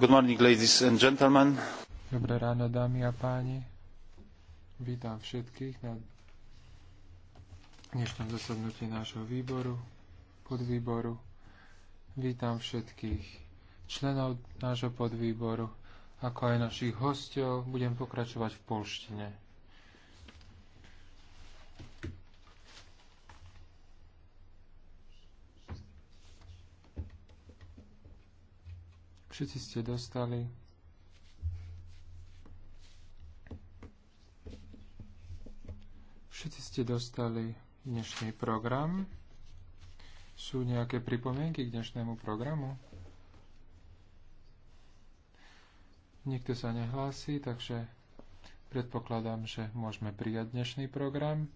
Good morning, ladies and gentlemen. Dobré ráno, dámy a páni. Vítam všetkých na dnešnom zasadnutí nášho výboru, podvýboru. Vítam všetkých členov nášho podvýboru, ako aj našich hostov. Budem pokračovať v polštine. Všetci ste dostali Všetci ste dostali dnešný program. Sú nejaké pripomienky k dnešnému programu? Nikto sa nehlási, takže predpokladám, že môžeme prijať dnešný program.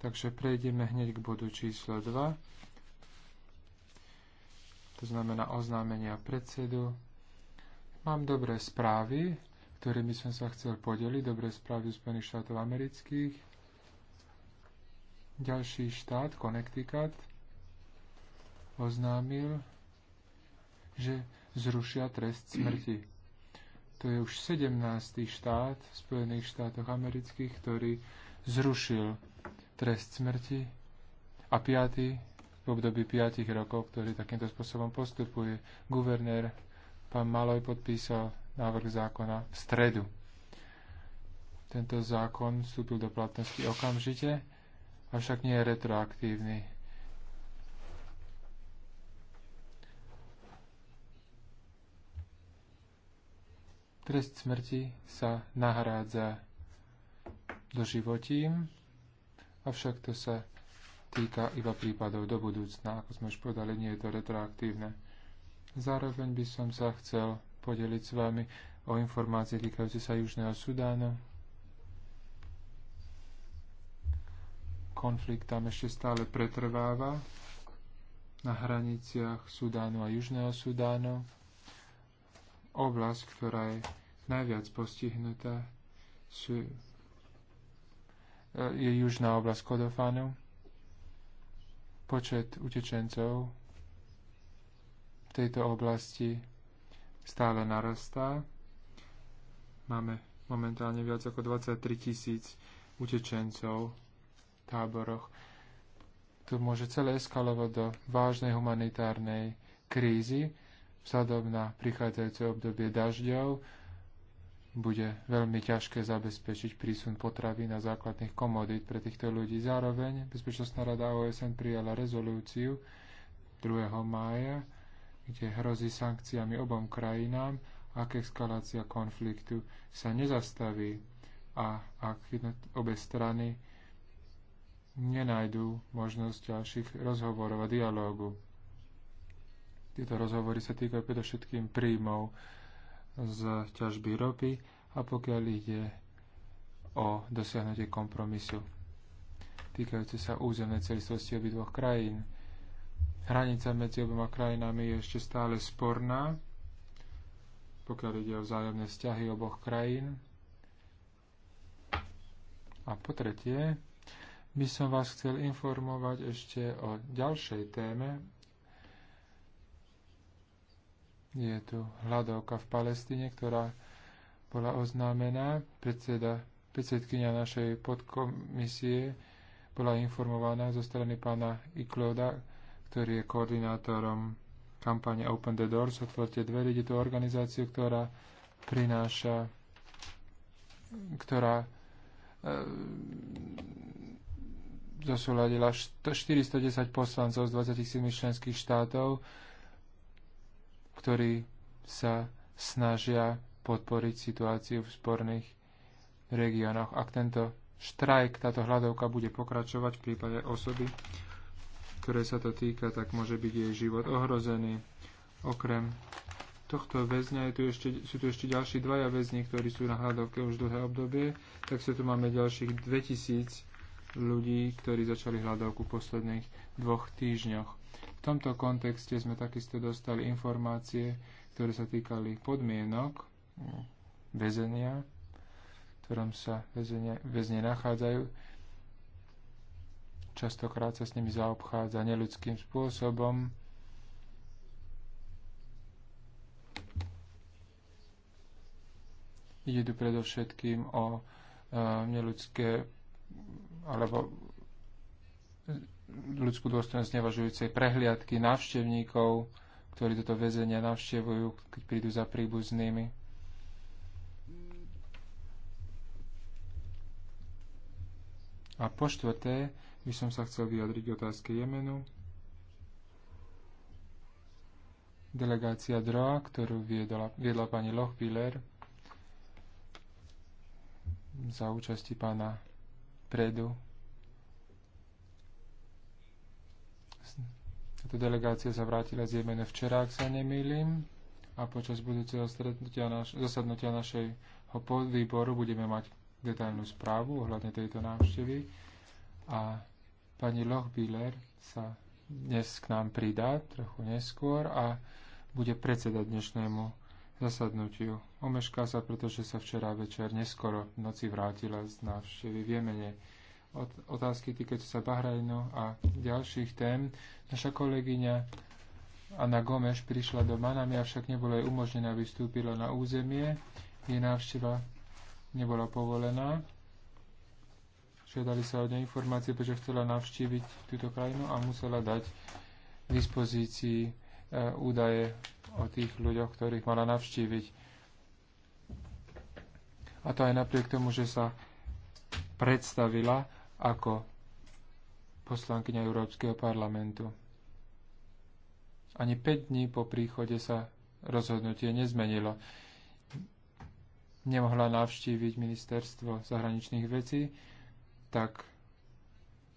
Takže prejdeme hneď k bodu číslo 2 to znamená oznámenia predsedu. Mám dobré správy, ktorými som sa chcel podeliť, dobré správy Spojených štátov amerických. Ďalší štát, Connecticut, oznámil, že zrušia trest smrti. To je už 17. štát v Spojených štátoch amerických, ktorý zrušil trest smrti a piatý v období 5 rokov, ktorý takýmto spôsobom postupuje. Guvernér pán Maloj podpísal návrh zákona v stredu. Tento zákon vstúpil do platnosti okamžite, avšak nie je retroaktívny. Trest smrti sa nahrádza do životím, avšak to sa týka iba prípadov do budúcna. Ako sme už povedali, nie je to retroaktívne. Zároveň by som sa chcel podeliť s vami o informácie týkajúce sa Južného Sudánu. Konflikt tam ešte stále pretrváva na hraniciach Sudánu a Južného Sudánu. Oblasť, ktorá je najviac postihnutá, sú, je južná oblasť Kodofanu Počet utečencov v tejto oblasti stále narastá. Máme momentálne viac ako 23 tisíc utečencov v táboroch. To môže celé eskalovať do vážnej humanitárnej krízy vzhľadom na prichádzajúce obdobie dažďov, bude veľmi ťažké zabezpečiť prísun potravy a základných komodít pre týchto ľudí. Zároveň Bezpečnostná rada OSN prijala rezolúciu 2. mája, kde hrozí sankciami obom krajinám, ak eskalácia konfliktu sa nezastaví a ak obe strany nenajdú možnosť ďalších rozhovorov a dialógu. Tieto rozhovory sa týkajú predovšetkým príjmov z ťažby ropy a pokiaľ ide o dosiahnutie kompromisu týkajúce sa územnej celistvosti obidvoch krajín. Hranica medzi oboma krajinami je ešte stále sporná, pokiaľ ide o vzájomné vzťahy oboch krajín. A po tretie, by som vás chcel informovať ešte o ďalšej téme, je tu hľadovka v Palestíne, ktorá bola oznámená. Predseda, predsedkynia našej podkomisie bola informovaná zo strany pána Ikloda, ktorý je koordinátorom kampane Open the Doors, otvorte dvere, ide tu organizáciu, ktorá prináša, ktorá e, zosúladila 410 poslancov z 27 členských štátov, ktorí sa snažia podporiť situáciu v sporných regiónoch. Ak tento štrajk, táto hľadovka bude pokračovať v prípade osoby, ktoré sa to týka, tak môže byť jej život ohrozený. Okrem tohto väzňa je tu ešte, sú tu ešte ďalší dvaja väzni, ktorí sú na hľadovke už dlhé obdobie, tak sa tu máme ďalších 2000 ľudí, ktorí začali hľadovku v posledných dvoch týždňoch. V tomto kontexte sme takisto dostali informácie, ktoré sa týkali podmienok mm, väzenia, v ktorom sa väzenie, väzne nachádzajú. Častokrát sa s nimi zaobchádza neludským spôsobom. Ide tu predovšetkým o e, neludské alebo ľudskú dôstojnosť nevažujúcej prehliadky návštevníkov, ktorí toto väzenia navštevujú, keď prídu za príbuznými. A po štvrté by som sa chcel vyjadriť otázke Jemenu. Delegácia DROA, ktorú viedla, viedla pani Lochbiller za účasti pána Predu Táto delegácia sa vrátila z Jemene včera, ak sa nemýlim. A počas budúceho stretnutia naš- zasadnutia našeho podvýboru budeme mať detailnú správu ohľadne tejto návštevy. A pani Lochbiller sa dnes k nám pridá trochu neskôr a bude predsedať dnešnému zasadnutiu. Omešká sa, pretože sa včera večer neskoro v noci vrátila z návštevy v Jemene otázky týkajúce sa Bahrajnu a ďalších tém. Naša kolegyňa Anna Gomeš prišla do Manami, avšak nebolo jej umožnené, aby vstúpila na územie. Jej návšteva nebola povolená. Žiadali sa od nej informácie, pretože chcela navštíviť túto krajinu a musela dať k dispozícii e, údaje o tých ľuďoch, ktorých mala navštíviť. A to aj napriek tomu, že sa predstavila ako poslankyňa Európskeho parlamentu. Ani 5 dní po príchode sa rozhodnutie nezmenilo. Nemohla navštíviť ministerstvo zahraničných vecí, tak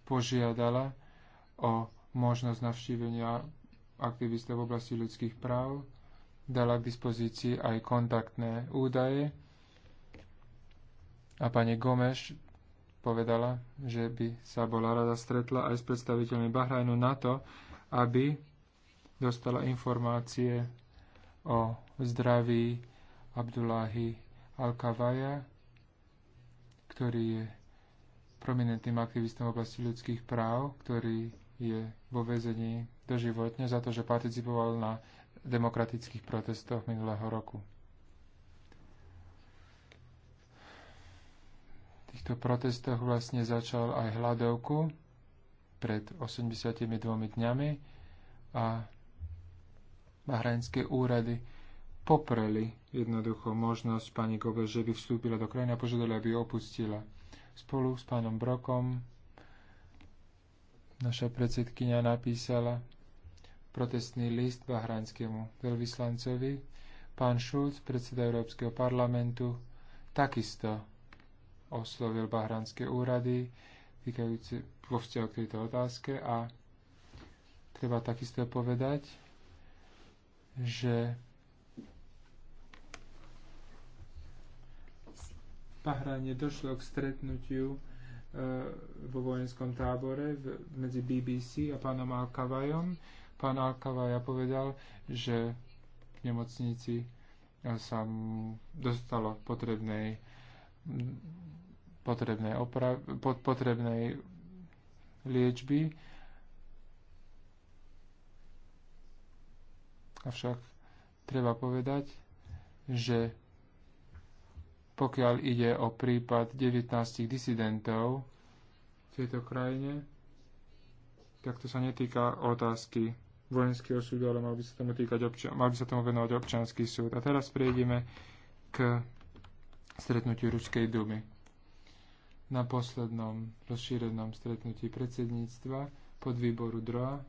požiadala o možnosť navštívenia aktivistov v oblasti ľudských práv, dala k dispozícii aj kontaktné údaje a pani Gomeš povedala, že by sa bola rada stretla aj s predstaviteľmi Bahrajnu na to, aby dostala informácie o zdraví Abdullahi al ktorý je prominentným aktivistom v oblasti ľudských práv, ktorý je vo väzení doživotne za to, že participoval na demokratických protestoch minulého roku. týchto protestoch vlastne začal aj hľadovku pred 82 dňami a bahrajnské úrady popreli jednoducho možnosť pani Gobe, že by vstúpila do krajiny a požiadali, aby ju opustila. Spolu s pánom Brokom naša predsedkynia napísala protestný list bahrajnskému veľvyslancovi. Pán Šulc, predseda Európskeho parlamentu, takisto oslovil bahránske úrady týkajúce vo vzťahu k tejto otázke a treba takisto povedať, že Bahráne došlo k stretnutiu e, vo vojenskom tábore medzi BBC a pánom Alkavajom. Pán Alkavaja povedal, že v nemocnici sa mu dostalo potrebnej potrebnej, opra- potrebnej liečby. Avšak treba povedať, že pokiaľ ide o prípad 19 disidentov v tejto krajine, tak to sa netýka otázky vojenského súdu, ale mal by sa tomu, týkať občan- mal by sa tomu venovať občanský súd. A teraz prejdeme k stretnutiu Ruskej dumy na poslednom rozšírenom stretnutí predsedníctva pod výboru DROA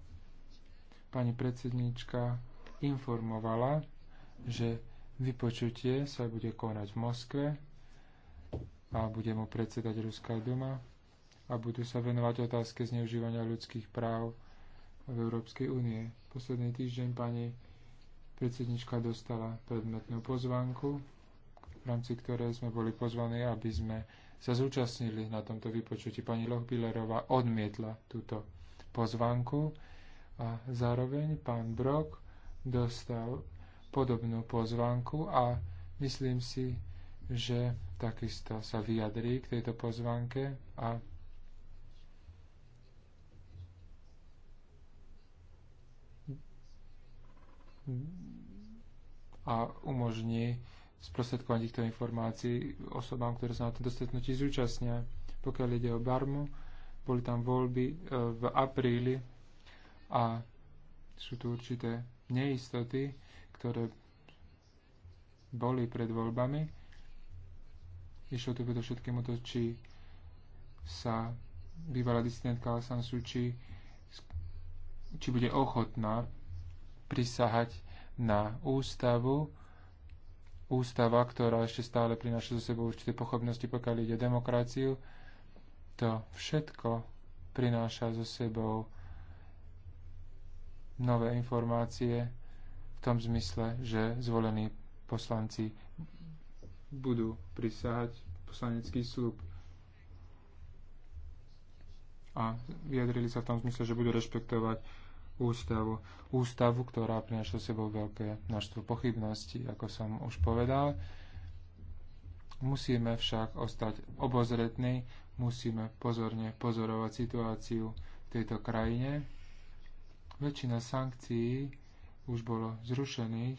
pani predsedníčka informovala, že vypočutie sa bude konať v Moskve a bude mu predsedať Ruská duma a budú sa venovať otázke zneužívania ľudských práv v Európskej únie. Posledný týždeň pani predsednička dostala predmetnú pozvánku, v rámci ktorej sme boli pozvaní, aby sme sa zúčastnili na tomto vypočutí. Pani Lochbillerová odmietla túto pozvanku a zároveň pán Brok dostal podobnú pozvanku a myslím si, že takisto sa vyjadrí k tejto pozvanke a a umožní sprostredkovanie týchto informácií osobám, ktoré sa na tomto stretnutí zúčastnia. Pokiaľ ide o Barmu, boli tam voľby e, v apríli a sú tu určité neistoty, ktoré boli pred voľbami. Išlo tu predovšetkým o to, či sa bývalá disidentka Aung San Suu Kyi, či bude ochotná prisahať na ústavu ústava, ktorá ešte stále prináša so sebou určité pochopnosti, pokiaľ ide demokraciu, to všetko prináša so sebou nové informácie v tom zmysle, že zvolení poslanci budú prisahať poslanecký slub a vyjadrili sa v tom zmysle, že budú rešpektovať ústavu. Ústavu, ktorá prináša sebou veľké množstvo pochybností, ako som už povedal. Musíme však ostať obozretní, musíme pozorne pozorovať situáciu v tejto krajine. Väčšina sankcií už bolo zrušených,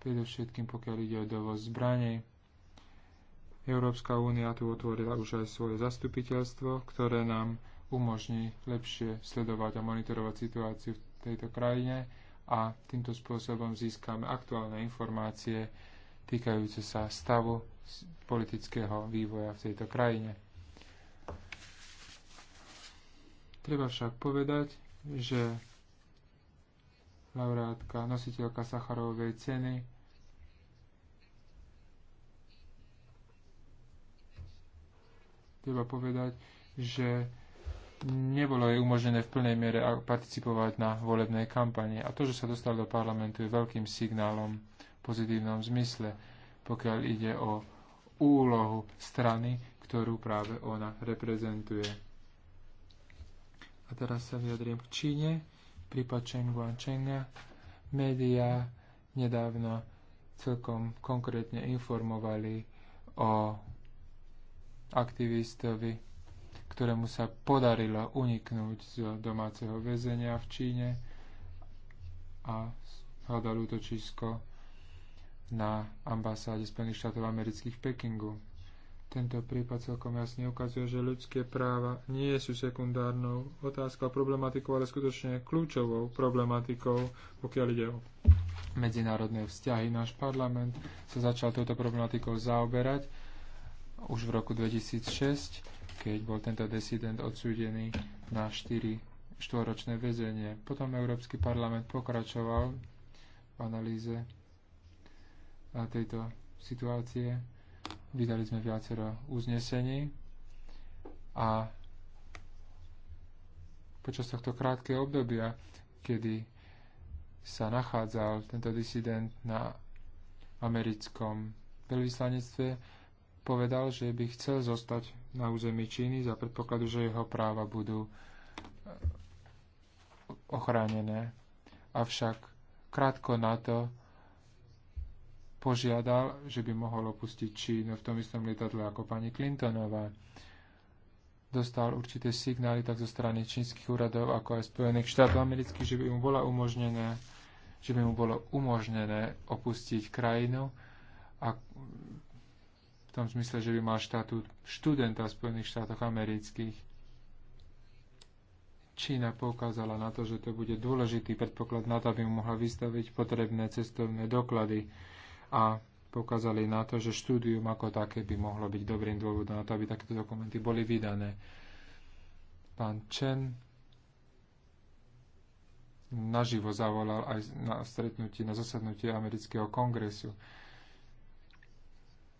predovšetkým pokiaľ ide o dovoz zbraní. Európska únia tu otvorila už aj svoje zastupiteľstvo, ktoré nám umožní lepšie sledovať a monitorovať situáciu v tejto krajine a týmto spôsobom získame aktuálne informácie týkajúce sa stavu politického vývoja v tejto krajine. Treba však povedať, že laureátka, nositeľka Sacharovej ceny treba povedať, že nebolo jej umožnené v plnej miere participovať na volebnej kampani. A to, že sa dostal do parlamentu, je veľkým signálom v pozitívnom zmysle, pokiaľ ide o úlohu strany, ktorú práve ona reprezentuje. A teraz sa vyjadriem k Číne. Prípad Chengguan Chenga. Média nedávno celkom konkrétne informovali o aktivistovi ktorému sa podarilo uniknúť z domáceho väzenia v Číne a hľadal útočisko na ambasáde Spojených štátov amerických v Pekingu. Tento prípad celkom jasne ukazuje, že ľudské práva nie sú sekundárnou otázkou a problematikou, ale skutočne kľúčovou problematikou, pokiaľ ide o medzinárodné vzťahy. Náš parlament sa začal touto problematikou zaoberať už v roku 2006 keď bol tento desident odsúdený na 4 štvoročné väzenie. Potom Európsky parlament pokračoval v analýze tejto situácie. Vydali sme viacero uznesení a počas tohto krátkeho obdobia, kedy sa nachádzal tento disident na americkom veľvyslanectve, povedal, že by chcel zostať na území Číny za predpokladu, že jeho práva budú e, ochránené. Avšak krátko na to požiadal, že by mohol opustiť Čínu v tom istom lietadle ako pani Clintonová. Dostal určité signály tak zo strany čínskych úradov, ako aj Spojených štátov amerických, že by mu bola umožnené že by mu bolo umožnené opustiť krajinu a tom zmysle, že by mal štatút študenta v Spojených štátoch amerických. Čína poukázala na to, že to bude dôležitý predpoklad na to, aby mu mohla vystaviť potrebné cestovné doklady a poukázali na to, že štúdium ako také by mohlo byť dobrým dôvodom na to, aby takéto dokumenty boli vydané. Pán Chen naživo zavolal aj na stretnutie, na zasadnutie amerického kongresu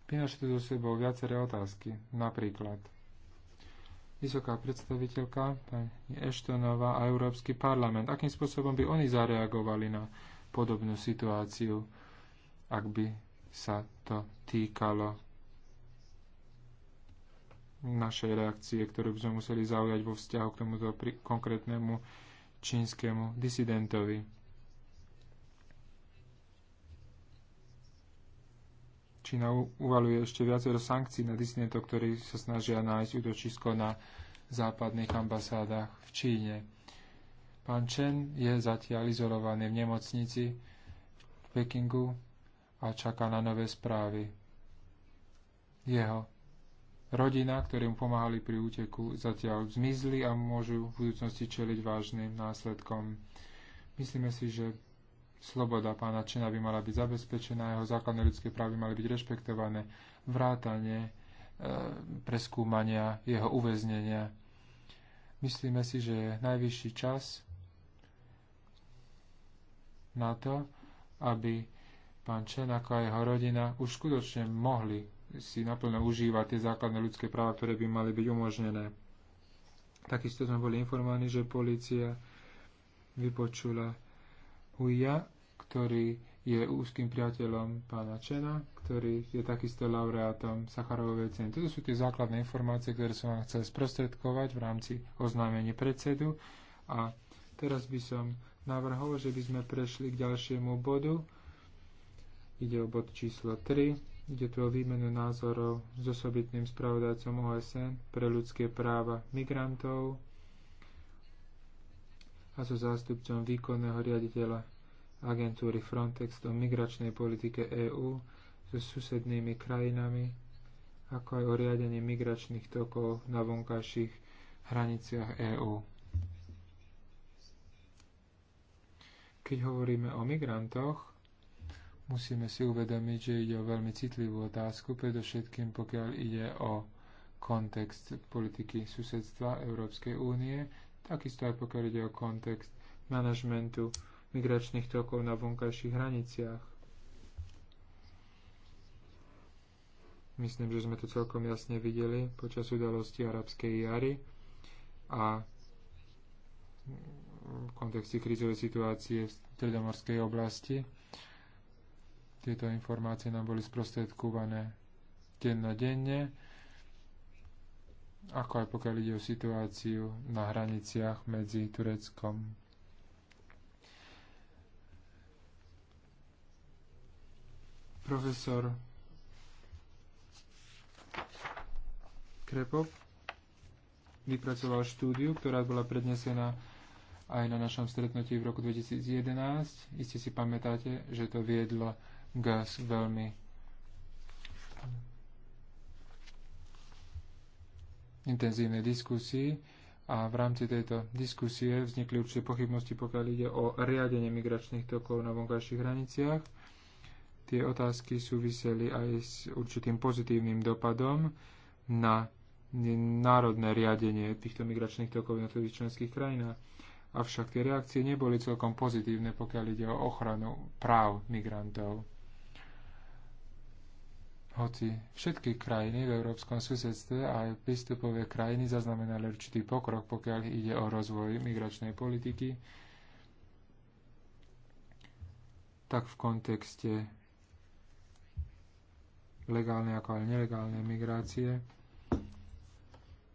Prináša so sebou viaceré otázky. Napríklad, vysoká predstaviteľka, pani Eštonová a Európsky parlament, akým spôsobom by oni zareagovali na podobnú situáciu, ak by sa to týkalo našej reakcie, ktorú by sme museli zaujať vo vzťahu k tomuto konkrétnemu čínskemu disidentovi. Čína uvaluje ešte viacero sankcií na disidentov, ktorí sa snažia nájsť útočisko na západných ambasádach v Číne. Pán Chen je zatiaľ izolovaný v nemocnici v Pekingu a čaká na nové správy. Jeho rodina, ktorým pomáhali pri úteku, zatiaľ zmizli a môžu v budúcnosti čeliť vážnym následkom. Myslíme si, že sloboda pána Čena by mala byť zabezpečená, jeho základné ľudské právy mali byť rešpektované, vrátanie, e, preskúmania, jeho uväznenia. Myslíme si, že je najvyšší čas na to, aby pán Čen ako aj jeho rodina už skutočne mohli si naplno užívať tie základné ľudské práva, ktoré by mali byť umožnené. Takisto sme boli informovaní, že policia vypočula Huia, ktorý je úzkým priateľom pána Čena, ktorý je takisto laureátom Sacharovej ceny. Toto sú tie základné informácie, ktoré som vám chcel sprostredkovať v rámci oznámenia predsedu. A teraz by som navrhol, že by sme prešli k ďalšiemu bodu. Ide o bod číslo 3. Ide tu o výmenu názorov s osobitným spravodajcom OSN pre ľudské práva migrantov a so zástupcom výkonného riaditeľa agentúry Frontex o migračnej politike EÚ so susednými krajinami, ako aj o riadení migračných tokov na vonkajších hraniciach EÚ. Keď hovoríme o migrantoch, musíme si uvedomiť, že ide o veľmi citlivú otázku, predovšetkým pokiaľ ide o kontext politiky susedstva Európskej únie, takisto aj pokiaľ ide o kontext manažmentu migračných tokov na vonkajších hraniciach. Myslím, že sme to celkom jasne videli počas udalosti arabskej jary a v kontexte krízovej situácie v stredomorskej oblasti. Tieto informácie nám boli sprostredkované dennodenne. denne ako aj pokiaľ ide o situáciu na hraniciach medzi Tureckom. Profesor Krepov vypracoval štúdiu, ktorá bola prednesená aj na našom stretnutí v roku 2011. Iste si pamätáte, že to viedlo k veľmi intenzívnej diskusii a v rámci tejto diskusie vznikli určité pochybnosti, pokiaľ ide o riadenie migračných tokov na vonkajších hraniciach. Tie otázky súviseli aj s určitým pozitívnym dopadom na národné riadenie týchto migračných tokov na tých členských krajinách. Avšak tie reakcie neboli celkom pozitívne, pokiaľ ide o ochranu práv migrantov. Hoci všetky krajiny v európskom susedstve a aj prístupové krajiny zaznamenali určitý pokrok, pokiaľ ide o rozvoj migračnej politiky, tak v kontexte legálnej ako aj nelegálnej migrácie,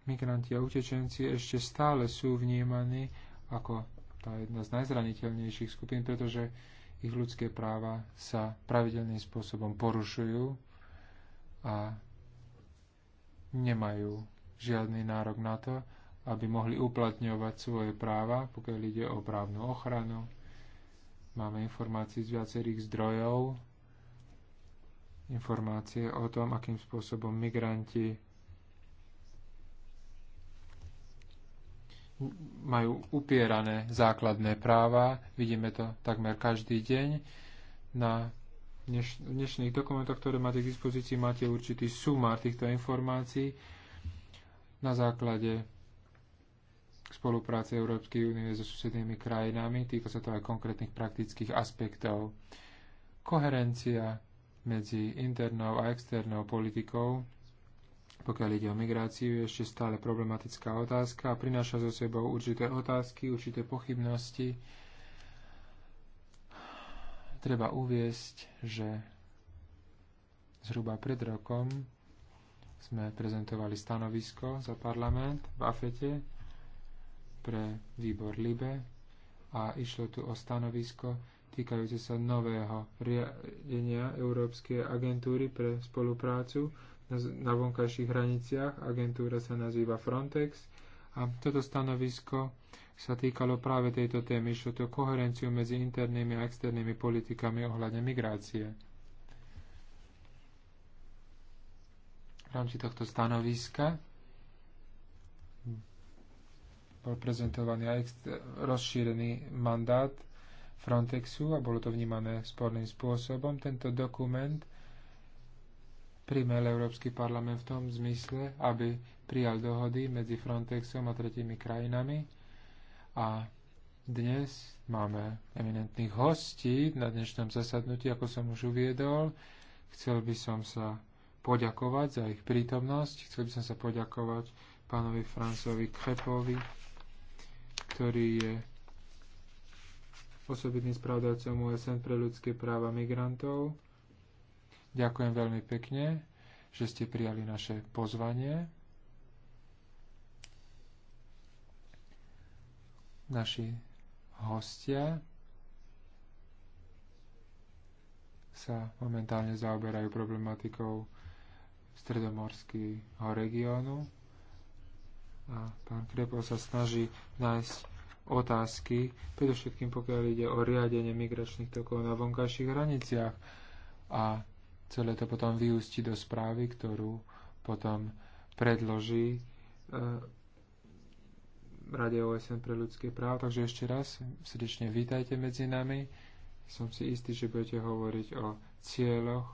migranti a utečenci ešte stále sú vnímaní ako tá jedna z najzraniteľnejších skupín, pretože ich ľudské práva sa pravidelným spôsobom porušujú a nemajú žiadny nárok na to, aby mohli uplatňovať svoje práva, pokiaľ ide o právnu ochranu. Máme informácie z viacerých zdrojov, informácie o tom, akým spôsobom migranti majú upierané základné práva. Vidíme to takmer každý deň na dneš, v dnešných dokumentoch, ktoré máte k dispozícii, máte určitý sumár týchto informácií na základe spolupráce Európskej únie so susednými krajinami. Týka sa to aj konkrétnych praktických aspektov. Koherencia medzi internou a externou politikou, pokiaľ ide o migráciu, je ešte stále problematická otázka a prináša so sebou určité otázky, určité pochybnosti treba uviesť, že zhruba pred rokom sme prezentovali stanovisko za parlament v AFETE pre výbor LIBE a išlo tu o stanovisko týkajúce sa nového riadenia Európskej agentúry pre spoluprácu na vonkajších hraniciach. Agentúra sa nazýva Frontex a toto stanovisko sa týkalo práve tejto témy, išlo to koherenciu medzi internými a externými politikami ohľadne migrácie. V rámci tohto stanoviska bol prezentovaný aj rozšírený mandát Frontexu a bolo to vnímané sporným spôsobom. Tento dokument primel Európsky parlament v tom zmysle, aby prijal dohody medzi Frontexom a tretími krajinami, a dnes máme eminentných hostí na dnešnom zasadnutí, ako som už uviedol. Chcel by som sa poďakovať za ich prítomnosť. Chcel by som sa poďakovať pánovi Francovi Krepovi, ktorý je osobitným spravodajcom OSN pre ľudské práva migrantov. Ďakujem veľmi pekne, že ste prijali naše pozvanie. naši hostia sa momentálne zaoberajú problematikou stredomorského regiónu a pán Krepo sa snaží nájsť otázky, predovšetkým pokiaľ ide o riadenie migračných tokov na vonkajších hraniciach a celé to potom vyústi do správy, ktorú potom predloží e, Rade OSN pre ľudské práva. Takže ešte raz srdečne vítajte medzi nami. Som si istý, že budete hovoriť o cieľoch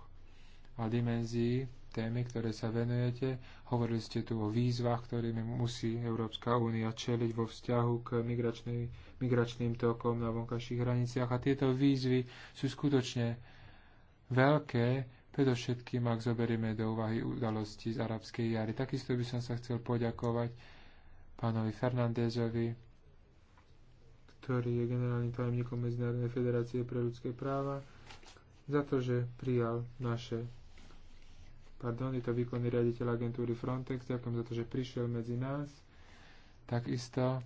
a dimenzii témy, ktoré sa venujete. Hovorili ste tu o výzvach, ktorými musí Európska únia čeliť vo vzťahu k migračným, migračným tokom na vonkajších hraniciach. A tieto výzvy sú skutočne veľké, predovšetkým ak zoberieme do úvahy udalosti z arabskej jary. Takisto by som sa chcel poďakovať pánovi Fernandezovi, ktorý je generálnym tajomníkom Medzinárodnej federácie pre ľudské práva, za to, že prijal naše pardon, je to výkonný riaditeľ agentúry Frontex, ďakujem za to, že prišiel medzi nás. Takisto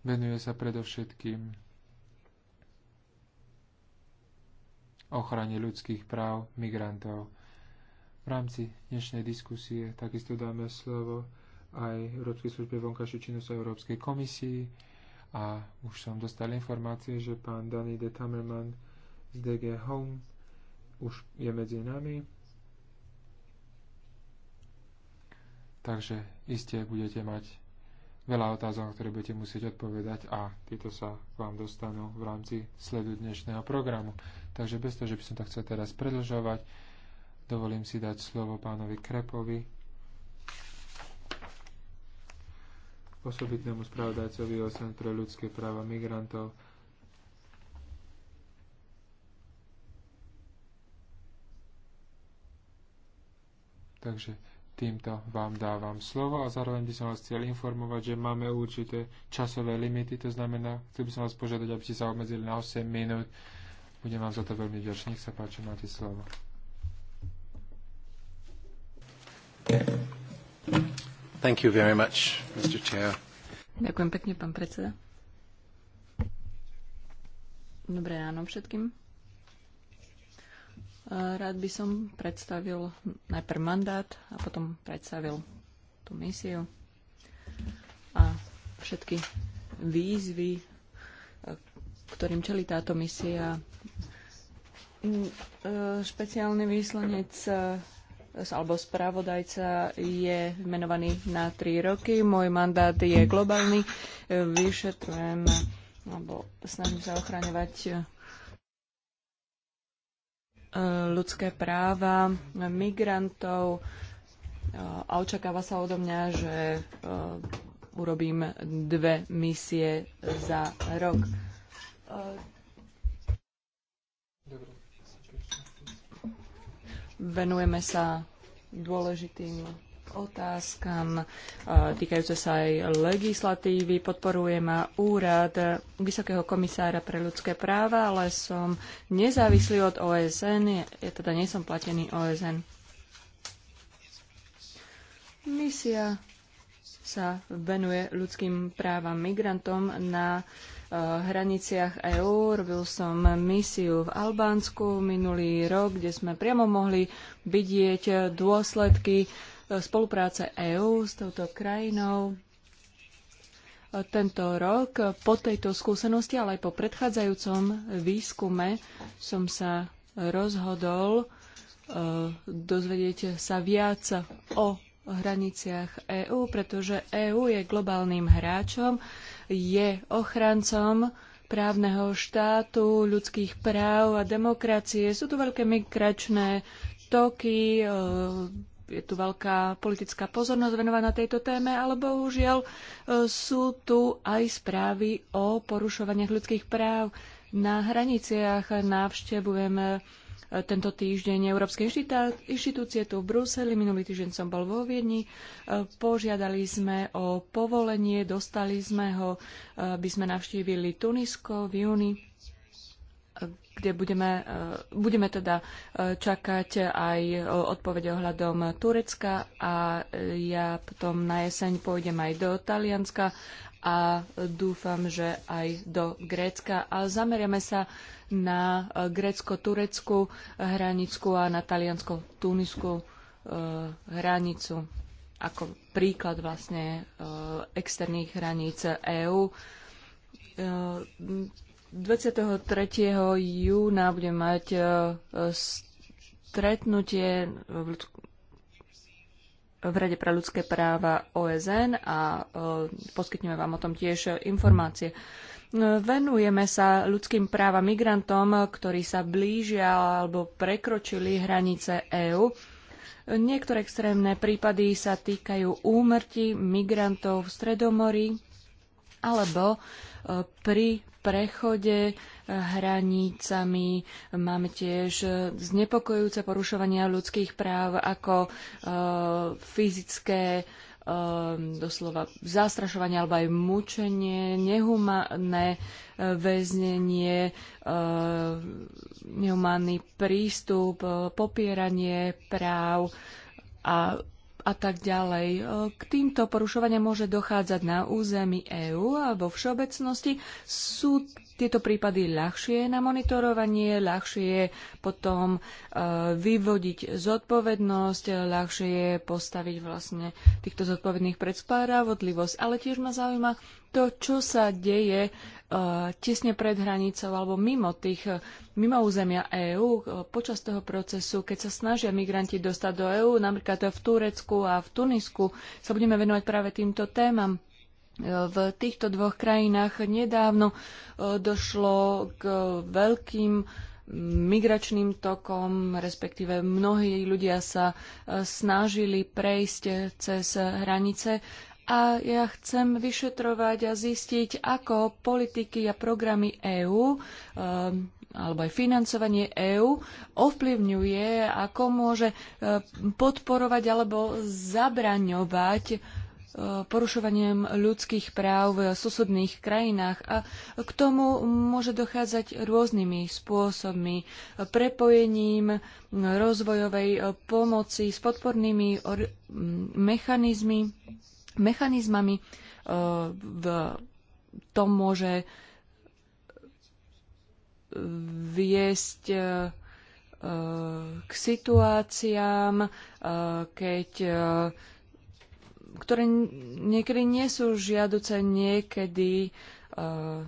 venuje sa predovšetkým ochrane ľudských práv migrantov. V rámci dnešnej diskusie takisto dáme slovo aj Európskej službe vonkašej činnosť Európskej komisii a už som dostal informácie, že pán Danny de Tamerman z DG Home už je medzi nami. Takže iste budete mať veľa otázok, ktoré budete musieť odpovedať a tieto sa vám dostanú v rámci sledu dnešného programu. Takže bez toho, že by som to chcel teraz predlžovať, dovolím si dať slovo pánovi Krepovi, osobitnému spravodajcovi OSN pre ľudské práva migrantov. Takže týmto vám dávam slovo a zároveň by som vás chcel informovať, že máme určité časové limity, to znamená, chcel by som vás požiadať, aby ste sa obmedzili na 8 minút. Budem vám za to veľmi vďačný, nech sa páči, máte slovo. Yeah. Thank you very much, Mr. Chair. Ďakujem pekne, pán predseda. Dobré ráno všetkým. Rád by som predstavil najprv mandát a potom predstavil tú misiu a všetky výzvy, ktorým čeli táto misia. Špeciálny výslanec alebo spravodajca je menovaný na tri roky. Môj mandát je globálny. Vyšetrujem alebo snažím sa ochraňovať e, ľudské práva migrantov e, a očakáva sa odo mňa, že e, urobím dve misie za rok Venujeme sa dôležitým otázkam e, týkajúce sa aj legislatívy. Podporujem úrad Vysokého komisára pre ľudské práva, ale som nezávislý od OSN, ja teda nie som platený OSN. Misia sa venuje ľudským právam migrantom na uh, Eh, hraniciach EÚ. Robil som misiu v Albánsku minulý rok, kde sme priamo mohli vidieť dôsledky eh, spolupráce EÚ s touto krajinou. Eh, tento rok po tejto skúsenosti, ale aj po predchádzajúcom výskume som sa rozhodol dozvedieť sa viac o hraniciach EÚ, pretože EÚ je globálnym hráčom, je ochrancom právneho štátu, ľudských práv a demokracie. Sú tu veľké migračné toky, eh, je tu veľká politická pozornosť venovaná tejto téme, ale bohužiaľ eh, sú tu aj správy o porušovaniach ľudských práv na hraniciach. Navštevujeme E, tento týždeň Európske inštitúcie tu v Bruseli. Minulý týždeň som bol vo Viedni. E, požiadali sme o povolenie, dostali sme ho, e, aby sme navštívili Tunisko v júni kde budeme, budeme teda čakať aj odpovede ohľadom Turecka a ja potom na jeseň pôjdem aj do Talianska a dúfam, že aj do Grécka. A zameriame sa na grécko-tureckú hranicu a na taliansko-tunisku e, hranicu ako príklad vlastne e, externých hraníc EÚ. E, 23. E, júna budeme mať e, stretnutie v Rade pre ľudské práva OSN a e, poskytneme vám o tom tiež informácie. E, venujeme sa ľudským právam migrantom, ktorí sa blížia alebo prekročili hranice EÚ. Niektoré extrémne prípady sa týkajú úmrtí migrantov v Stredomorí alebo e, pri prechode hranicami. Máme tiež znepokojujúce porušovania ľudských práv ako e, fyzické e, doslova zastrašovanie alebo aj mučenie, nehumánne e, väznenie, nehumánny prístup, popieranie práv a a tak ďalej. K týmto porušovaniam môže dochádzať na území EÚ a vo všeobecnosti sú tieto prípady ľahšie na monitorovanie, ľahšie je potom e, vyvodiť zodpovednosť, ľahšie je postaviť vlastne týchto zodpovedných pred spravodlivosť. Ale tiež ma zaujíma to, čo sa deje e, tesne pred hranicou alebo mimo, tých, e, mimo územia EÚ počas toho procesu, keď sa snažia migranti dostať do EÚ, napríklad v Turecku a v Tunisku, sa budeme venovať práve týmto témam v týchto dvoch krajinách nedávno e, došlo k veľkým migračným tokom, respektíve mnohí ľudia sa e, snažili prejsť cez hranice a ja chcem vyšetrovať a zistiť, ako politiky a programy EÚ e, alebo aj financovanie EÚ ovplyvňuje, ako môže podporovať alebo zabraňovať porušovaním ľudských práv v susedných krajinách a k tomu môže dochádzať rôznymi spôsobmi. Prepojením rozvojovej pomoci s podpornými mechanizmi, mechanizmami e, v tom môže viesť e, k situáciám, e, keď ktoré niekedy nie sú žiaduce, niekedy uh,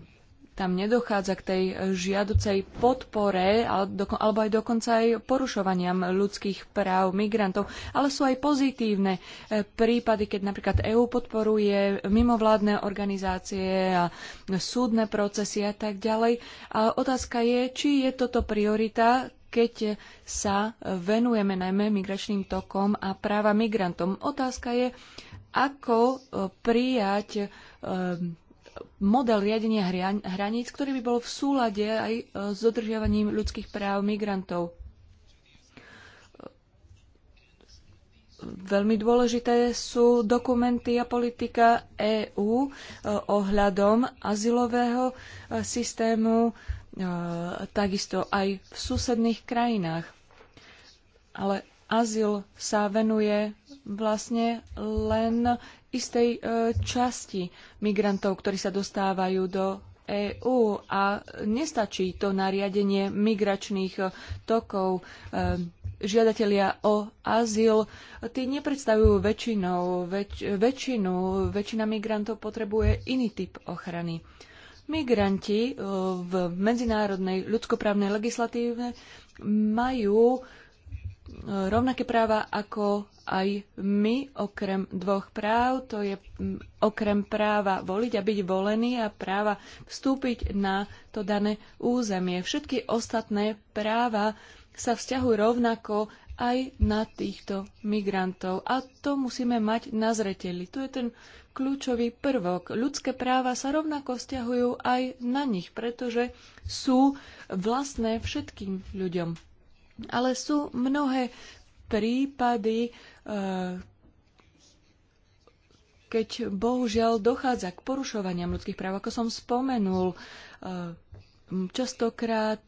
tam nedochádza k tej žiaducej podpore alebo aj dokonca aj porušovaniam ľudských práv migrantov. Ale sú aj pozitívne e, prípady, keď napríklad EÚ podporuje mimovládne organizácie a súdne procesy a tak ďalej. A otázka je, či je toto priorita, keď sa venujeme najmä migračným tokom a práva migrantom. Otázka je, ako e, prijať e, model riadenia hraníc, ktorý by bol v súlade aj e, s dodržiavaním ľudských práv migrantov. Veľmi dôležité sú dokumenty a politika EÚ ohľadom azylového systému, takisto aj v susedných krajinách. Ale azyl sa venuje vlastne len istej e, časti migrantov, ktorí sa dostávajú do EÚ a nestačí to nariadenie migračných e, tokov. E, žiadatelia o azyl, tí nepredstavujú väčšinou, väč, väčšinu, väčšina migrantov potrebuje iný typ ochrany. Migranti e, v medzinárodnej ľudskoprávnej legislatíve majú rovnaké práva ako aj my, okrem dvoch práv, to je okrem práva voliť a byť volený a práva vstúpiť na to dané územie. Všetky ostatné práva sa vzťahujú rovnako aj na týchto migrantov. A to musíme mať na zreteli. Tu je ten kľúčový prvok. Ľudské práva sa rovnako vzťahujú aj na nich, pretože sú vlastné všetkým ľuďom. Ale sú mnohé prípady, e, keď bohužiaľ dochádza k porušovaniam ľudských práv, ako som spomenul, e, častokrát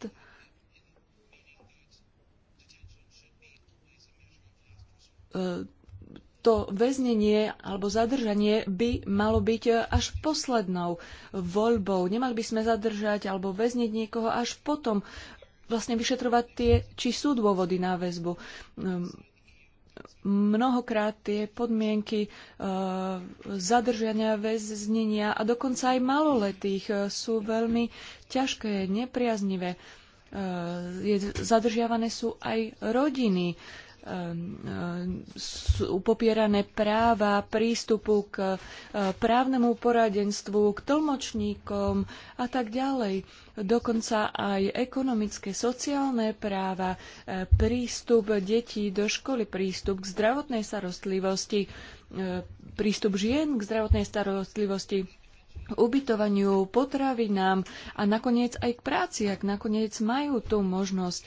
e, to väznenie alebo zadržanie by malo byť až poslednou voľbou. Nemali by sme zadržať alebo väzniť niekoho až potom, vlastne vyšetrovať tie, či sú dôvody na väzbu. Ehm, mnohokrát tie podmienky e, zadržania väznenia a dokonca aj maloletých e, sú veľmi ťažké, nepriaznivé. E, zadržiavané sú aj rodiny Ehm, ehm, sú popierané práva prístupu k e, právnemu poradenstvu, k tlmočníkom a tak ďalej. Dokonca aj ekonomické, sociálne práva, e, prístup detí do školy, prístup k zdravotnej starostlivosti, e, prístup žien k zdravotnej starostlivosti ubytovaniu, potravinám a nakoniec aj k práci, ak nakoniec majú tú možnosť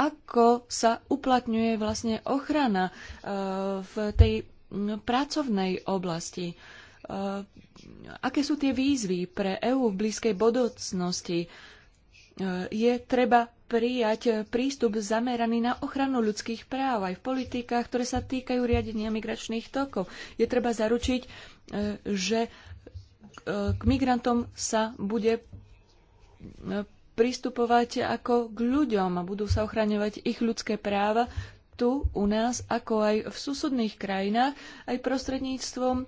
ako sa uplatňuje vlastne ochrana e, v tej pracovnej oblasti. E, aké sú tie výzvy pre EÚ v blízkej budúcnosti? E, je treba prijať prístup zameraný na ochranu ľudských práv aj v politikách, ktoré sa týkajú riadenia migračných tokov. Je treba zaručiť, že k migrantom sa bude pristupovať ako k ľuďom a budú sa ochraňovať ich ľudské práva tu u nás, ako aj v susedných krajinách, aj prostredníctvom e,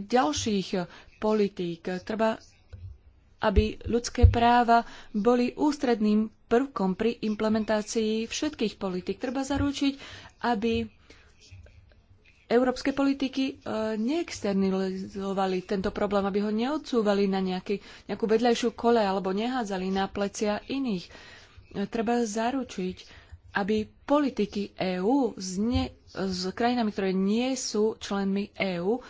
ďalších politík. Treba, aby ľudské práva boli ústredným prvkom pri implementácii všetkých politík. Treba zaručiť, aby európske politiky e, neexternalizovali tento problém, aby ho neodsúvali na nejaký, nejakú vedľajšiu kole alebo nehádzali na plecia iných. E, treba zaručiť, aby politiky EÚ s, s krajinami, ktoré nie sú členmi EÚ, e,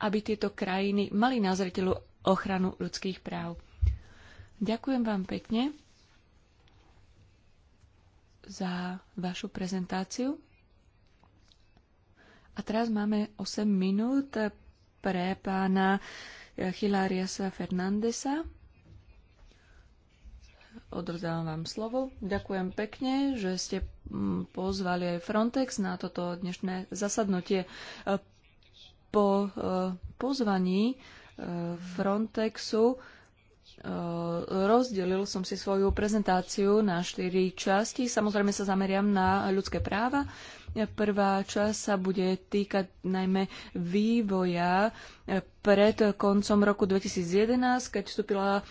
aby tieto krajiny mali na zreteľu ochranu ľudských práv. Ďakujem vám pekne za vašu prezentáciu. A teraz máme 8 minút pre pána Hilariasa Fernandesa. Odrzávam vám slovo. Ďakujem pekne, že ste mm, pozvali aj Frontex na toto dnešné zasadnutie. E, po e, pozvaní e, Frontexu rozdelil som si svoju prezentáciu na štyri časti. Samozrejme sa zameriam na ľudské práva, Prvá časť sa bude týkať najmä vývoja e, pred koncom roku 2011, keď vstúpila e,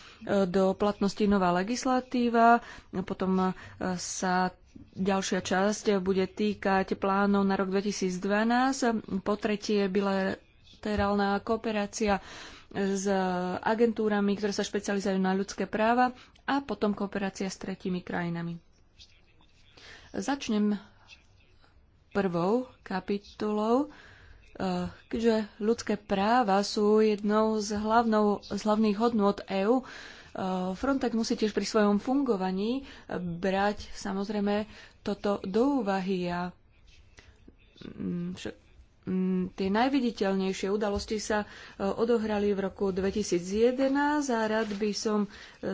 do platnosti nová legislatíva. Potom e, sa ďalšia časť bude týkať plánov na rok 2012. Po tretie bilaterálna kooperácia s agentúrami, ktoré sa špecializujú na ľudské práva a potom kooperácia s tretími krajinami. Začnem prvou kapitolou, keďže eh, ľudské práva sú jednou z, hlavnou, z hlavných hodnôt EÚ. Eh, Frontex musí tiež pri svojom fungovaní eh, brať samozrejme toto do úvahy a mm, tie najviditeľnejšie udalosti sa e, odohrali v roku 2011 a rád by som e,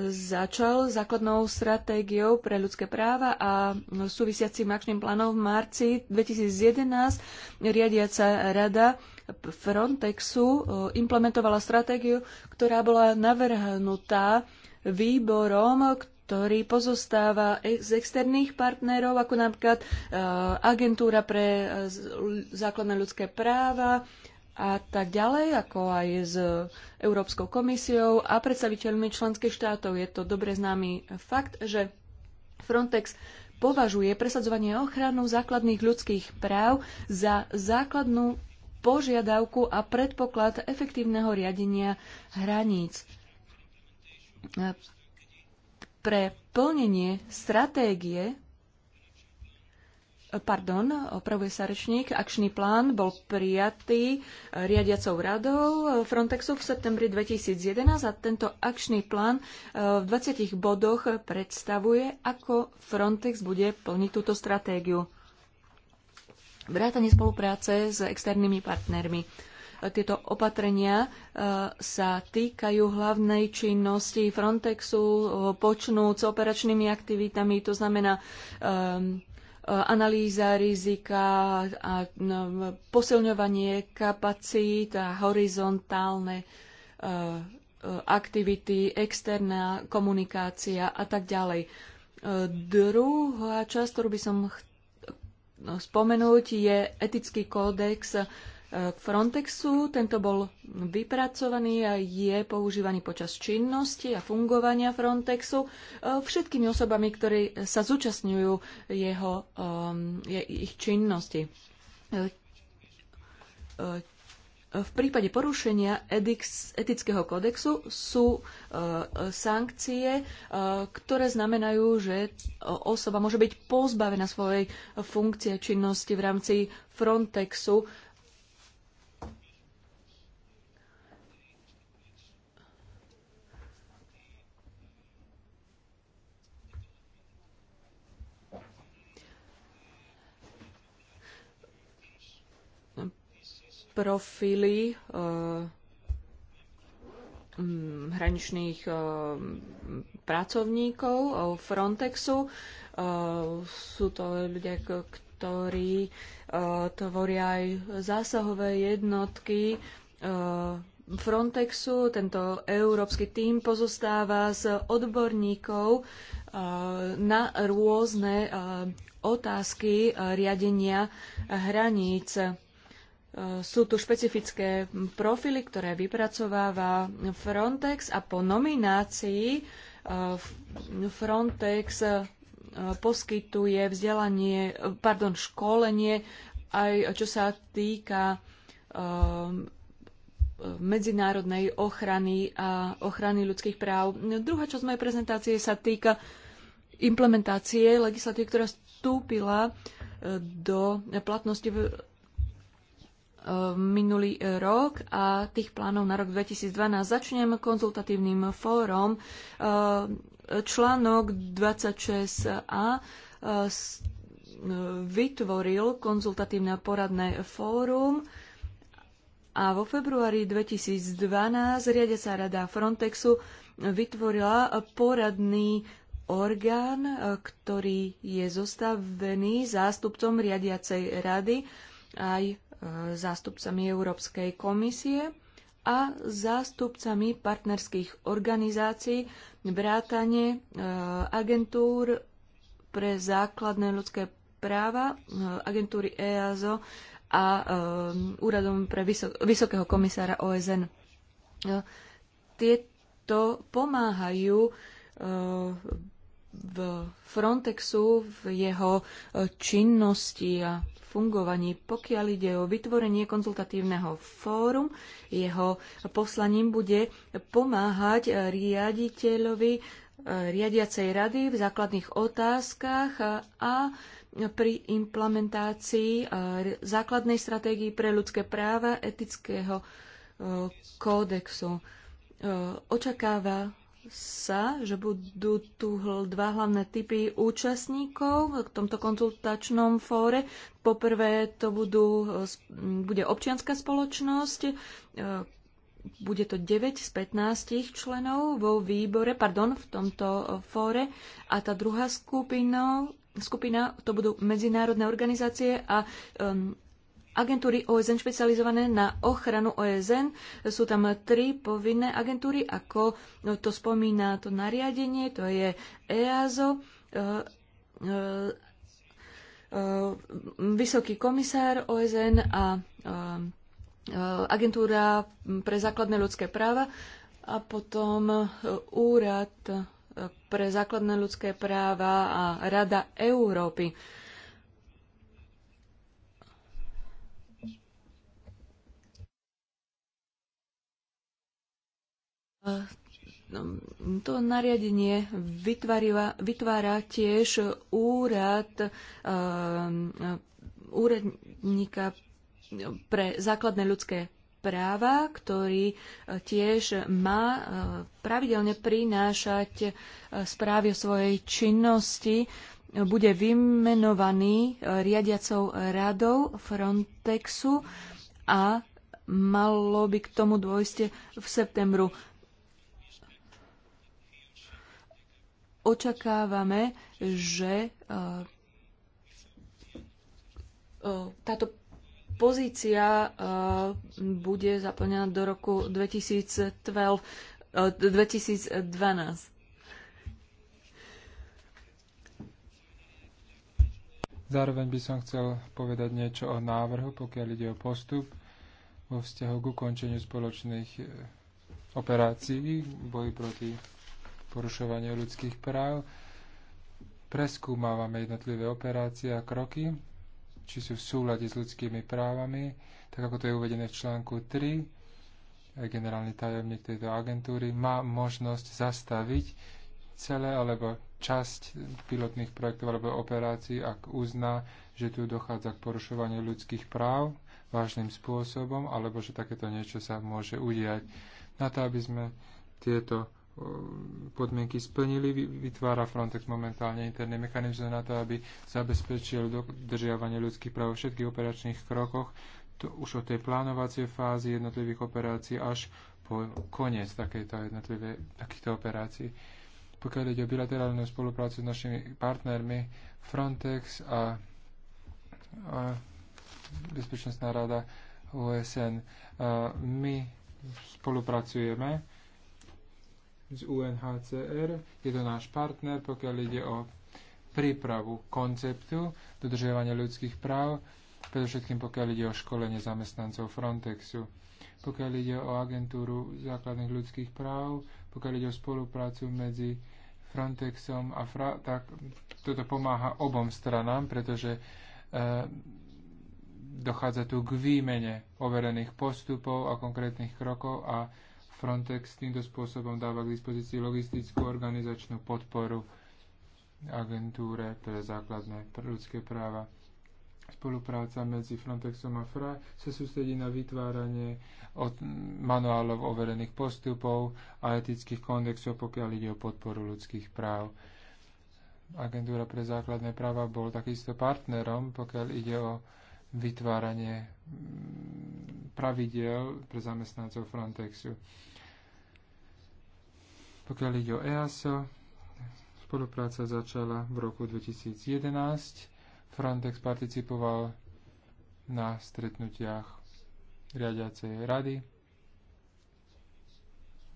začal základnou stratégiou pre ľudské práva a súvisiacím akčným plánom v marci 2011 riadiaca rada Frontexu e, implementovala stratégiu, ktorá bola navrhnutá výborom, ktorý pozostáva z externých partnerov, ako napríklad e, agentúra pre e, základné ľudské práva a tak ďalej, ako aj s Európskou komisiou a predstaviteľmi členských štátov. Je to dobre známy fakt, že Frontex považuje presadzovanie ochranu základných ľudských práv za základnú požiadavku a predpoklad efektívneho riadenia hraníc e, pre plnenie stratégie pardon, opravuje sa rečník, akčný plán bol prijatý eh, riadiacou radou eh, Frontexu v septembri 2011 a tento akčný plán eh, v 20 bodoch predstavuje, ako Frontex bude plniť túto stratégiu. Vrátanie spolupráce s externými partnermi tieto opatrenia e, sa týkajú hlavnej činnosti Frontexu, e, počnúc operačnými aktivitami, to znamená e, analýza rizika a no, posilňovanie kapacít a horizontálne aktivity, externá komunikácia a tak ďalej. Druhá časť, ktorú by som no, spomenúť, je etický kódex k Frontexu. Tento bol vypracovaný a je používaný počas činnosti a fungovania Frontexu e, všetkými osobami, ktorí sa zúčastňujú jeho, um, je, ich činnosti. E, e, v prípade porušenia etického kodexu sú sankcie, ktoré znamenajú, že osoba môže byť pozbavená svojej funkcie činnosti v rámci Frontexu profily eh, hraničných eh, pracovníkov eh, Frontexu. E, sú to ľudia, ktorí tvoria aj zásahové jednotky Frontexu. Tento európsky tím pozostáva z odborníkov na rôzne otázky riadenia hraníc sú tu špecifické profily, ktoré vypracováva Frontex a po nominácii e, Frontex e, poskytuje vzdelanie, e, pardon, školenie aj čo sa týka medzinárodnej ochrany a ochrany ľudských práv. Druhá časť mojej prezentácie sa týka implementácie legislatívy, ktorá vstúpila do platnosti v minulý e, rok a tých plánov na rok 2012. Začnem konzultatívnym fórom. E, článok 26a e, vytvoril konzultatívne a poradné fórum a vo februári 2012 riadiaca rada Frontexu vytvorila poradný orgán, ktorý je zostavený zástupcom riadiacej rady aj zástupcami Európskej komisie a zástupcami partnerských organizácií, vrátane e, agentúr pre základné ľudské práva, e, agentúry EASO a e, úradom pre Vysokého komisára OSN. Tieto pomáhajú v Frontexu, v jeho činnosti a fungovaní. Pokiaľ ide o vytvorenie konzultatívneho fórum, jeho poslaním bude pomáhať riaditeľovi eh, riadiacej rady v základných otázkach a pri implementácii eh, základnej stratégii pre ľudské práva etického eh, kódexu. Očakáva sa, že budú tu dva hlavné typy účastníkov v tomto konzultačnom fóre. Poprvé to budú, e, bude občianská spoločnosť, e, bude to 9 z 15 členov vo výbore, pardon, v tomto e, fóre. A tá druhá skupina, skupina to budú medzinárodné organizácie a um, agentúry OSN špecializované na ochranu OSN. Sú tam tri povinné agentúry, ako no, to spomína to nariadenie, to je EASO, e, e, e, vysoký komisár OSN a agentúra pre základné ľudské práva a potom úrad pre základné ľudské práva a Rada Európy. No, to nariadenie vytvára, vytvára tiež úrad úradníka pre základné ľudské práva, ktorý tiež má pravidelne prinášať správy o svojej činnosti, bude vymenovaný riadiacou radou Frontexu a malo by k tomu dôjsť v septembru. očakávame, že eh, eh, táto pozícia eh, bude zaplnená do roku 2012. 2012. Zároveň by som chcel povedať niečo o návrhu, pokiaľ ide o postup vo vzťahu k ukončeniu spoločných operácií boji proti porušovania ľudských práv. Preskúmávame jednotlivé operácie a kroky, či sú v súlade s ľudskými právami, tak ako to je uvedené v článku 3. E, generálny tajomník tejto agentúry má možnosť zastaviť celé alebo časť pilotných projektov alebo operácií, ak uzná, že tu dochádza k porušovaniu ľudských práv vážnym spôsobom, alebo že takéto niečo sa môže udiať. Na to, aby sme tieto podmienky splnili. Vytvára Frontex momentálne interný mechanizmy na to, aby zabezpečil dodržiavanie ľudských práv vo všetkých operačných krokoch, to už od tej plánovacej fázy jednotlivých operácií až po koniec takéto jednotlivé, takýchto operácií. Pokiaľ ide o bilaterálnu spoluprácu s našimi partnermi, Frontex a, a Bezpečnostná rada OSN, a my spolupracujeme z UNHCR. Je to náš partner, pokiaľ ide o prípravu konceptu dodržiavania ľudských práv, predovšetkým pokiaľ ide o školenie zamestnancov Frontexu, pokiaľ ide o agentúru základných ľudských práv, pokiaľ ide o spoluprácu medzi Frontexom a Fra, tak toto pomáha obom stranám, pretože e, dochádza tu k výmene overených postupov a konkrétnych krokov a Frontex týmto spôsobom dáva k dispozícii logistickú organizačnú podporu agentúre pre základné ľudské práva. Spolupráca medzi Frontexom a FRA sa sústredí na vytváranie od manuálov overených postupov a etických kondexov, pokiaľ ide o podporu ľudských práv. Agentúra pre základné práva bol takisto partnerom, pokiaľ ide o vytváranie mm, pravidel pre zamestnancov Frontexu. Pokiaľ ide o EASO, spolupráca začala v roku 2011. Frontex participoval na stretnutiach riadiacej rady.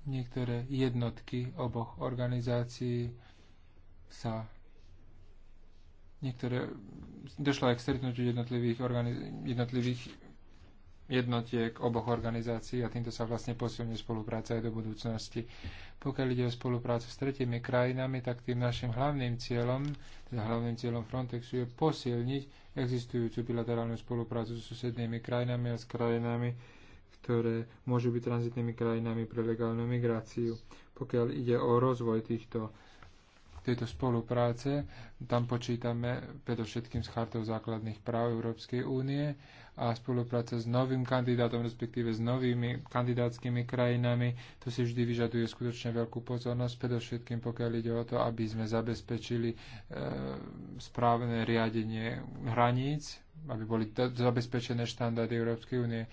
Niektoré jednotky oboch organizácií sa niektoré, došlo aj k stretnutiu jednotlivých, organiz, jednotlivých jednotiek oboch organizácií a týmto sa vlastne posilňuje spolupráca aj do budúcnosti. Pokiaľ ide o spoluprácu s tretimi krajinami, tak tým našim hlavným cieľom, teda hlavným cieľom Frontexu je posilniť existujúcu bilaterálnu spoluprácu s susednými krajinami a s krajinami, ktoré môžu byť tranzitnými krajinami pre legálnu migráciu. Pokiaľ ide o rozvoj týchto tejto spolupráce. Tam počítame predovšetkým s chartou základných práv Európskej únie a spolupráca s novým kandidátom, respektíve s novými kandidátskymi krajinami. To si vždy vyžaduje skutočne veľkú pozornosť, predovšetkým pokiaľ ide o to, aby sme zabezpečili e, správne riadenie hraníc, aby boli zabezpečené štandardy Európskej únie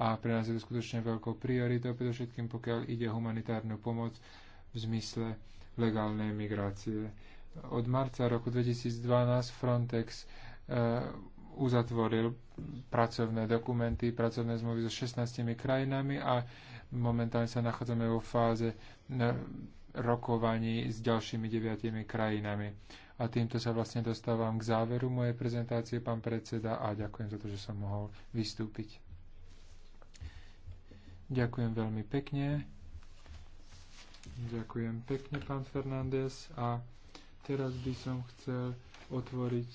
a pre nás je to skutočne veľkou prioritou, predovšetkým pokiaľ ide humanitárnu pomoc v zmysle legálnej migrácie. Od marca roku 2012 Frontex eh, uzatvoril pracovné dokumenty, pracovné zmluvy so 16 krajinami a momentálne sa nachádzame vo fáze eh, rokovaní s ďalšími deviatimi krajinami. A týmto sa vlastne dostávam k záveru mojej prezentácie, pán predseda, a ďakujem za to, že som mohol vystúpiť. Ďakujem veľmi pekne. Ďakujem pekne, pán Fernández. A teraz by som chcel otvoriť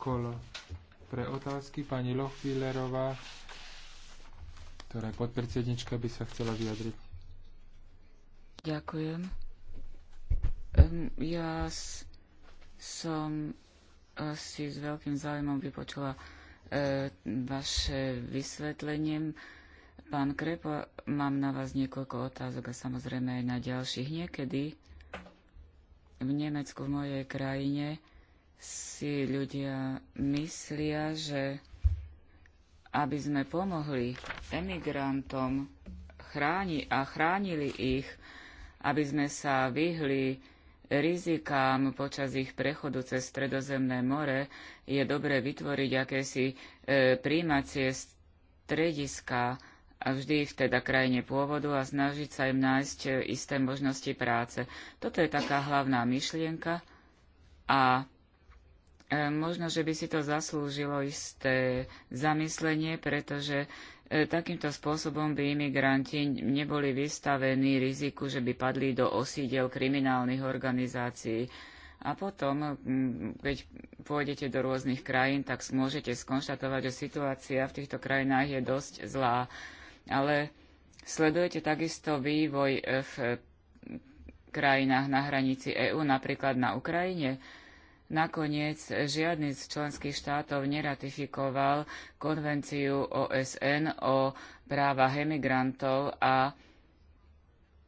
kolo pre otázky. Pani Lochvílerová, ktorá je podpredsednička, by sa chcela vyjadriť. Ďakujem. Ja som e, si s veľkým záujmom vypočula e, vaše vysvetlenie Pán Krepo, mám na vás niekoľko otázok a samozrejme aj na ďalších. Niekedy v Nemecku, v mojej krajine, si ľudia myslia, že aby sme pomohli emigrantom chráni a chránili ich, aby sme sa vyhli rizikám počas ich prechodu cez Stredozemné more, je dobré vytvoriť akési e, príjmacie strediska, a vždy v teda krajine pôvodu a snažiť sa im nájsť e, isté možnosti práce. Toto je taká hlavná myšlienka a e, možno, že by si to zaslúžilo isté zamyslenie, pretože e, takýmto spôsobom by imigranti neboli vystavení riziku, že by padli do osídel kriminálnych organizácií. A potom, keď pôjdete do rôznych krajín, tak môžete skonštatovať, že situácia v týchto krajinách je dosť zlá ale sledujete takisto vývoj eh, v krajinách na hranici EÚ, napríklad na Ukrajine. Nakoniec žiadny z členských štátov neratifikoval konvenciu OSN o právach emigrantov a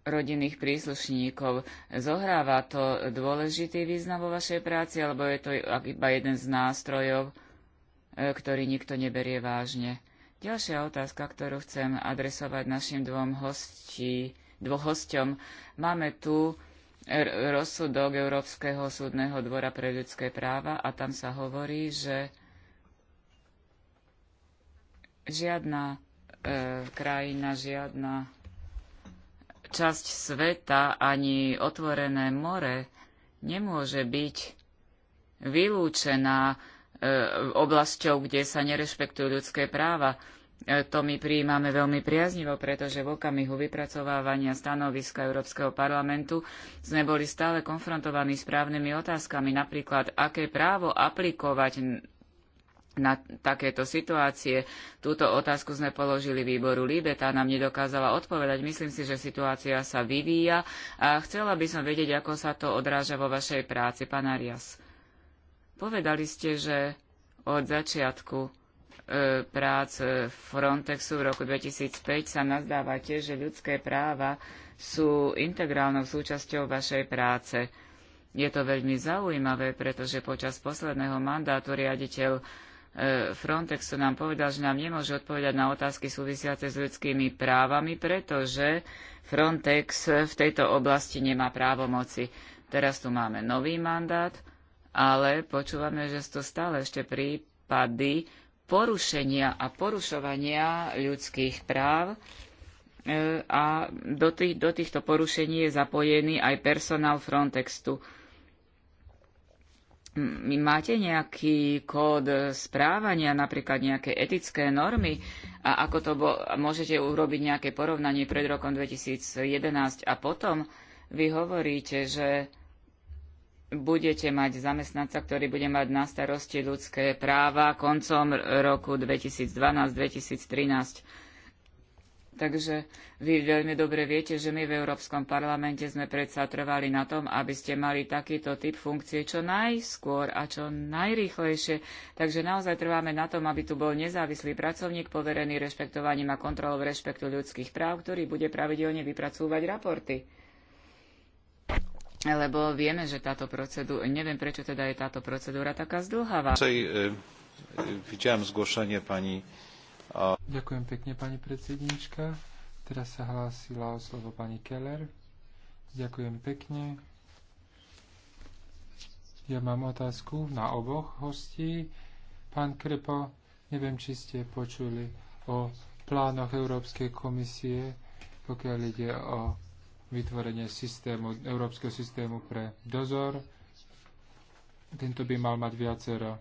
rodinných príslušníkov. Zohráva to dôležitý význam vo vašej práci, alebo je to iba jeden z nástrojov, eh, ktorý nikto neberie vážne? Ďalšia otázka, ktorú chcem adresovať našim dvom dvoch hosťom. Máme tu rozsudok Európskeho súdneho dvora pre ľudské práva a tam sa hovorí, že žiadna e, krajina, žiadna časť sveta ani otvorené more nemôže byť vylúčená E, oblasťou, kde sa nerešpektujú ľudské práva. E, to my prijímame veľmi priaznivo, pretože v okamihu vypracovávania stanoviska Európskeho parlamentu sme boli stále konfrontovaní s právnymi otázkami, napríklad aké právo aplikovať na takéto situácie. Túto otázku sme položili výboru Libe, tá nám nedokázala odpovedať. Myslím si, že situácia sa vyvíja a chcela by som vedieť, ako sa to odráža vo vašej práci, pán Arias. Povedali ste, že od začiatku e, prác e, Frontexu v roku 2005 sa nazdávate, že ľudské práva sú integrálnou súčasťou vašej práce. Je to veľmi zaujímavé, pretože počas posledného mandátu riaditeľ e, Frontexu nám povedal, že nám nemôže odpovedať na otázky súvisiace s ľudskými právami, pretože Frontex v tejto oblasti nemá právomoci. Teraz tu máme nový mandát ale počúvame, že sú to stále ešte prípady porušenia a porušovania ľudských práv e, a do, tých, do týchto porušení je zapojený aj personál Frontextu. Máte nejaký kód správania, napríklad nejaké etické normy a ako to bo, môžete urobiť nejaké porovnanie pred rokom 2011 a potom? Vy hovoríte, že budete mať zamestnanca, ktorý bude mať na starosti ľudské práva koncom roku 2012-2013. Takže vy veľmi dobre viete, že my v Európskom parlamente sme predsa trvali na tom, aby ste mali takýto typ funkcie čo najskôr a čo najrýchlejšie. Takže naozaj trváme na tom, aby tu bol nezávislý pracovník poverený rešpektovaním a kontrolou rešpektu ľudských práv, ktorý bude pravidelne vypracúvať raporty lebo vieme, že táto procedúra, neviem prečo teda je táto procedúra taká zdlhavá. Widziałem e, zgłoszenie pani. Ďakujem pekne, pani predsednička. Teraz sa hlásila o slovo pani Keller. Ďakujem pekne. Ja mám otázku na oboch hostí. Pán Krepo, neviem, či ste počuli o plánoch Európskej komisie, pokiaľ ide o vytvorenie systému, európskeho systému pre dozor. Tento by mal mať viacero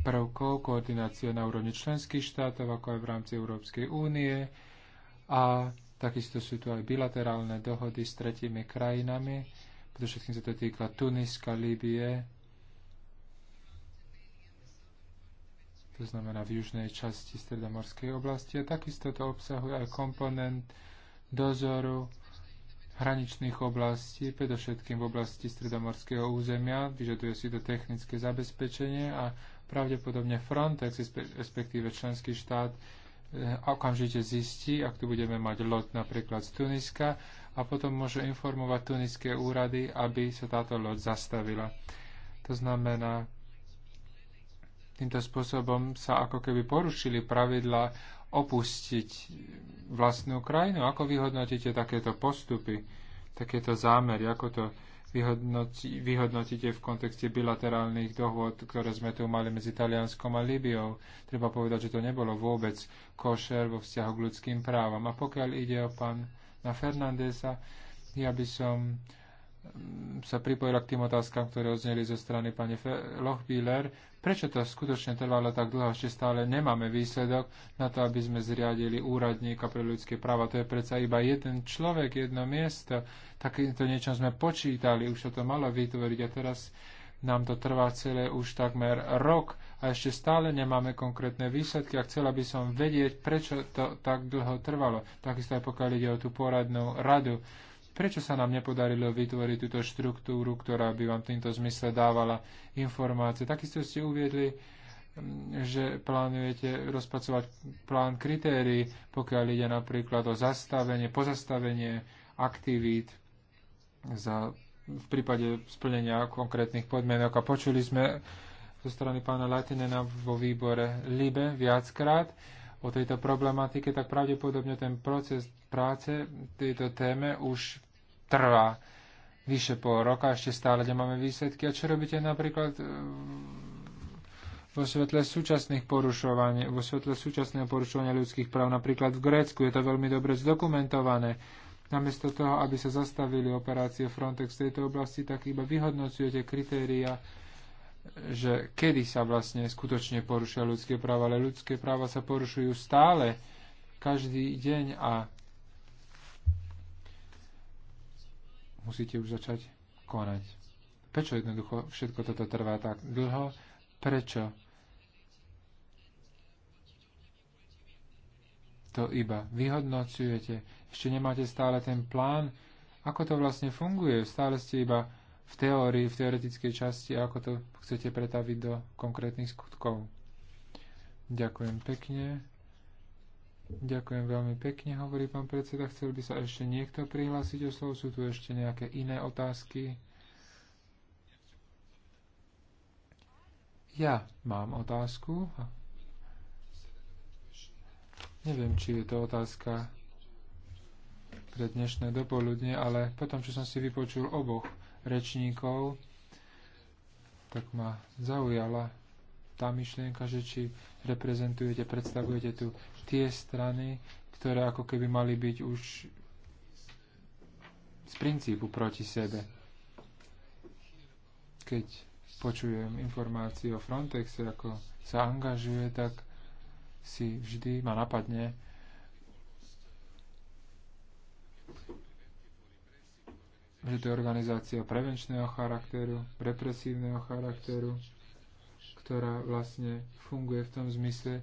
prvkov, koordinácie na úrovni členských štátov, ako aj v rámci Európskej únie a takisto sú tu aj bilaterálne dohody s tretími krajinami, všetkým sa to týka Tuniska, Líbie, to znamená v južnej časti stredomorskej oblasti. A takisto to obsahuje aj komponent dozoru hraničných oblastí, predovšetkým v oblasti stredomorského územia, vyžaduje si to technické zabezpečenie a pravdepodobne Frontex, respektíve členský štát, eh, okamžite zistí, ak tu budeme mať loď napríklad z Tuniska a potom môže informovať tuniské úrady, aby sa táto loď zastavila. To znamená, týmto spôsobom sa ako keby porušili pravidla opustiť vlastnú krajinu? Ako vyhodnotíte takéto postupy, takéto zámery? Ako to vyhodnotí, vyhodnotíte v kontexte bilaterálnych dohôd, ktoré sme tu mali medzi Talianskom a Libiou? Treba povedať, že to nebolo vôbec košer vo vzťahu k ľudským právam. A pokiaľ ide o pána Fernandesa, ja by som mm, sa pripojila k tým otázkam, ktoré odzneli zo strany pani Lochbiller. Prečo to skutočne trvalo tak dlho, ešte stále nemáme výsledok na to, aby sme zriadili úradníka pre ľudské práva. To je predsa iba jeden človek, jedno miesto. Takýmto niečo sme počítali, už sa to malo vytvoriť a teraz nám to trvá celé už takmer rok a ešte stále nemáme konkrétne výsledky a chcela by som vedieť, prečo to tak dlho trvalo. Takisto aj pokiaľ ide o tú poradnú radu. Prečo sa nám nepodarilo vytvoriť túto štruktúru, ktorá by vám v týmto zmysle dávala informácie? Takisto ste uviedli, mm, že plánujete rozpracovať plán kritérií, pokiaľ ide napríklad o zastavenie, pozastavenie aktivít za, v prípade splnenia konkrétnych podmienok. A počuli sme zo strany pána Latinena vo výbore LIBE viackrát o tejto problematike, tak pravdepodobne ten proces práce tejto téme už trvá vyše pol roka, ešte stále nemáme výsledky. A čo robíte napríklad e, vo svetle súčasných porušovania, vo svetle súčasného porušovania ľudských práv, napríklad v Grécku, je to veľmi dobre zdokumentované. Namiesto toho, aby sa zastavili operácie Frontex v tejto oblasti, tak iba vyhodnocujete kritéria, že kedy sa vlastne skutočne porušia ľudské práva, ale ľudské práva sa porušujú stále, každý deň a musíte už začať konať. Prečo jednoducho všetko toto trvá tak dlho? Prečo to iba vyhodnocujete? Ešte nemáte stále ten plán, ako to vlastne funguje? Stále ste iba v teórii, v teoretickej časti ako to chcete pretaviť do konkrétnych skutkov. Ďakujem pekne. Ďakujem veľmi pekne, hovorí pán predseda. Chcel by sa ešte niekto prihlásiť o slovo? Sú tu ešte nejaké iné otázky? Ja mám otázku. Neviem, či je to otázka pre dnešné dopoludne, ale potom, čo som si vypočul oboch rečníkov, tak ma zaujala tá myšlienka, že či reprezentujete, predstavujete tú tie strany, ktoré ako keby mali byť už z princípu proti sebe. Keď počujem informácie o Frontexe, ako sa angažuje, tak si vždy ma napadne, že to je organizácia prevenčného charakteru, represívneho charakteru, ktorá vlastne funguje v tom zmysle,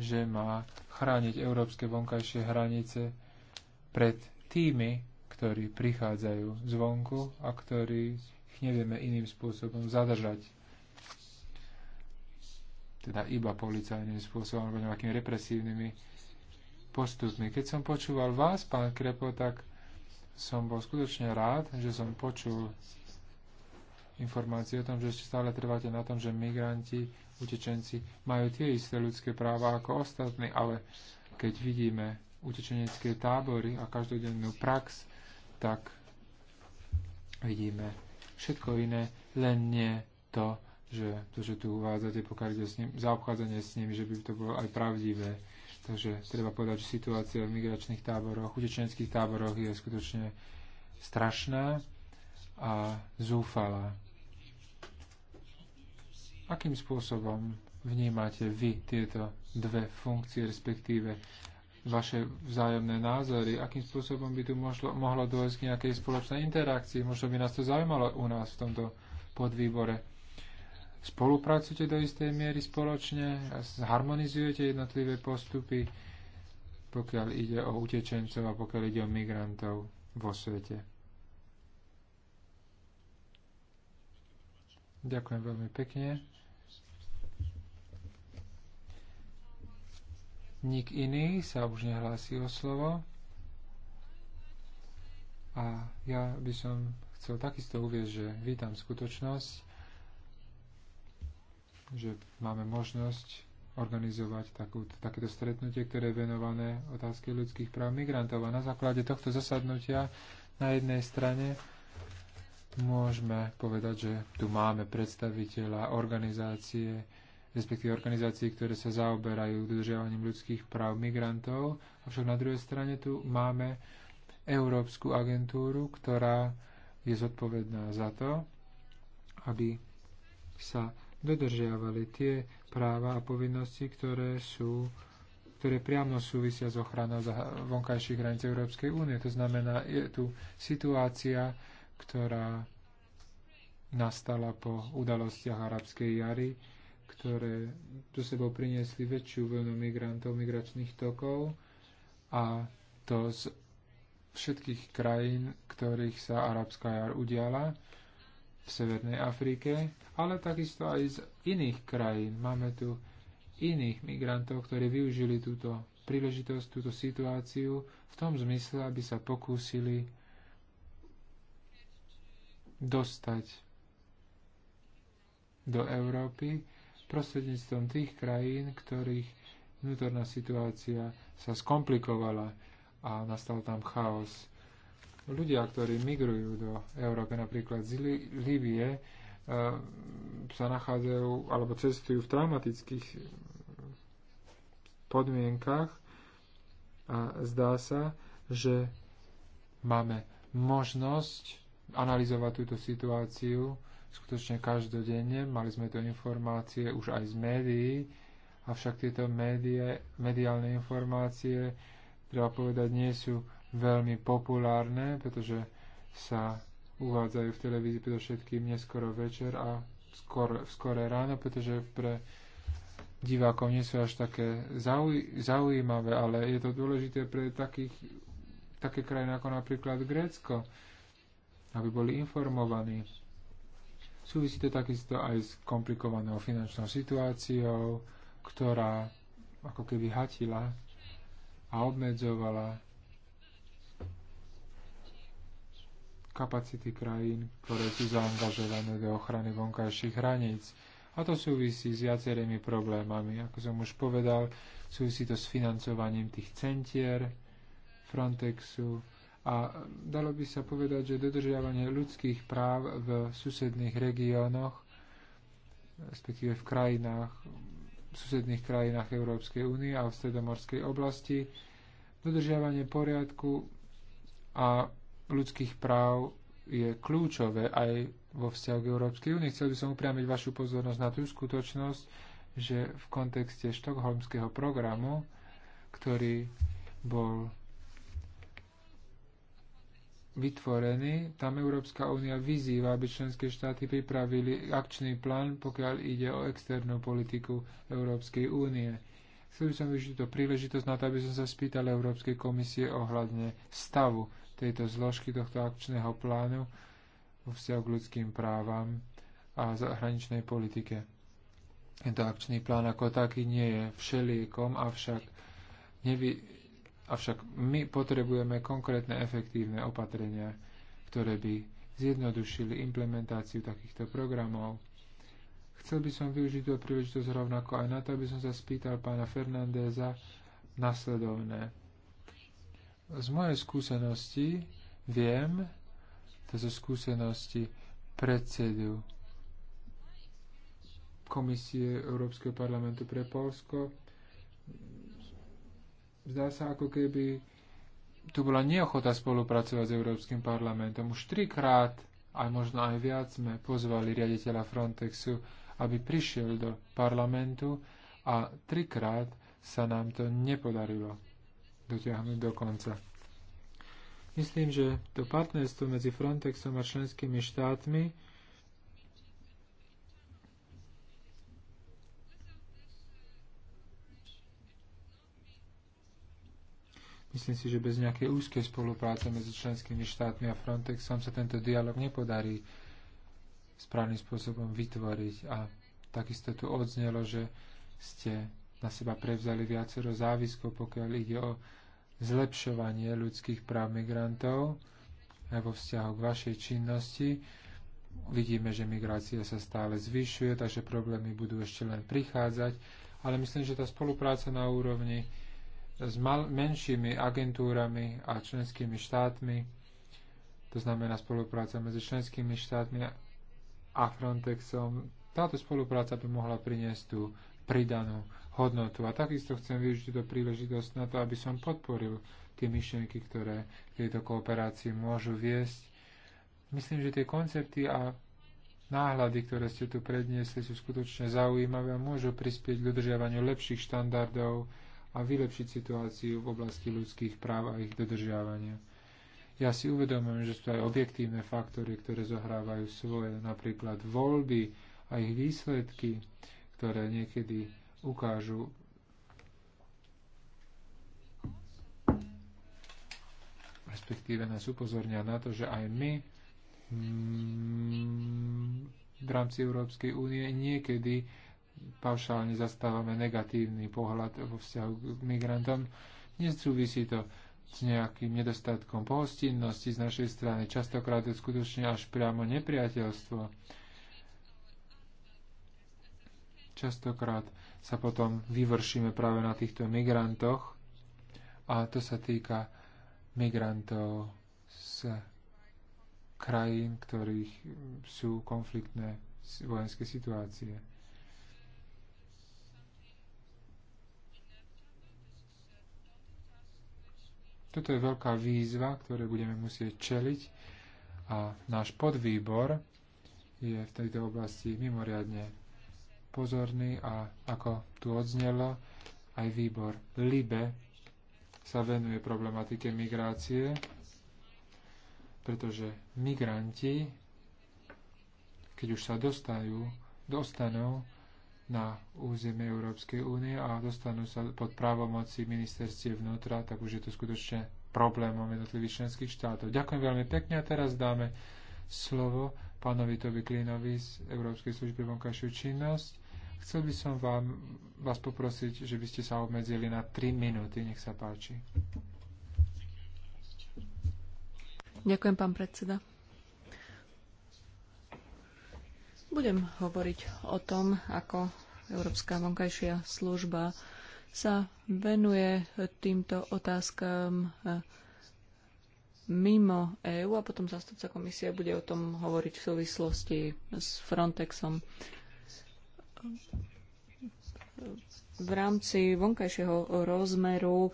že má chrániť európske vonkajšie hranice pred tými, ktorí prichádzajú zvonku a ktorí ich nevieme iným spôsobom zadržať. Teda iba policajným spôsobom alebo nejakými represívnymi postupmi. Keď som počúval vás, pán Krepo, tak som bol skutočne rád, že som počul informácie o tom, že ešte stále trváte na tom, že migranti utečenci majú tie isté ľudské práva ako ostatní, ale keď vidíme utečenecké tábory a každodennú prax, tak vidíme všetko iné, len nie to, že to, že tu uvádzate, pokiaľ ide s ním, zaobchádzanie s nimi, že by to bolo aj pravdivé. Takže treba povedať, že situácia v migračných táboroch, utečeneckých táboroch je skutočne strašná a zúfala. Akým spôsobom vnímate vy tieto dve funkcie, respektíve vaše vzájomné názory, akým spôsobom by tu možlo, mohlo dôjsť k nejakej spoločnej interakcii. Možno by nás to zaujímalo u nás v tomto podvýbore. Spolupracujete do istej miery spoločne, zharmonizujete jednotlivé postupy, pokiaľ ide o utečencov a pokiaľ ide o migrantov vo svete. Ďakujem veľmi pekne. Nik iný sa už nehlási o slovo. A ja by som chcel takisto uvieť, že vítam skutočnosť, že máme možnosť organizovať takú, takéto stretnutie, ktoré je venované otázke ľudských práv migrantov. A na základe tohto zasadnutia na jednej strane môžeme povedať, že tu máme predstaviteľa organizácie respektíve organizácií, ktoré sa zaoberajú dodržiavaním ľudských práv migrantov. Avšak na druhej strane tu máme Európsku agentúru, ktorá je zodpovedná za to, aby sa dodržiavali tie práva a povinnosti, ktoré sú ktoré priamo súvisia s ochranou vonkajších hraníc Európskej únie. To znamená, je tu situácia, ktorá nastala po udalostiach arabskej jary, ktoré do sebou priniesli väčšiu vlnu migrantov, migračných tokov a to z všetkých krajín, ktorých sa arabská jar udiala v Severnej Afrike, ale takisto aj z iných krajín. Máme tu iných migrantov, ktorí využili túto príležitosť, túto situáciu v tom zmysle, aby sa pokúsili dostať do Európy prostredníctvom tých krajín, ktorých vnútorná situácia sa skomplikovala a nastal tam chaos. Ľudia, ktorí migrujú do Európy, napríklad z Líbie, e, sa nachádzajú alebo cestujú v traumatických podmienkach a zdá sa, že máme možnosť analyzovať túto situáciu skutočne každodenne. Mali sme to informácie už aj z médií, avšak tieto médie, mediálne informácie, treba povedať, nie sú veľmi populárne, pretože sa uvádzajú v televízii predovšetkým neskoro večer a skor, skore ráno, pretože pre divákov nie sú až také zauj- zaujímavé, ale je to dôležité pre takých, také krajiny ako napríklad Grécko, aby boli informovaní. Súvisí to takisto aj s komplikovanou finančnou situáciou, ktorá ako keby hatila a obmedzovala kapacity krajín, ktoré sú zaangažované do ochrany vonkajších hraníc. A to súvisí s viacerými problémami. Ako som už povedal, súvisí to s financovaním tých centier Frontexu, a dalo by sa povedať, že dodržiavanie ľudských práv v susedných regiónoch, respektíve v krajinách, v susedných krajinách Európskej únie a v stredomorskej oblasti, dodržiavanie poriadku a ľudských práv je kľúčové aj vo vzťahu k Európskej únii. Chcel by som upriamiť vašu pozornosť na tú skutočnosť, že v kontexte štokholmského programu, ktorý bol vytvorený. Tam Európska únia vyzýva, aby členské štáty pripravili akčný plán, pokiaľ ide o externú politiku Európskej únie. Chcel by som využiť túto príležitosť na to, aby som sa spýtal Európskej komisie ohľadne stavu tejto zložky tohto akčného plánu vo vzťahu k ľudským právam a zahraničnej politike. Tento akčný plán ako taký nie je všeliekom, avšak nevy, Avšak my potrebujeme konkrétne efektívne opatrenia, ktoré by zjednodušili implementáciu takýchto programov. Chcel by som využiť tú príležitosť rovnako aj na to, aby som sa spýtal pána Fernandéza nasledovné. Z mojej skúsenosti viem, to zo skúsenosti predsedu Komisie Európskeho parlamentu pre Polsko, zdá sa, ako keby tu bola neochota spolupracovať s Európskym parlamentom. Už trikrát, aj možno aj viac, sme pozvali riaditeľa Frontexu, aby prišiel do parlamentu a trikrát sa nám to nepodarilo dotiahnuť do konca. Myslím, že to partnerstvo medzi Frontexom a členskými štátmi Myslím si, že bez nejakej úzkej spolupráce medzi členskými štátmi a Frontexom sa tento dialog nepodarí správnym spôsobom vytvoriť. A takisto tu odznelo, že ste na seba prevzali viacero záviskov, pokiaľ ide o zlepšovanie ľudských práv migrantov aj vo vzťahu k vašej činnosti. Vidíme, že migrácia sa stále zvyšuje, takže problémy budú ešte len prichádzať, ale myslím, že tá spolupráca na úrovni s mal, menšími agentúrami a členskými štátmi, to znamená spolupráca medzi členskými štátmi a Frontexom. Táto spolupráca by mohla priniesť tú pridanú hodnotu. A takisto chcem využiť túto príležitosť na to, aby som podporil tie myšlienky, ktoré tejto kooperácii môžu viesť. Myslím, že tie koncepty a náhľady, ktoré ste tu predniesli, sú skutočne zaujímavé a môžu prispieť k dodržiavaniu lepších štandardov a vylepšiť situáciu v oblasti ľudských práv a ich dodržiavania. Ja si uvedomujem, že sú aj objektívne faktory, ktoré zohrávajú svoje, napríklad voľby a ich výsledky, ktoré niekedy ukážu respektíve nás upozornia na to, že aj my mm, v rámci Európskej únie niekedy paušálne zastávame negatívny pohľad vo vzťahu k migrantom. Nesúvisí to s nejakým nedostatkom pohostinnosti z našej strany. Častokrát je skutočne až priamo nepriateľstvo. Častokrát sa potom vyvršíme práve na týchto migrantoch a to sa týka migrantov z krajín, ktorých sú konfliktné vojenské situácie. Toto je veľká výzva, ktoré budeme musieť čeliť a náš podvýbor je v tejto oblasti mimoriadne pozorný a ako tu odznelo, aj výbor LIBE sa venuje problematike migrácie, pretože migranti, keď už sa dostajú, dostanú na územie Európskej únie a dostanú sa pod právomoci ministerstie vnútra, tak už je to skutočne problémom jednotlivých členských štátov. Ďakujem veľmi pekne a teraz dáme slovo pánovi Tobi Klinovi z Európskej služby vonkajšiu činnosť. Chcel by som vám, vás poprosiť, že by ste sa obmedzili na 3 minúty. Nech sa páči. Ďakujem, pán predseda. Budem hovoriť o tom, ako Európska vonkajšia služba sa venuje týmto otázkam e, mimo EÚ a potom zastupca komisie bude o tom hovoriť v súvislosti s Frontexom. V rámci vonkajšieho rozmeru e,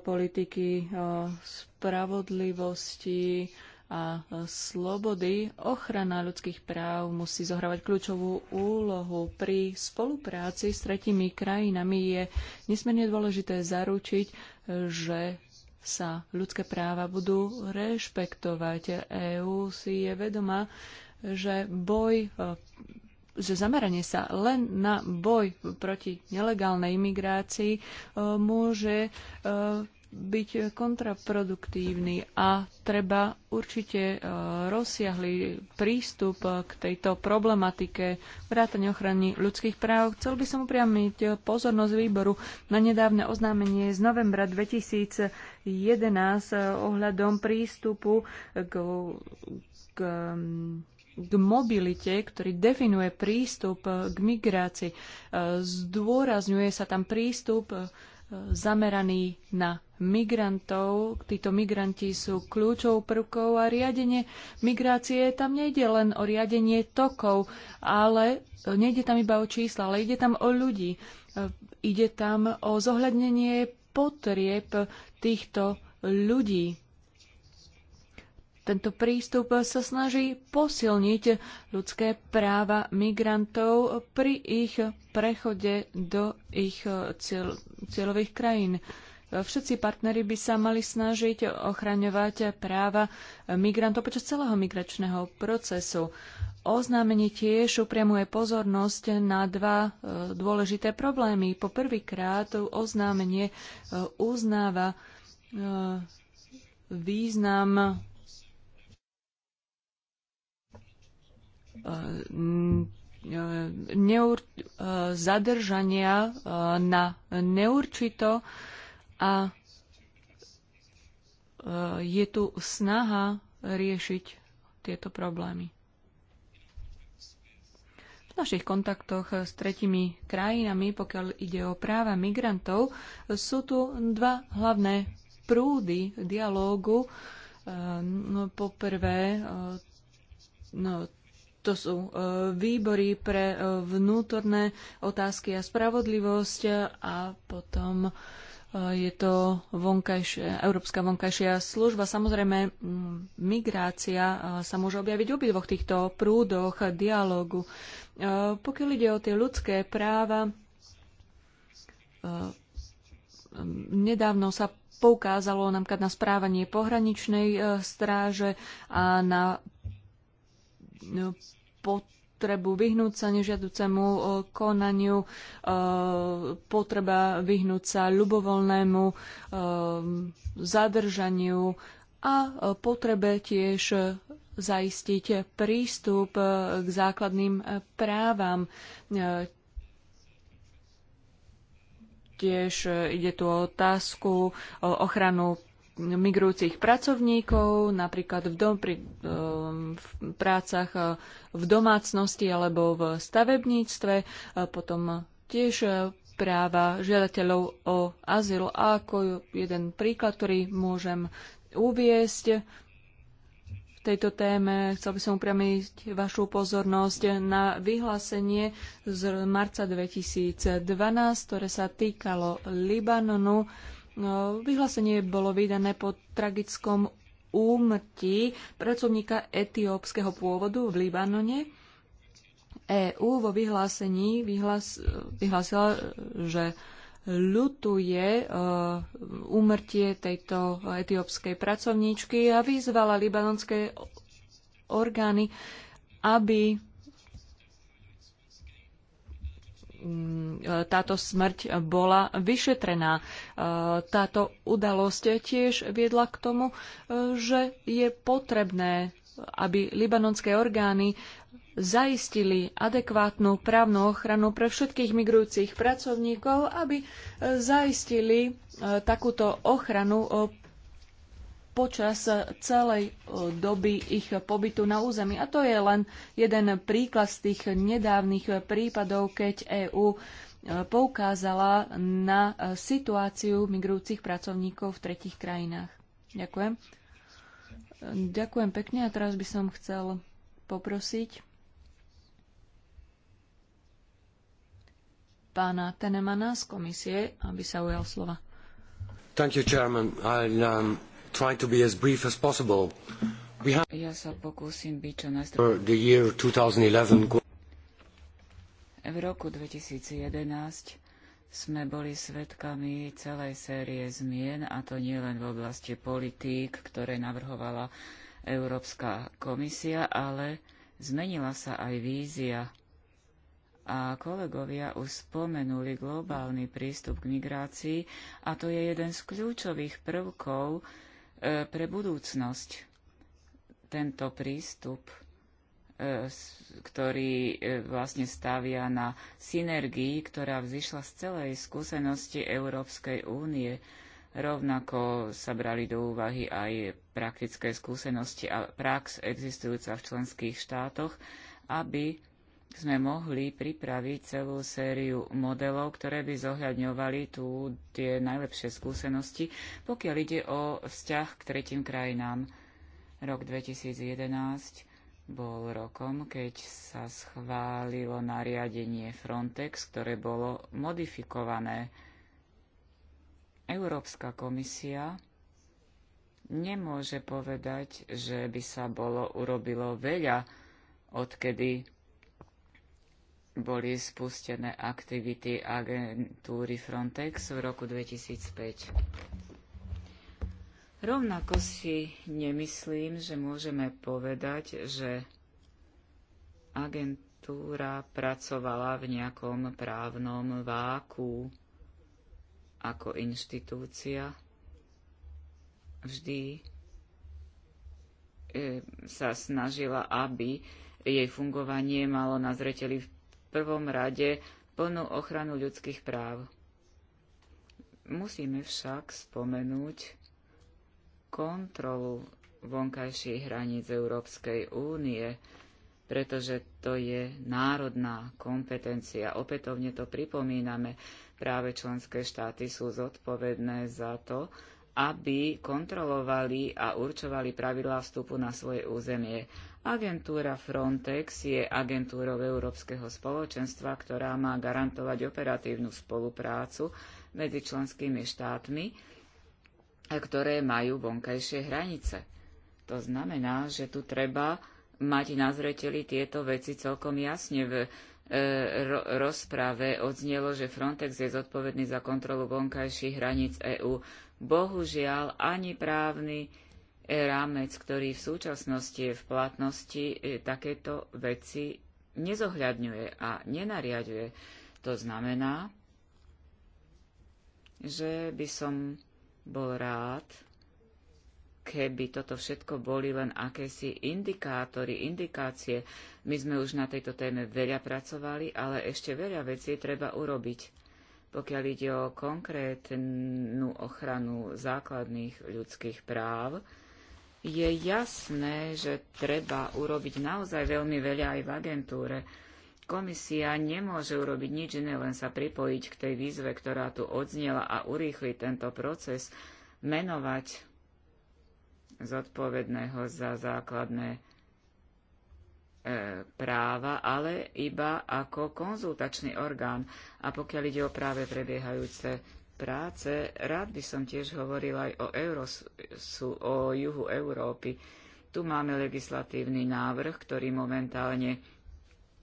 politiky e, spravodlivosti a slobody, ochrana ľudských práv musí zohrávať kľúčovú úlohu. Pri spolupráci s tretími krajinami je nesmierne dôležité zaručiť, že sa ľudské práva budú rešpektovať. EÚ si je vedoma, že boj e, že zameranie sa len na boj proti nelegálnej imigrácii e, môže e, byť kontraproduktívny a treba určite e, rozsiahly prístup k tejto problematike vrátane ochrany ľudských práv. Chcel by som upriamiť pozornosť výboru na nedávne oznámenie z novembra 2011 e, ohľadom prístupu k, k, k mobilite, ktorý definuje prístup k migrácii. E, zdôrazňuje sa tam prístup zameraný na migrantov. Títo migranti sú kľúčou prvkou a riadenie migrácie tam nejde len o riadenie tokov, ale nejde tam iba o čísla, ale ide tam o ľudí. Ide tam o zohľadnenie potrieb týchto ľudí. Tento prístup sa snaží posilniť ľudské práva migrantov pri ich prechode do ich cieľ, cieľových krajín. Všetci partnery by sa mali snažiť ochraňovať práva migrantov počas celého migračného procesu. Oznámenie tiež upriamuje pozornosť na dva e, dôležité problémy. Po prvýkrát oznámenie e, uznáva e, význam neur, zadržania e, na neurčito a e, je tu snaha riešiť tieto problémy. V našich kontaktoch s tretimi krajinami, pokiaľ ide o práva migrantov, sú tu dva hlavné prúdy dialógu. E, no, poprvé, no, to sú e, výbory pre e, vnútorné otázky a spravodlivosť a potom e, je to vonkajšia, Európska vonkajšia služba. Samozrejme, mm, migrácia sa môže objaviť v obidvoch týchto prúdoch dialogu. Pokiaľ ide o tie ľudské práva, nedávno sa poukázalo napríklad na správanie pohraničnej stráže a na no, potrebu vyhnúť sa nežiaducemu e, konaniu, e, potreba vyhnúť sa ľubovoľnému e, zadržaniu a potrebe tiež zaistiť prístup k základným právam. Tiež ide tu o otázku o ochranu migrujúcich pracovníkov, napríklad v, dom, pri, ehm, v prácach eh, v domácnosti alebo v stavebníctve, eh, potom tiež eh, práva žiadateľov o azyl. A ako jeden príklad, ktorý môžem uviesť v tejto téme, chcel by som upriamiť vašu pozornosť na vyhlásenie z marca 2012, ktoré sa týkalo Libanonu. No, vyhlásenie bolo vydané po tragickom úmrtí pracovníka etiópskeho pôvodu v Libanone. EÚ vo vyhlásení vyhlas, vyhlásila, že ľutuje e, úmrtie tejto etiópskej pracovníčky a vyzvala libanonské orgány, aby Mm, e, táto smrť bola vyšetrená. E, táto udalosť tiež viedla k tomu, e, že je potrebné, aby libanonské orgány zaistili adekvátnu právnu ochranu pre všetkých migrujúcich pracovníkov, aby zaistili takúto ochranu počas celej e, doby ich pobytu na území. A to je len jeden príklad z tých nedávnych prípadov, keď EÚ e, poukázala na e, situáciu migrujúcich pracovníkov v tretich krajinách. Ďakujem. Ďakujem pekne a teraz by som chcel poprosiť pána Tenemana z komisie, aby sa ujal slova. Thank you, Chairman. I'll um, try to be as brief as possible. We have ja sa pokúsim byť čo najstručnejší. The year 2011. V roku 2011 sme boli svedkami celej série zmien, a to nielen v oblasti politík, ktoré navrhovala Európska komisia, ale zmenila sa aj vízia. A kolegovia už spomenuli globálny prístup k migrácii a to je jeden z kľúčových prvkov E, pre budúcnosť. Tento prístup, e, ktorý e, vlastne stavia na synergii, ktorá vzýšla z celej skúsenosti Európskej únie, Rovnako sa brali do úvahy aj praktické skúsenosti a prax existujúca v členských štátoch, aby sme mohli pripraviť celú sériu modelov, ktoré by zohľadňovali tu tie najlepšie skúsenosti, pokiaľ ide o vzťah k tretím krajinám. Rok 2011 bol rokom, keď sa schválilo nariadenie Frontex, ktoré bolo modifikované. Európska komisia nemôže povedať, že by sa bolo urobilo veľa, odkedy boli spustené aktivity agentúry Frontex v roku 2005. Rovnako si nemyslím, že môžeme povedať, že agentúra pracovala v nejakom právnom váku ako inštitúcia. Vždy eh, sa snažila, aby jej fungovanie malo na zreteli prvom rade plnú ochranu ľudských práv. Musíme však spomenúť kontrolu vonkajších hraníc Európskej únie, pretože to je národná kompetencia. Opätovne to pripomíname. Práve členské štáty sú zodpovedné za to, aby kontrolovali a určovali pravidlá vstupu na svoje územie. Agentúra Frontex je agentúrou Európskeho spoločenstva, ktorá má garantovať operatívnu spoluprácu medzi členskými štátmi, ktoré majú vonkajšie hranice. To znamená, že tu treba mať na zreteli tieto veci celkom jasne. V e, ro rozprave odznelo, že Frontex je zodpovedný za kontrolu vonkajších hraníc EÚ. Bohužiaľ, ani právny rámec, ktorý v súčasnosti je v platnosti, e, takéto veci nezohľadňuje a nenariaduje. To znamená, že by som bol rád, keby toto všetko boli len akési indikátory, indikácie. My sme už na tejto téme veľa pracovali, ale ešte veľa vecí treba urobiť, pokiaľ ide o konkrétnu ochranu základných ľudských práv, je jasné, že treba urobiť naozaj veľmi veľa aj v agentúre. Komisia nemôže urobiť nič iné, len sa pripojiť k tej výzve, ktorá tu odznela a urýchliť tento proces, menovať zodpovedného za základné e, práva, ale iba ako konzultačný orgán. A pokiaľ ide o práve prebiehajúce práce, rád by som tiež hovoril aj o, Eurosu, o juhu Európy. Tu máme legislatívny návrh, ktorý momentálne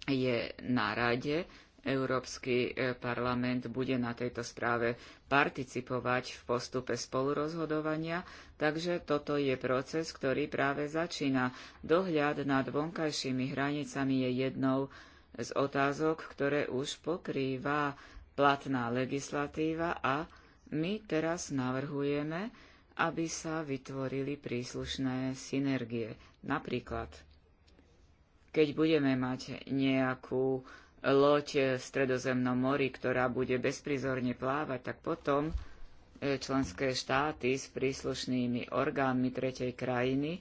je na rade. Európsky e, parlament bude na tejto správe participovať v postupe spolurozhodovania, takže toto je proces, ktorý práve začína. Dohľad nad vonkajšími hranicami je jednou z otázok, ktoré už pokrýva platná legislatíva a my teraz navrhujeme, aby sa vytvorili príslušné synergie. Napríklad, keď budeme mať nejakú loď v Stredozemnom mori, ktorá bude bezprizorne plávať, tak potom e, členské štáty s príslušnými orgánmi tretej krajiny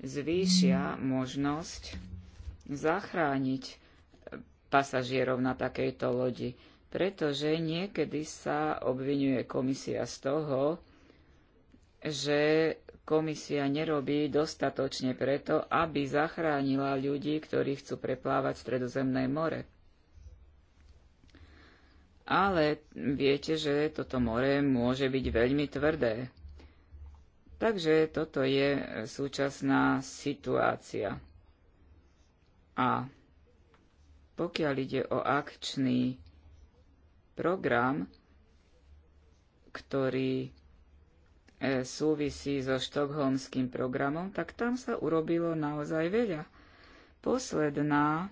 zvýšia možnosť zachrániť e, pasažierov na takejto lodi pretože niekedy sa obvinuje komisia z toho, že komisia nerobí dostatočne preto, aby zachránila ľudí, ktorí chcú preplávať Stredozemné more. Ale viete, že toto more môže byť veľmi tvrdé. Takže toto je súčasná situácia. A pokiaľ ide o akčný program, ktorý e, súvisí so štokholmským programom, tak tam sa urobilo naozaj veľa. Posledná,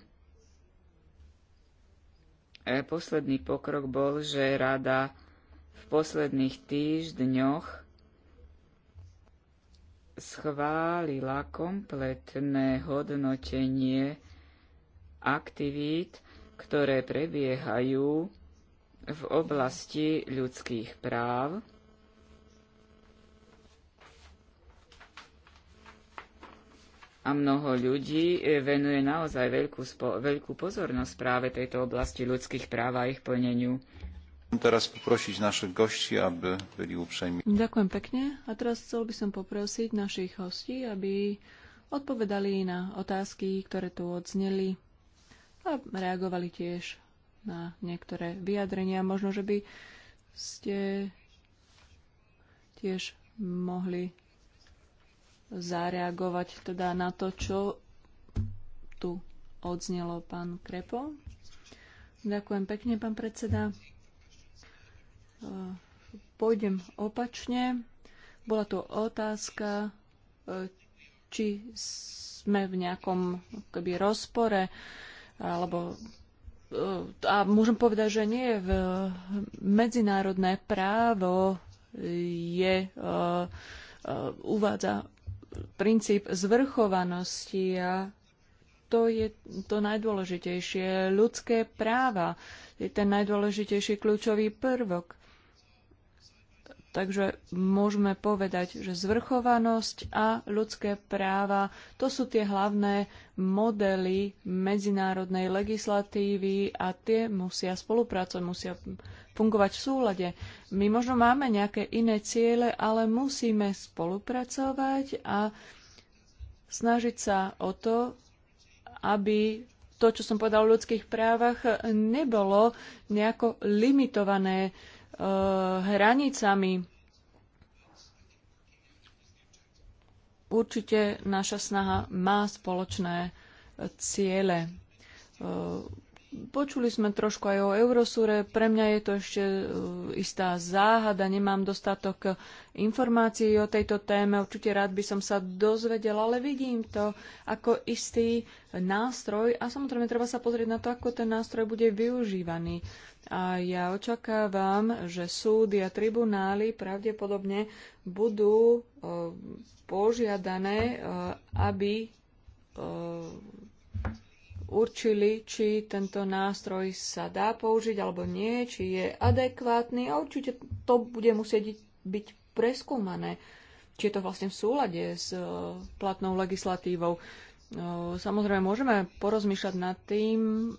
e, posledný pokrok bol, že rada v posledných týždňoch schválila kompletné hodnotenie aktivít, ktoré prebiehajú v oblasti ľudských práv. A mnoho ľudí eh, venuje naozaj veľkú, spo, veľkú pozornosť práve tejto oblasti ľudských práv a ich plneniu. Teraz poprosiť našich gostí, aby byli uprzejmi. Ďakujem pekne. A teraz chcel by som poprosiť našich hostí, aby odpovedali na otázky, ktoré tu odzneli a reagovali tiež na niektoré vyjadrenia. Možno, že by ste tiež mohli zareagovať teda na to, čo tu odznelo pán Krepo. Ďakujem pekne, pán predseda. Pôjdem opačne. Bola tu otázka, či sme v nejakom keby, rozpore alebo E, a môžem povedať, že nie v medzinárodné právo je uh, uvádza princíp zvrchovanosti a to je to najdôležitejšie. Ľudské práva je ten najdôležitejší kľúčový prvok. Takže môžeme povedať, že zvrchovanosť a ľudské práva to sú tie hlavné modely medzinárodnej legislatívy a tie musia spolupracovať, musia fungovať v súlade. My možno máme nejaké iné ciele, ale musíme spolupracovať a snažiť sa o to, aby to, čo som povedal o ľudských právach, nebolo nejako limitované Eh, hranicami. Určite naša snaha má spoločné ciele eh, Počuli sme trošku aj o Eurosure. Pre mňa je to ešte e, istá záhada. Nemám dostatok e, informácií o tejto téme. Určite rád by som sa dozvedel, ale vidím to ako istý nástroj a samozrejme treba sa pozrieť na to, ako ten nástroj bude využívaný. A ja očakávam, že súdy a tribunály pravdepodobne budú e, požiadané, aby určili, či tento nástroj sa dá použiť alebo nie, či je adekvátny a určite to bude musieť byť preskúmané, či je to vlastne v súlade s e, platnou legislatívou. E, samozrejme, môžeme porozmýšľať nad tým,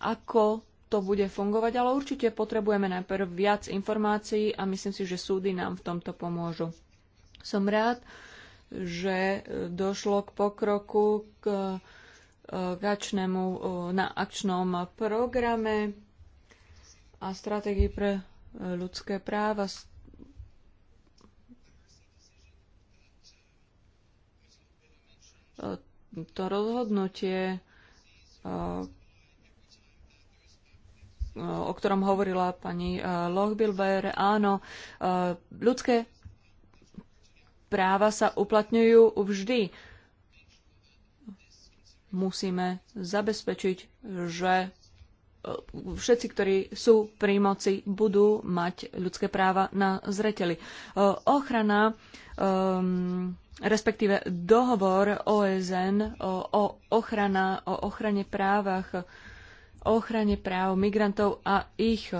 ako to bude fungovať, ale určite potrebujeme najprv viac informácií a myslím si, že súdy nám v tomto pomôžu. Som rád, že e, došlo k pokroku, k k akčnému, eh, na akčnom programe a stratégii pre eh, ľudské práva. Eh, to rozhodnutie, o ktorom hovorila pani Lochbilber, áno, ľudské práva sa uplatňujú vždy musíme zabezpečiť, že e, všetci, ktorí sú pri moci, budú mať ľudské práva na zreteli. E, ochrana, ehm, respektíve dohovor OSN o, e, o, ochrana, o ochrane právach, ochrane práv migrantov a ich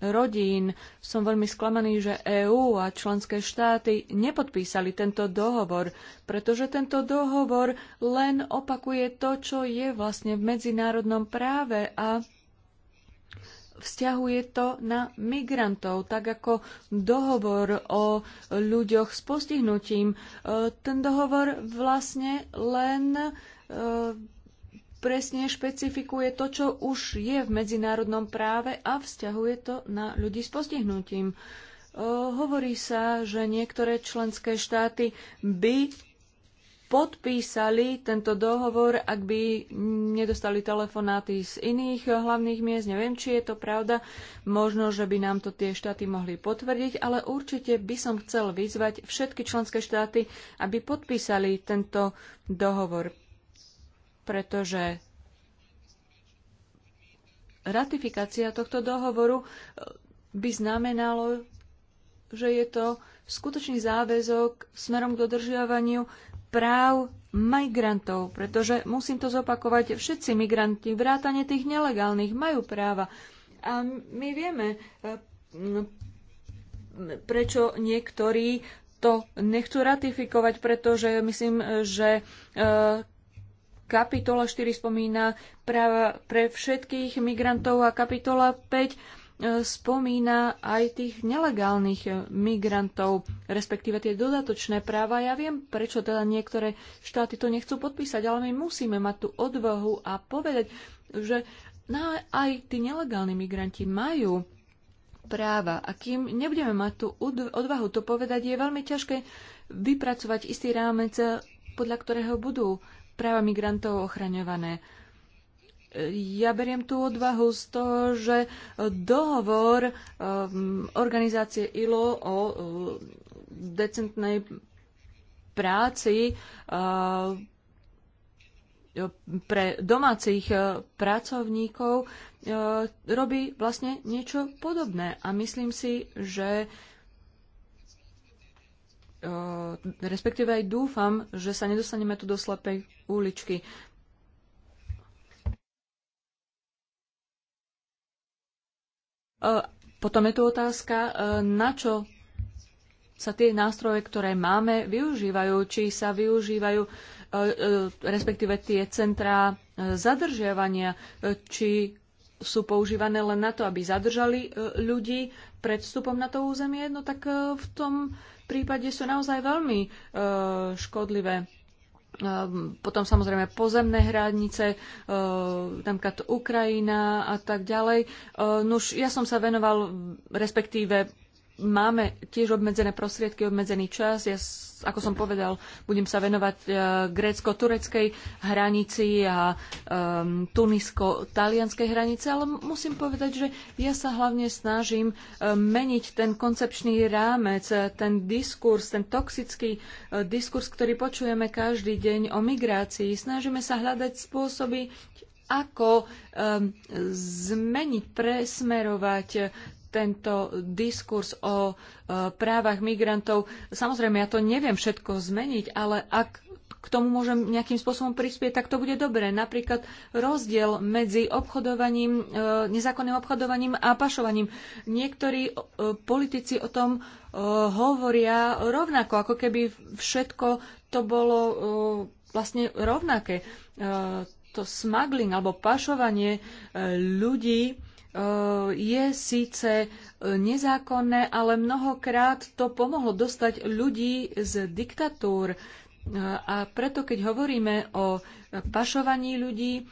rodín. Som veľmi sklamaný, že EÚ a členské štáty nepodpísali tento dohovor, pretože tento dohovor len opakuje to, čo je vlastne v medzinárodnom práve a vzťahuje to na migrantov, tak ako dohovor o ľuďoch s postihnutím. E, ten dohovor vlastne len e, presne špecifikuje to, čo už je v medzinárodnom práve a vzťahuje to na ľudí s postihnutím. E, hovorí sa, že niektoré členské štáty by podpísali tento dohovor, ak by nedostali telefonáty z iných hlavných miest. Neviem, či je to pravda. Možno, že by nám to tie štáty mohli potvrdiť, ale určite by som chcel vyzvať všetky členské štáty, aby podpísali tento dohovor pretože ratifikácia tohto dohovoru e, by znamenalo, že je to skutočný záväzok smerom k dodržiavaniu práv migrantov, pretože musím to zopakovať, všetci migranti, vrátane tých nelegálnych, majú práva. A my vieme, e, prečo niektorí to nechcú ratifikovať, pretože myslím, že e, kapitola 4 spomína práva pre všetkých migrantov a kapitola 5 e, spomína aj tých nelegálnych e, migrantov, respektíve tie dodatočné práva. Ja viem, prečo teda niektoré štáty to nechcú podpísať, ale my musíme mať tú odvahu a povedať, že no, aj tí nelegálni migranti majú práva. A kým nebudeme mať tú odvahu to povedať, je veľmi ťažké vypracovať istý rámec, podľa ktorého budú práva migrantov ochraňované. Ja beriem tú odvahu z toho, že dohovor um, organizácie ILO o um, decentnej práci uh, pre domácich uh, pracovníkov uh, robí vlastne niečo podobné. A myslím si, že E, respektíve aj dúfam, že sa nedostaneme tu do slepej uličky. E, potom je tu otázka, e, na čo sa tie nástroje, ktoré máme, využívajú, či sa využívajú respektíve tie centrá zadržiavania, či sú používané len na to, aby zadržali ľudí pred vstupom na to územie, no tak v tom prípade sú naozaj veľmi uh, škodlivé. E, potom samozrejme pozemné hranice, e, napríklad Ukrajina a tak ďalej. Nuž, ja som sa venoval, respektíve máme tiež obmedzené prostriedky, obmedzený čas. Ja, ako som povedal, budem sa venovať uh, grécko-tureckej hranici a um, tunisko-talianskej hranici, ale musím povedať, že ja sa hlavne snažím uh, meniť ten koncepčný rámec, e, ten diskurs, ten toxický diskurs, ktorý počujeme každý deň o migrácii. Snažíme sa hľadať spôsoby, ako zmeniť, presmerovať tento diskurs o e, právach migrantov. Samozrejme, ja to neviem všetko zmeniť, ale ak k tomu môžem nejakým spôsobom prispieť, tak to bude dobré. Napríklad rozdiel medzi obchodovaním, e, nezákonným obchodovaním a pašovaním. Niektorí e, politici o tom hovoria rovnako, ako keby všetko to bolo vlastne rovnaké. To smuggling alebo pašovanie ľudí Eh, je síce eh, nezákonné, ale mnohokrát to pomohlo dostať ľudí z diktatúr. Eh, a preto, keď hovoríme o pašovaní ľudí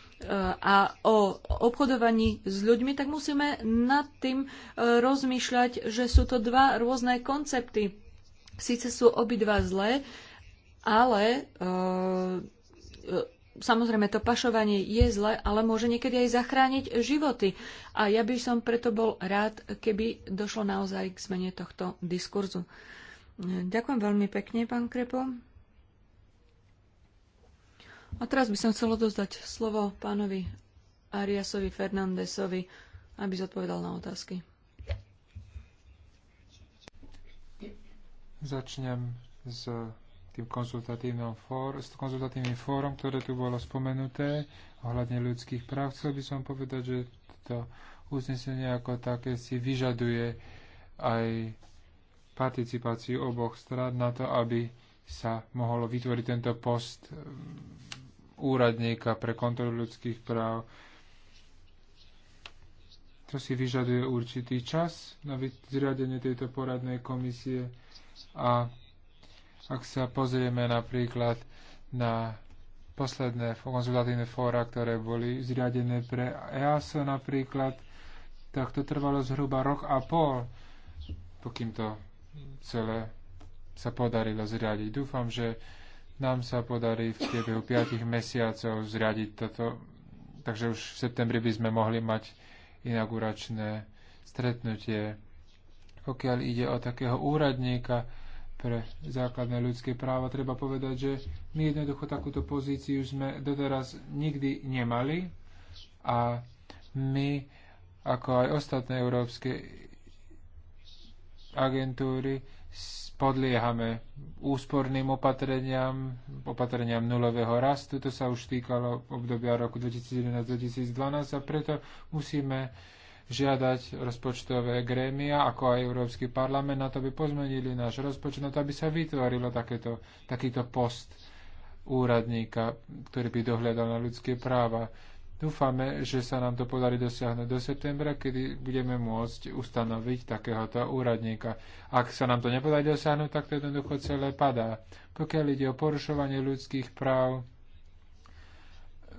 a o obchodovaní s ľuďmi, tak musíme nad tým rozmýšľať, že sú to dva rôzne koncepty. Síce sú obidva zlé, ale Samozrejme, to pašovanie je zle, ale môže niekedy aj zachrániť životy. A ja by som preto bol rád, keby došlo naozaj k zmene tohto diskurzu. Ďakujem veľmi pekne, pán Krepo. A teraz by som chcela dozdať slovo pánovi Ariasovi Fernandesovi, aby zodpovedal na otázky. Začnem s tým fór, s konzultatívnym fórom, ktoré tu bolo spomenuté ohľadne ľudských práv. Chcel by som povedať, že to uznesenie ako také si vyžaduje aj participáciu oboch strán na to, aby sa mohlo vytvoriť tento post mm, úradníka pre kontrolu ľudských práv. To si vyžaduje určitý čas na zriadenie tejto poradnej komisie a ak sa pozrieme napríklad na posledné konzultatívne fóra, ktoré boli zriadené pre EASO napríklad, tak to trvalo zhruba rok a pol, pokým to celé sa podarilo zriadiť. Dúfam, že nám sa podarí v priebehu 5 mesiacov zriadiť toto, takže už v septembri by sme mohli mať inauguračné stretnutie. Pokiaľ ide o takého úradníka, pre základné ľudské práva. Treba povedať, že my jednoducho takúto pozíciu sme doteraz nikdy nemali a my, ako aj ostatné európske agentúry, podliehame úsporným opatreniam, opatreniam nulového rastu, to sa už týkalo obdobia roku 2011-2012 a preto musíme žiadať rozpočtové grémia, ako aj Európsky parlament, na to by pozmenili náš rozpočet, na to by sa vytvorilo takéto, takýto post úradníka, ktorý by dohľadal na ľudské práva. Dúfame, že sa nám to podarí dosiahnuť do septembra, kedy budeme môcť ustanoviť takéhoto úradníka. Ak sa nám to nepodarí dosiahnuť, tak to jednoducho celé padá. Pokiaľ ide o porušovanie ľudských práv,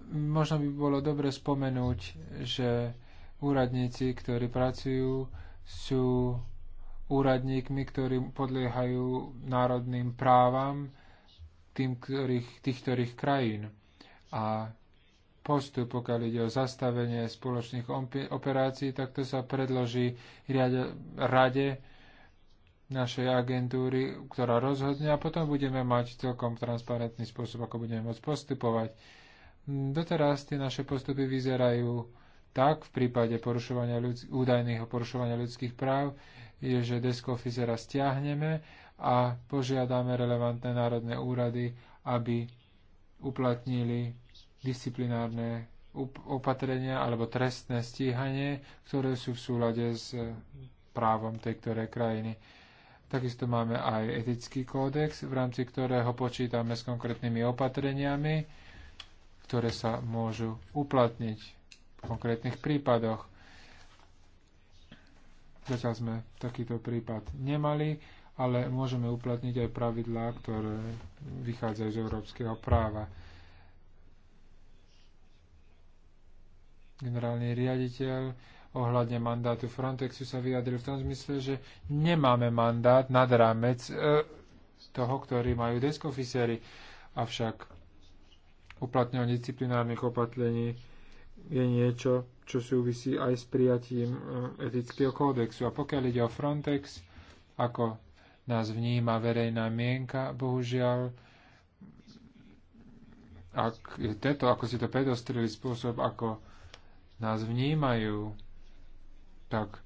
možno by bolo dobre spomenúť, že úradníci, ktorí pracujú, sú úradníkmi, ktorí podliehajú národným právam tým, ktorých, tých, ktorých krajín. A postup, pokiaľ ide o zastavenie spoločných operácií, tak to sa predloží riade, rade našej agentúry, ktorá rozhodne a potom budeme mať celkom transparentný spôsob, ako budeme môcť postupovať. Doteraz tie naše postupy vyzerajú tak v prípade porušovania ľudz- údajného porušovania ľudských práv je, že desko Fizera stiahneme a požiadame relevantné národné úrady, aby uplatnili disciplinárne opatrenia alebo trestné stíhanie, ktoré sú v súlade s právom tej ktorej krajiny. Takisto máme aj etický kódex, v rámci ktorého počítame s konkrétnymi opatreniami, ktoré sa môžu uplatniť konkrétnych prípadoch. Zatiaľ sme takýto prípad nemali, ale môžeme uplatniť aj pravidlá, ktoré vychádzajú z európskeho práva. Generálny riaditeľ ohľadne mandátu Frontexu sa vyjadril v tom zmysle, že nemáme mandát nad rámec e, toho, ktorý majú deskofisery. Avšak uplatňovanie disciplinárnych opatrení je niečo, čo súvisí aj s prijatím e, etického kódexu. A pokiaľ ide o Frontex, ako nás vníma verejná mienka, bohužiaľ, ak tento, ako si to predostrili, spôsob, ako nás vnímajú, tak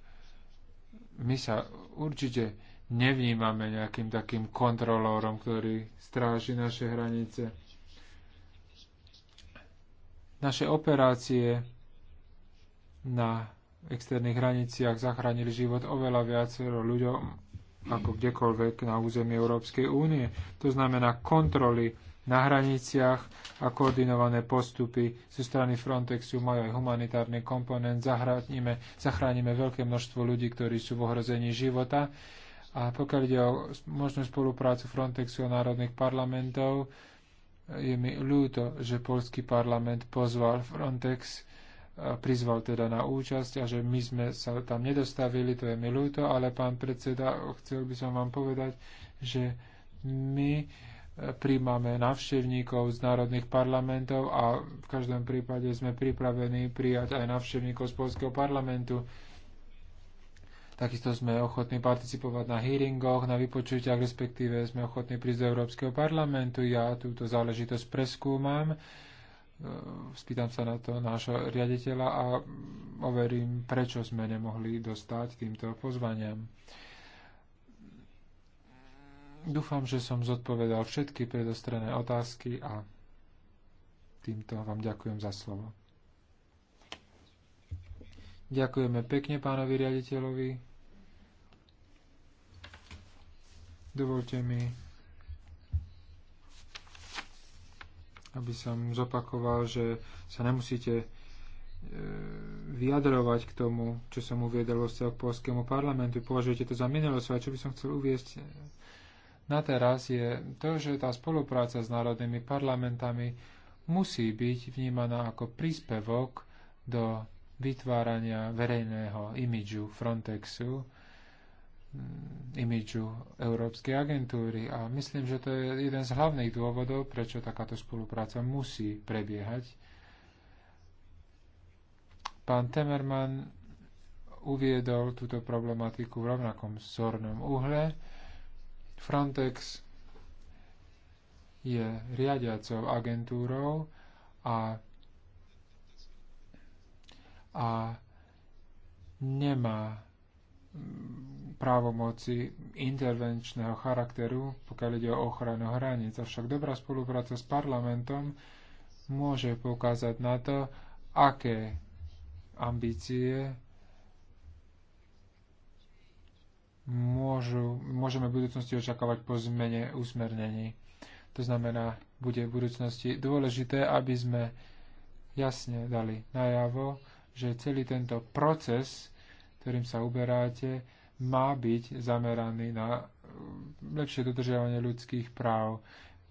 my sa určite nevnímame nejakým takým kontrolórom, ktorý stráži naše hranice. Naše operácie na externých hraniciach zachránili život oveľa viacero ľuďom ako kdekoľvek na území Európskej únie. To znamená kontroly na hraniciach a koordinované postupy zo strany Frontexu majú aj humanitárny komponent. Zachránime, zachránime veľké množstvo ľudí, ktorí sú v ohrození života. A pokiaľ ide o možnú spoluprácu Frontexu a národných parlamentov, je mi ľúto, že polský parlament pozval Frontex, e, prizval teda na účasť a že my sme sa tam nedostavili, to je mi ľúto, ale pán predseda, chcel by som vám povedať, že my e, príjmame navštevníkov z národných parlamentov a v každom prípade sme pripravení prijať aj navštevníkov z polského parlamentu. Takisto sme ochotní participovať na hearingoch, na vypočutiach, respektíve sme ochotní prísť do Európskeho parlamentu. Ja túto záležitosť preskúmam, e, spýtam sa na to nášho riaditeľa a overím, prečo sme nemohli dostať týmto pozvaniam. Dúfam, že som zodpovedal všetky predostrené otázky a týmto vám ďakujem za slovo. Ďakujeme pekne pánovi riaditeľovi. Dovolte mi, aby som zopakoval, že sa nemusíte e, vyjadrovať k tomu, čo som uviedol vo vzťahu k polskému parlamentu. Považujete to za minulosť, ale čo by som chcel uviesť e, na teraz je to, že tá spolupráca s národnými parlamentami musí byť vnímaná ako príspevok do vytvárania verejného imidžu Frontexu, Mm, imidžu Európskej agentúry a myslím, že to je jeden z hlavných dôvodov, prečo takáto spolupráca musí prebiehať. Pán Temerman uviedol túto problematiku v rovnakom zornom uhle. Frontex je riadiacou agentúrou a, a nemá právomoci intervenčného charakteru, pokiaľ ide o ochranu hraníc. Avšak dobrá spolupráca s parlamentom môže poukázať na to, aké ambície môžu, môžeme v budúcnosti očakávať po zmene usmernení. To znamená, bude v budúcnosti dôležité, aby sme jasne dali najavo, že celý tento proces ktorým sa uberáte, má byť zameraný na um, lepšie dodržiavanie ľudských práv,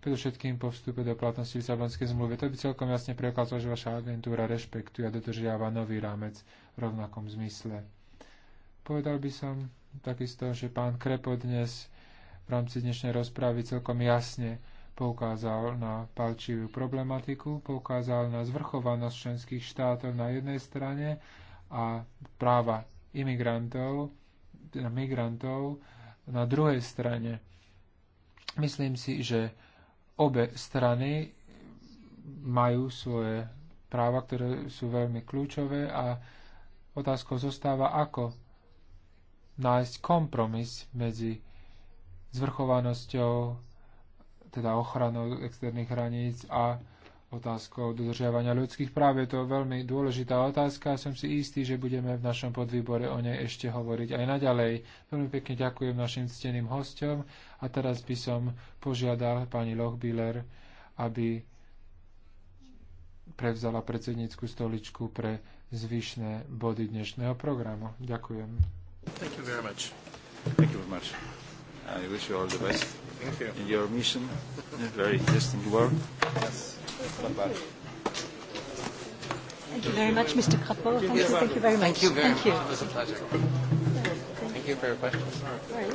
predovšetkým po vstupe do platnosti Lisabonskej zmluvy. To by celkom jasne preukázalo, že vaša agentúra rešpektuje a dodržiava nový rámec v rovnakom zmysle. Povedal by som takisto, že pán Krepo dnes v rámci dnešnej rozprávy celkom jasne poukázal na palčivú problematiku, poukázal na zvrchovanosť členských štátov na jednej strane a práva imigrantov, teda migrantov na druhej strane. Myslím si, že obe strany majú svoje práva, ktoré sú veľmi kľúčové a otázkou zostáva, ako nájsť kompromis medzi zvrchovanosťou, teda ochranou externých hraníc a otázkou dodržiavania ľudských práv. Je to veľmi dôležitá otázka a som si istý, že budeme v našom podvýbore o nej ešte hovoriť aj naďalej. Veľmi pekne ďakujem našim cteným hostom a teraz by som požiadal pani Lochbiller, aby prevzala predsednícku stoličku pre zvyšné body dnešného programu. Ďakujem. Thank you very much. Thank you very much. I wish you all the best. Thank you. in your mission. Very interesting work. Yes. Thank you very much, Mr. Krapo. Thank you, thank you very much. Thank you very much. It was a pleasure. Thank you for your questions. Right.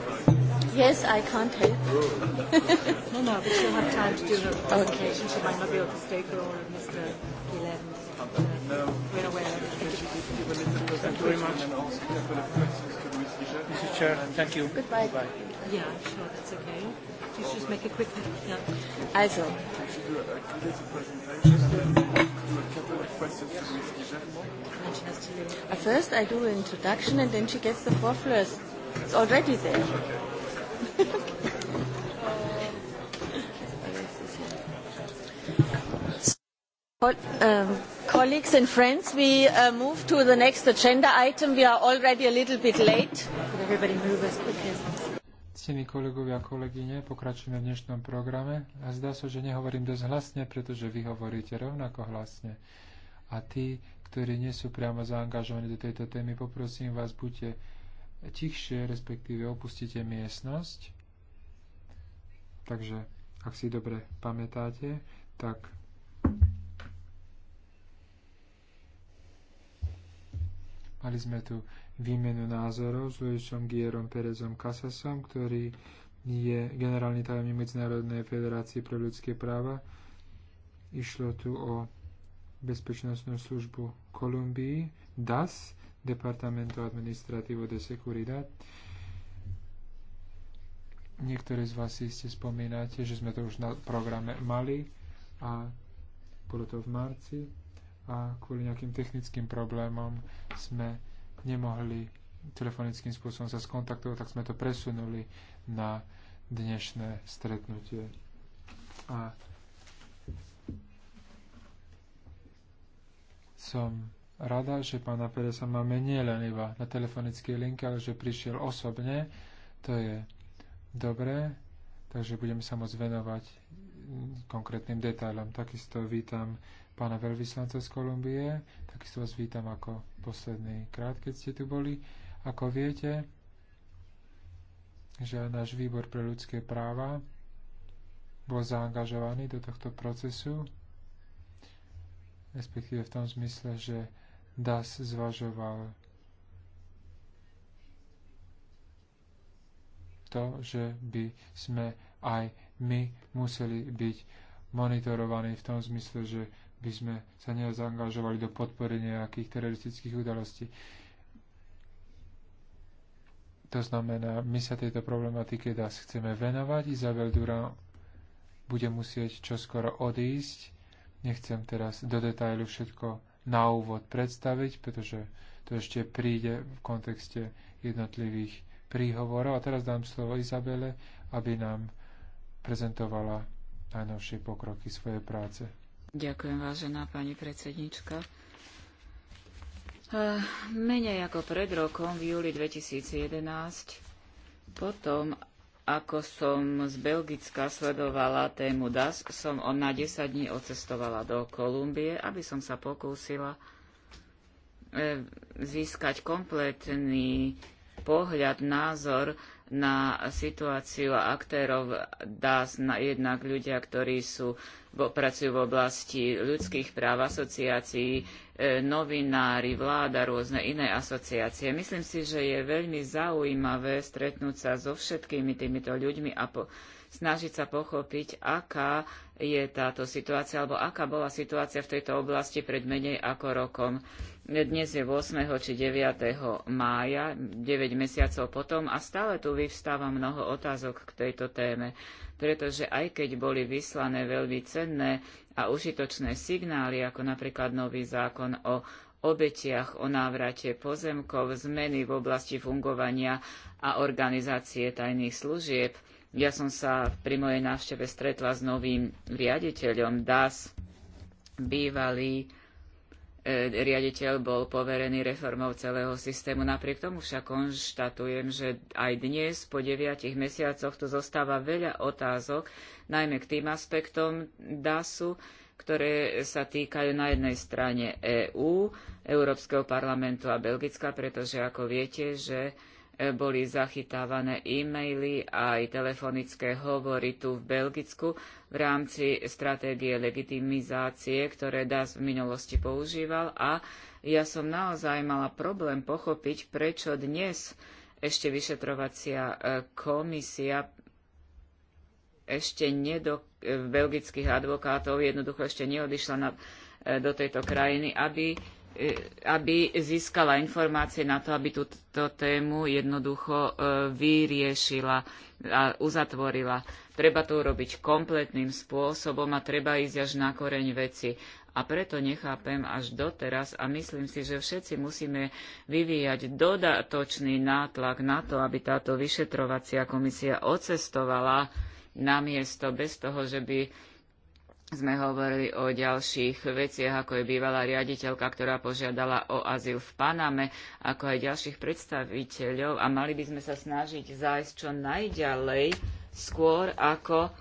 Yes, I can't help. no, no, but she'll have time to do her presentation. She might not be able to stay for all of Mr. Eleven. No. We're aware of it. Thank you very much. Mr. Chair, thank you. Goodbye. Goodbye. Yeah, sure, that's okay. You just make a quick... Yeah. Also. First I do an introduction and then she gets the four floors. It's already there. Okay. Um, colleagues and friends, we uh, move to the next agenda item. We are already a little bit late. Ctení kolegovia a kolegyne, pokračujeme v dnešnom programe a zdá sa, so, že nehovorím dosť hlasne, pretože vy hovoríte rovnako hlasne. A tí, ktorí nie sú priamo zaangažovaní do tejto témy, poprosím vás, buďte tichšie, respektíve opustíte miestnosť. Takže, ak si dobre pamätáte, tak mali sme tu výmenu názorov s Luisom Gierom Perezom Casasom, ktorý je generálny tajomník Medzinárodnej federácie pre ľudské práva. Išlo tu o bezpečnostnú službu Kolumbii, DAS, Departamento Administrativo de Seguridad. Niektorí z vás si spomínate, že sme to už na programe mali a bolo to v marci a kvôli nejakým technickým problémom sme nemohli telefonickým spôsobom sa skontaktovať, tak sme to presunuli na dnešné stretnutie. A som rada, že pána Peresa máme nie len iba na telefonickej linke, ale že prišiel osobne. To je dobré, takže budeme sa môcť venovať konkrétnym detailom. Takisto vítam pána veľvyslanca z Kolumbie, takisto vás vítam ako posledný krát, keď ste tu boli. Ako viete, že náš výbor pre ľudské práva bol zaangažovaný do tohto procesu, respektíve v tom zmysle, že DAS zvažoval to, že by sme aj my museli byť monitorovaní v tom zmysle, že by sme sa nezaangažovali do podpory nejakých teroristických udalostí. To znamená, my sa tejto problematike DAS chceme venovať. Izabel Durán bude musieť čoskoro odísť. Nechcem teraz do detailu všetko na úvod predstaviť, pretože to ešte príde v kontexte jednotlivých príhovorov. A teraz dám slovo Izabele, aby nám prezentovala najnovšie pokroky svojej práce. Ďakujem, vážená pani predsednička. Menej ako pred rokom, v júli 2011, potom ako som z Belgicka sledovala tému DAS, som on na 10 dní odcestovala do Kolumbie, aby som sa pokúsila e, získať kompletný pohľad, názor na situáciu a aktérov DAS, na jednak ľudia, ktorí sú, pracujú v oblasti ľudských práv, asociácií, E, novinári, vláda, rôzne iné asociácie. Myslím si, že je veľmi zaujímavé stretnúť sa so všetkými týmito ľuďmi a po, snažiť sa pochopiť, aká je táto situácia, alebo aká bola situácia v tejto oblasti pred menej ako rokom. Dnes je 8. či 9. mája, 9 mesiacov potom a stále tu vyvstáva mnoho otázok k tejto téme, pretože aj keď boli vyslané veľmi cenné a užitočné signály, ako napríklad nový zákon o obetiach, o návrate pozemkov, zmeny v oblasti fungovania a organizácie tajných služieb. Ja som sa pri mojej návšteve stretla s novým riaditeľom DAS, bývalý E, riaditeľ bol poverený reformou celého systému. Napriek tomu však konštatujem, že aj dnes po deviatich mesiacoch tu zostáva veľa otázok, najmä k tým aspektom DASu, ktoré sa týkajú na jednej strane EÚ, Európskeho parlamentu a Belgicka, pretože ako viete, že boli zachytávané e-maily a aj telefonické hovory tu v Belgicku v rámci stratégie legitimizácie, ktoré DAS v minulosti používal a ja som naozaj mala problém pochopiť, prečo dnes ešte vyšetrovacia e, komisia ešte nedo, e, belgických advokátov jednoducho ešte neodišla na, e, do tejto krajiny, aby E, aby získala informácie na to, aby túto tému jednoducho e, vyriešila a uzatvorila. Treba to urobiť kompletným spôsobom a treba ísť až na koreň veci. A preto nechápem až doteraz a myslím si, že všetci musíme vyvíjať dodatočný nátlak na to, aby táto vyšetrovacia komisia ocestovala na miesto bez toho, že by sme hovorili o ďalších veciach, ako je bývalá riaditeľka, ktorá požiadala o azyl v Paname, ako aj ďalších predstaviteľov a mali by sme sa snažiť zájsť čo najďalej skôr, ako e,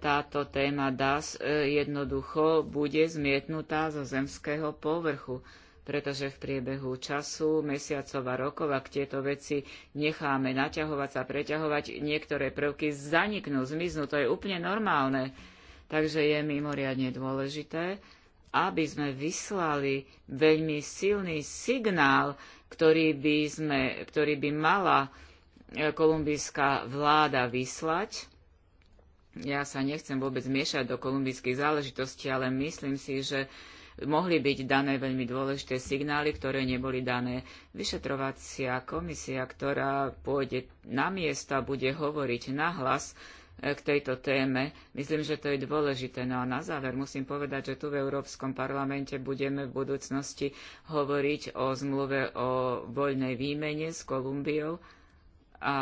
táto téma DAS e, jednoducho bude zmietnutá zo zemského povrchu pretože v priebehu času, mesiacov a rokov, ak tieto veci necháme naťahovať sa, preťahovať, niektoré prvky zaniknú, zmiznú. To je úplne normálne. Takže je mimoriadne dôležité, aby sme vyslali veľmi silný signál, ktorý by, sme, ktorý by mala e, kolumbijská vláda vyslať. Ja sa nechcem vôbec miešať do kolumbijských záležitostí, ale myslím si, že mohli byť dané veľmi dôležité signály, ktoré neboli dané. Vyšetrovacia komisia, ktorá pôjde na miesto a bude hovoriť nahlas, k tejto téme. Myslím, že to je dôležité. No a na záver musím povedať, že tu v Európskom parlamente budeme v budúcnosti hovoriť o zmluve o voľnej výmene s Kolumbiou a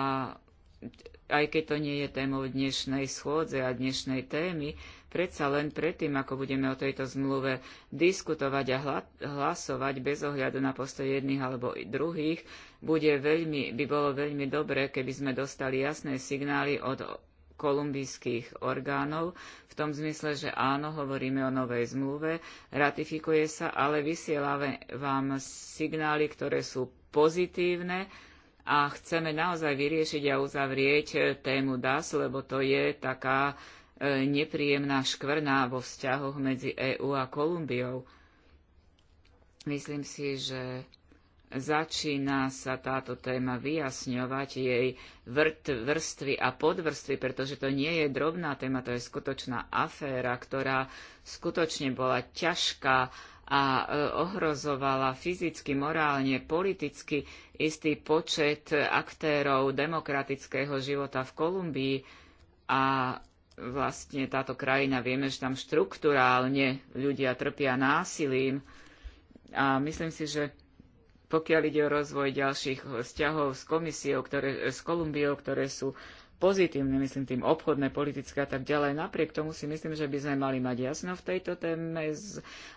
aj keď to nie je témou dnešnej schôdze a dnešnej témy, predsa len predtým, ako budeme o tejto zmluve diskutovať a hlasovať bez ohľadu na postoj jedných alebo druhých, bude veľmi, by bolo veľmi dobré, keby sme dostali jasné signály od kolumbijských orgánov v tom zmysle, že áno, hovoríme o novej zmluve, ratifikuje sa, ale vysielame vám signály, ktoré sú pozitívne a chceme naozaj vyriešiť a uzavrieť tému DAS, lebo to je taká e, nepríjemná škvrná vo vzťahoch medzi EÚ a Kolumbiou. Myslím si, že začína sa táto téma vyjasňovať, jej vrt, vrstvy a podvrstvy, pretože to nie je drobná téma, to je skutočná aféra, ktorá skutočne bola ťažká a e, ohrozovala fyzicky, morálne, politicky istý počet aktérov demokratického života v Kolumbii a vlastne táto krajina, vieme, že tam štruktúrálne ľudia trpia násilím a myslím si, že pokiaľ ide o rozvoj ďalších vzťahov s komisiou, ktoré, s Kolumbiou, ktoré sú pozitívne, myslím tým obchodné, politické a tak ďalej. Napriek tomu si myslím, že by sme mali mať jasno v tejto téme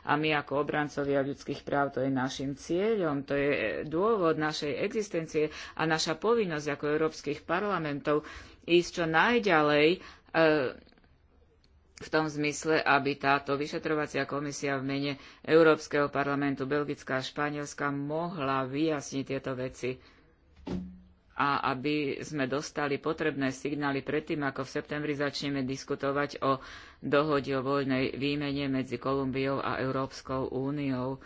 a my ako obrancovia ľudských práv, to je našim cieľom, to je dôvod našej existencie a naša povinnosť ako európskych parlamentov ísť čo najďalej eh, v tom zmysle, aby táto vyšetrovacia komisia v mene Európskeho parlamentu Belgická a Španielska mohla vyjasniť tieto veci a aby sme dostali potrebné signály predtým, ako v septembri začneme diskutovať o dohode o voľnej výmene medzi Kolumbiou a Európskou úniou.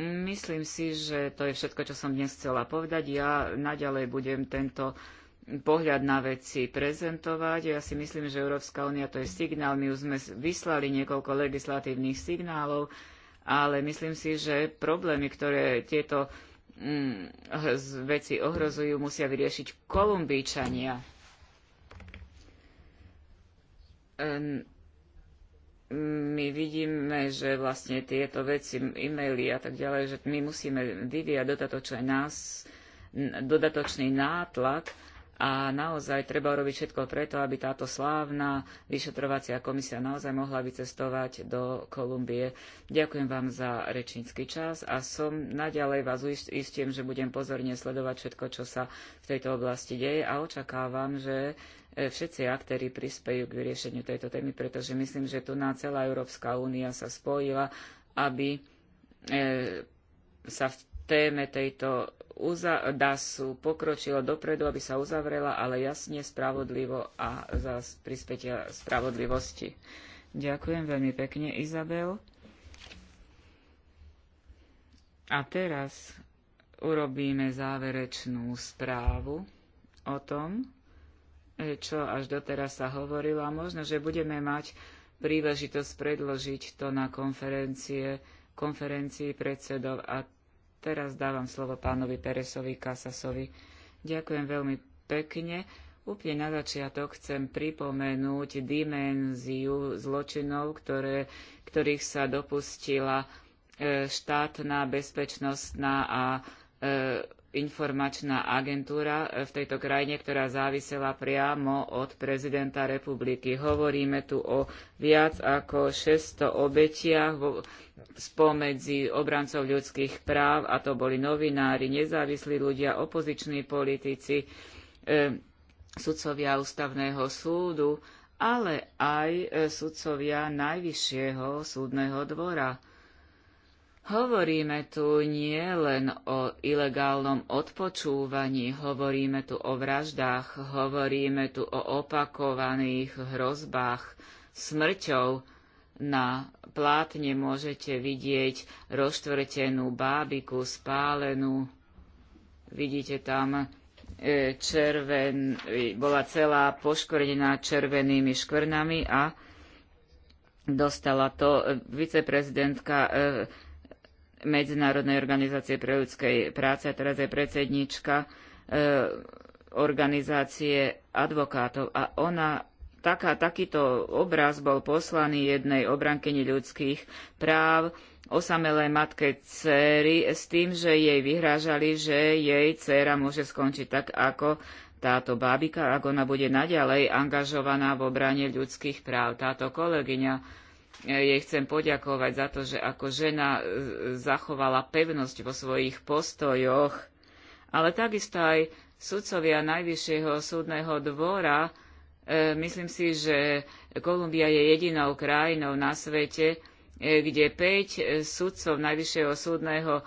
Myslím si, že to je všetko, čo som dnes chcela povedať. Ja naďalej budem tento pohľad na veci prezentovať. Ja si myslím, že Európska únia to je signál. My už sme vyslali niekoľko legislatívnych signálov, ale myslím si, že problémy, ktoré tieto mm, veci ohrozujú, musia vyriešiť kolumbíčania. My vidíme, že vlastne tieto veci, e-maily a tak ďalej, že my musíme vyvíjať dodatočný, nás, dodatočný nátlak, a naozaj treba urobiť všetko preto, aby táto slávna vyšetrovacia komisia naozaj mohla vycestovať do Kolumbie. Ďakujem vám za rečnícky čas a som naďalej vás istím, že budem pozorne sledovať všetko, čo sa v tejto oblasti deje a očakávam, že e, všetci aktéri prispejú k vyriešeniu tejto témy, pretože myslím, že tu na celá Európska únia sa spojila, aby e, sa v téme tejto DASu pokročilo dopredu, aby sa uzavrela, ale jasne, spravodlivo a za prispätia spravodlivosti. Ďakujem veľmi pekne, Izabel. A teraz urobíme záverečnú správu o tom, e, čo až doteraz sa hovorilo a možno, že budeme mať príležitosť predložiť to na konferencie, konferencii predsedov a Teraz dávam slovo pánovi Peresovi Kasasovi. Ďakujem veľmi pekne. Úplne na začiatok chcem pripomenúť dimenziu zločinov, ktoré, ktorých sa dopustila e, štátna bezpečnostná a e, informačná agentúra e, v tejto krajine, ktorá závisela priamo od prezidenta republiky. Hovoríme tu o viac ako 600 obetiach spomedzi obrancov ľudských práv, a to boli novinári, nezávislí ľudia, opoziční politici, e, sudcovia ústavného súdu, ale aj e, sudcovia Najvyššieho súdneho dvora. Hovoríme tu nie len o ilegálnom odpočúvaní, hovoríme tu o vraždách, hovoríme tu o opakovaných hrozbách smrťou. Na plátne môžete vidieť roštvrtenú bábiku, spálenú. Vidíte tam e, červen, e, bola celá poškvrnená červenými škvrnami a dostala to e, viceprezidentka Medzinárodnej organizácie pre ľudskej práce a teraz je predsednička e, organizácie advokátov a ona taká, takýto obraz bol poslaný jednej obrankyni ľudských práv, osamelej matke céry s tým, že jej vyhrážali, že jej dcéra môže skončiť tak, ako táto bábika, ak ona bude naďalej angažovaná v obrane ľudských práv. Táto kolegyňa jej chcem poďakovať za to, že ako žena e, zachovala pevnosť vo svojich postojoch, ale takisto aj sudcovia Najvyššieho súdneho dvora. E, myslím si, že Kolumbia je jedinou krajinou na svete, e, kde 5 sudcov Najvyššieho súdneho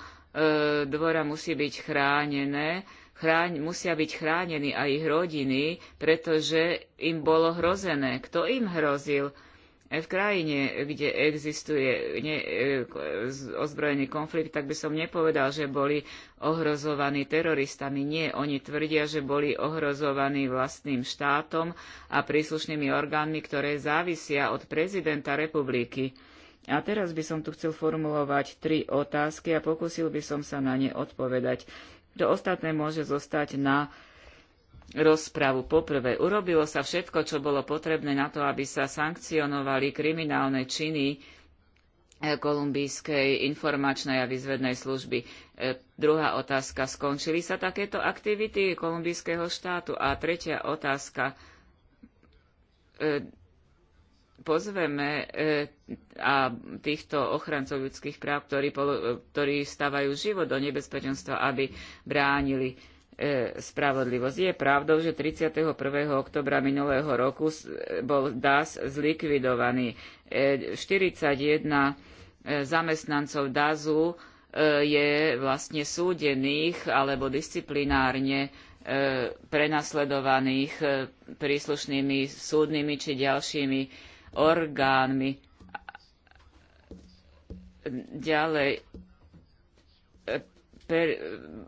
dvora musí byť chránené, chráň, musia byť chránení aj ich rodiny, pretože im bolo hrozené. Kto im hrozil? v krajine, kde existuje ne, e, ozbrojený konflikt, tak by som nepovedal, že boli ohrozovaní teroristami. Nie, oni tvrdia, že boli ohrozovaní vlastným štátom a príslušnými orgánmi, ktoré závisia od prezidenta republiky. A teraz by som tu chcel formulovať tri otázky a pokúsil by som sa na ne odpovedať. To ostatné môže zostať na rozpravu. Poprvé, urobilo sa všetko, čo bolo potrebné na to, aby sa sankcionovali kriminálne činy e, kolumbijskej informačnej a výzvednej služby. E, druhá otázka, skončili sa takéto aktivity kolumbijského štátu? A tretia otázka, e, pozveme a týchto ochrancov ľudských práv, ktorí, ktorí stávajú život do nebezpečenstva, aby bránili E, spravodlivosť. Je pravdou, že 31. oktobra minulého roku e, bol DAS zlikvidovaný. 41 e, zamestnancov DASu je vlastne súdených alebo disciplinárne prenasledovaných príslušnými súdnymi či ďalšími orgánmi. Ďalej, per,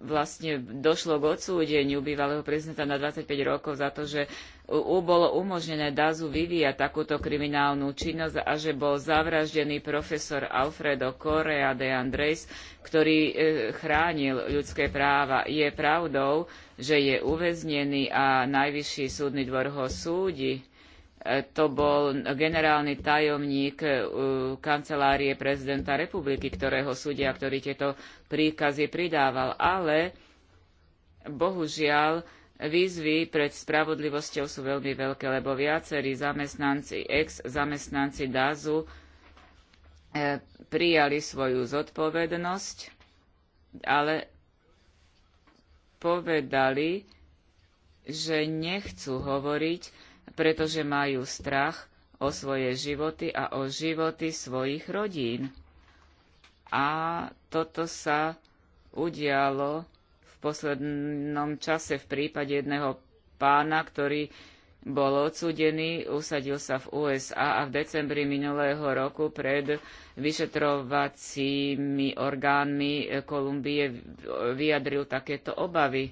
vlastne došlo k odsúdeniu bývalého prezidenta na 25 rokov za to, že u, bolo umožnené Dazu vyvíjať takúto kriminálnu činnosť a že bol zavraždený profesor Alfredo Correa de Andres, ktorý e, chránil ľudské práva. Je pravdou, že je uväznený a najvyšší súdny dvor ho súdi E, to bol generálny tajomník e, kancelárie prezidenta republiky, ktorého súdia, ktorý tieto príkazy pridával. Ale bohužiaľ výzvy pred spravodlivosťou sú veľmi veľké, lebo viacerí zamestnanci, ex-zamestnanci DAZu e, prijali svoju zodpovednosť, ale povedali, že nechcú hovoriť pretože majú strach o svoje životy a o životy svojich rodín. A toto sa udialo v poslednom čase v prípade jedného pána, ktorý bol odsudený, usadil sa v USA a v decembri minulého roku pred vyšetrovacími orgánmi Kolumbie vyjadril takéto obavy.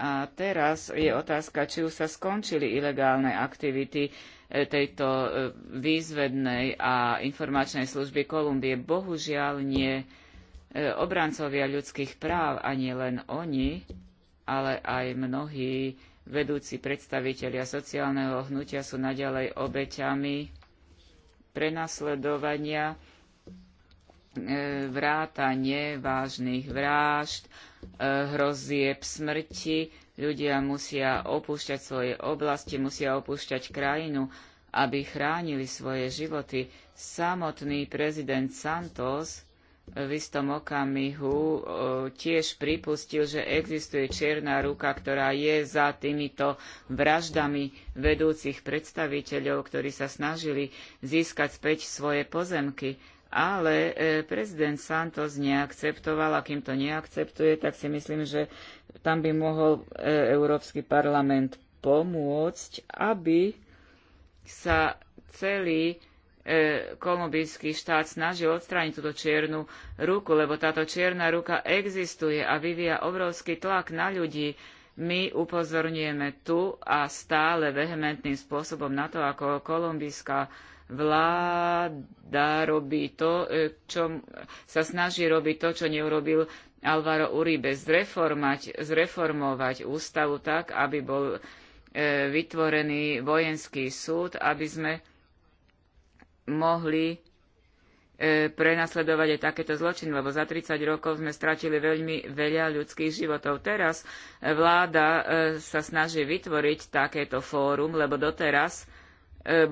A teraz je otázka, či už sa skončili ilegálne aktivity e, tejto e, výzvednej a informačnej služby Kolumbie. Bohužiaľ nie e, obrancovia ľudských práv, a nie len oni, ale aj mnohí vedúci predstavitelia sociálneho hnutia sú naďalej obeťami prenasledovania vrátanie vážnych vrážd hrozieb smrti, ľudia musia opúšťať svoje oblasti, musia opúšťať krajinu, aby chránili svoje životy. Samotný prezident Santos v istom okamihu e, tiež pripustil, že existuje čierna ruka, ktorá je za týmito vraždami vedúcich predstaviteľov, ktorí sa snažili získať späť svoje pozemky ale e, prezident Santos neakceptoval a kým to neakceptuje, tak si myslím, že tam by mohol e, Európsky parlament pomôcť, aby sa celý e, kolumbijský štát snažil odstrániť túto čiernu ruku, lebo táto čierna ruka existuje a vyvíja obrovský tlak na ľudí. My upozorňujeme tu a stále vehementným spôsobom na to, ako kolumbijská vláda robí to, e, čo sa snaží robiť to, čo neurobil Alvaro Uribe, zreformať, zreformovať ústavu tak, aby bol e, vytvorený vojenský súd, aby sme mohli e, prenasledovať aj takéto zločiny, lebo za 30 rokov sme stratili veľmi veľa ľudských životov. Teraz vláda sa snaží vytvoriť takéto fórum, lebo doteraz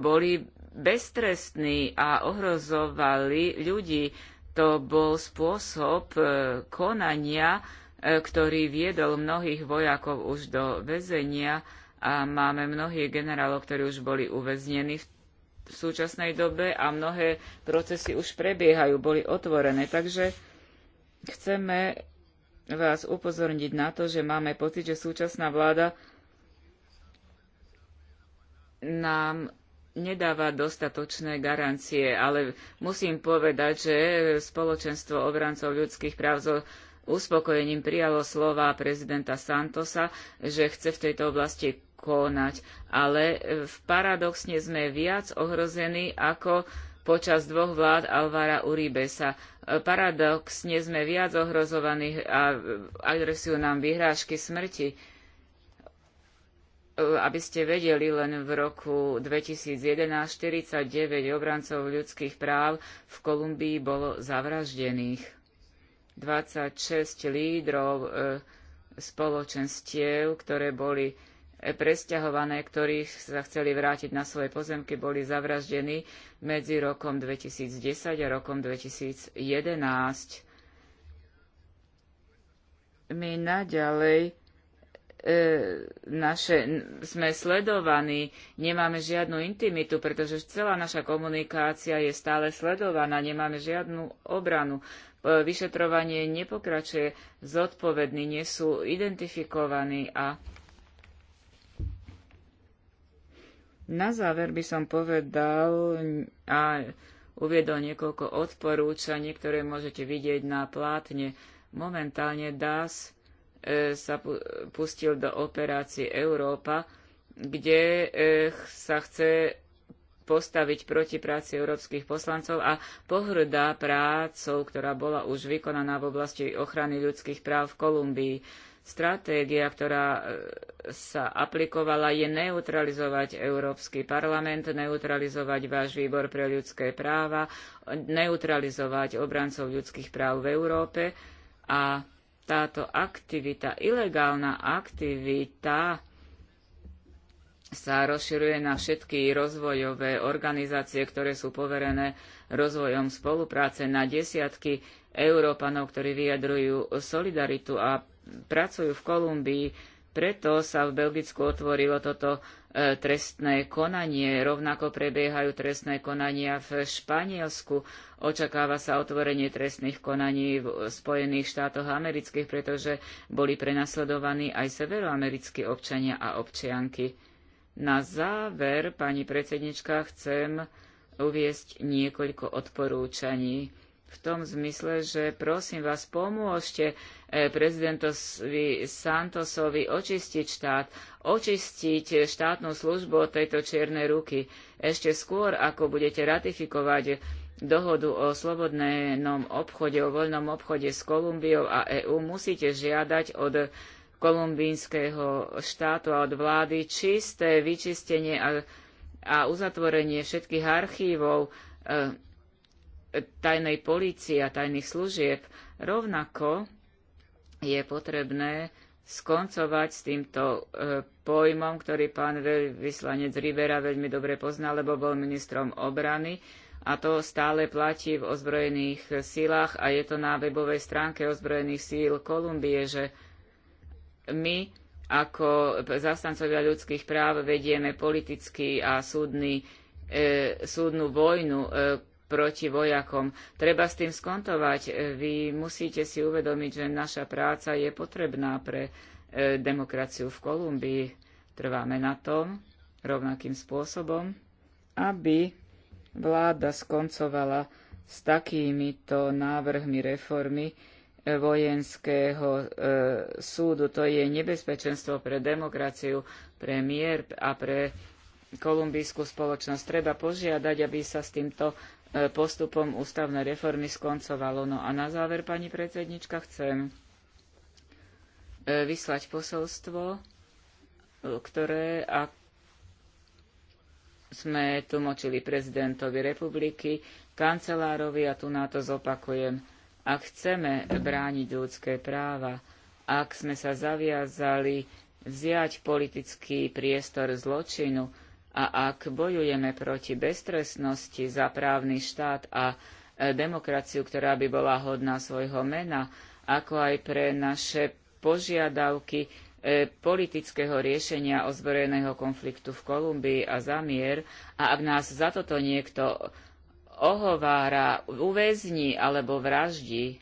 boli beztrestní a ohrozovali ľudí. To bol spôsob e, konania, e, ktorý viedol mnohých vojakov už do väzenia a máme mnohých generálov, ktorí už boli uväznení v v súčasnej dobe a mnohé procesy už prebiehajú, boli otvorené. Takže chceme vás upozorniť na to, že máme pocit, že súčasná vláda nám nedáva dostatočné garancie, ale musím povedať, že spoločenstvo obrancov ľudských práv so uspokojením prijalo slova prezidenta Santosa, že chce v tejto oblasti konať. Ale e, paradoxne sme viac ohrození ako počas dvoch vlád Alvara Uribesa. E, paradoxne sme viac ohrozovaní a agresiu nám vyhrážky smrti E, aby ste vedeli, len v roku 2011 49 obrancov ľudských práv v Kolumbii bolo zavraždených. 26 lídrov e, spoločenstiev, ktoré boli e, presťahované, ktorých sa chceli vrátiť na svoje pozemky, boli zavraždení medzi rokom 2010 a rokom 2011. My naďalej E, naše, sme sledovaní, nemáme žiadnu intimitu, pretože celá naša komunikácia je stále sledovaná, nemáme žiadnu obranu. E, vyšetrovanie nepokračuje, zodpovední nie sú identifikovaní a na záver by som povedal a uviedol niekoľko odporúčaní, ktoré môžete vidieť na plátne. Momentálne DAS E, sa pustil do operácie Európa, kde e, sa chce postaviť proti práci európskych poslancov a pohrdá prácou, ktorá bola už vykonaná v oblasti ochrany ľudských práv v Kolumbii. Stratégia, ktorá e, sa aplikovala, je neutralizovať Európsky parlament, neutralizovať váš výbor pre ľudské práva, neutralizovať obrancov ľudských práv v Európe a táto aktivita, ilegálna aktivita sa rozširuje na všetky rozvojové organizácie, ktoré sú poverené rozvojom spolupráce na desiatky Európanov, ktorí vyjadrujú solidaritu a pracujú v Kolumbii preto sa v Belgicku otvorilo toto e, trestné konanie. Rovnako prebiehajú trestné konania v Španielsku. Očakáva sa otvorenie trestných konaní v Spojených štátoch amerických, pretože boli prenasledovaní aj severoamerickí občania a občianky. Na záver, pani predsednička, chcem uviesť niekoľko odporúčaní v tom zmysle, že prosím vás, pomôžte eh, prezidentovi Santosovi očistiť štát, očistiť štátnu službu od tejto čiernej ruky ešte skôr, ako budete ratifikovať dohodu o slobodnom obchode, o voľnom obchode s Kolumbiou a EÚ musíte žiadať od kolumbínskeho štátu a od vlády čisté vyčistenie a, a uzatvorenie všetkých archívov e, tajnej polície a tajných služieb. Rovnako je potrebné skoncovať s týmto e, pojmom, ktorý pán vyslanec Rivera veľmi dobre pozná, lebo bol ministrom obrany a to stále platí v ozbrojených sílach a je to na webovej stránke ozbrojených síl Kolumbie, že my ako zastancovia ľudských práv vedieme politický a súdny, e, súdnu vojnu e, proti vojakom. Treba s tým skontovať. E, vy musíte si uvedomiť, že naša práca je potrebná pre e, demokraciu v Kolumbii. Trváme na tom rovnakým spôsobom, aby vláda skoncovala s takýmito návrhmi reformy e, vojenského e, súdu. To je nebezpečenstvo pre demokraciu, pre mier a pre kolumbijskú spoločnosť. Treba požiadať, aby sa s týmto postupom ústavnej reformy skoncovalo. No a na záver, pani predsednička, chcem e, vyslať posolstvo, e, ktoré a sme tlmočili prezidentovi republiky, kancelárovi a tu na to zopakujem. Ak chceme brániť ľudské práva, ak sme sa zaviazali vziať politický priestor zločinu, a ak bojujeme proti beztrestnosti za právny štát a e, demokraciu, ktorá by bola hodná svojho mena, ako aj pre naše požiadavky e, politického riešenia ozbrojeného konfliktu v Kolumbii a za mier. A ak nás za toto niekto ohovára, uväzní alebo vraždí,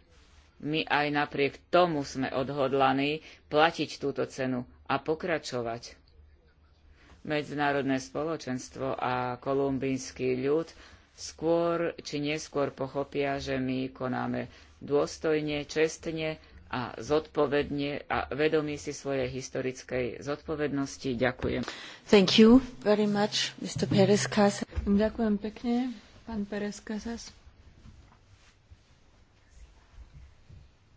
my aj napriek tomu sme odhodlaní platiť túto cenu a pokračovať medzinárodné spoločenstvo a kolumbijský ľud skôr či neskôr pochopia, že my konáme dôstojne, čestne a zodpovedne a vedomí si svojej historickej zodpovednosti. Ďakujem. Thank you very much, Mr. Perez Casas. Ďakujem pekne, pán Perez Casas.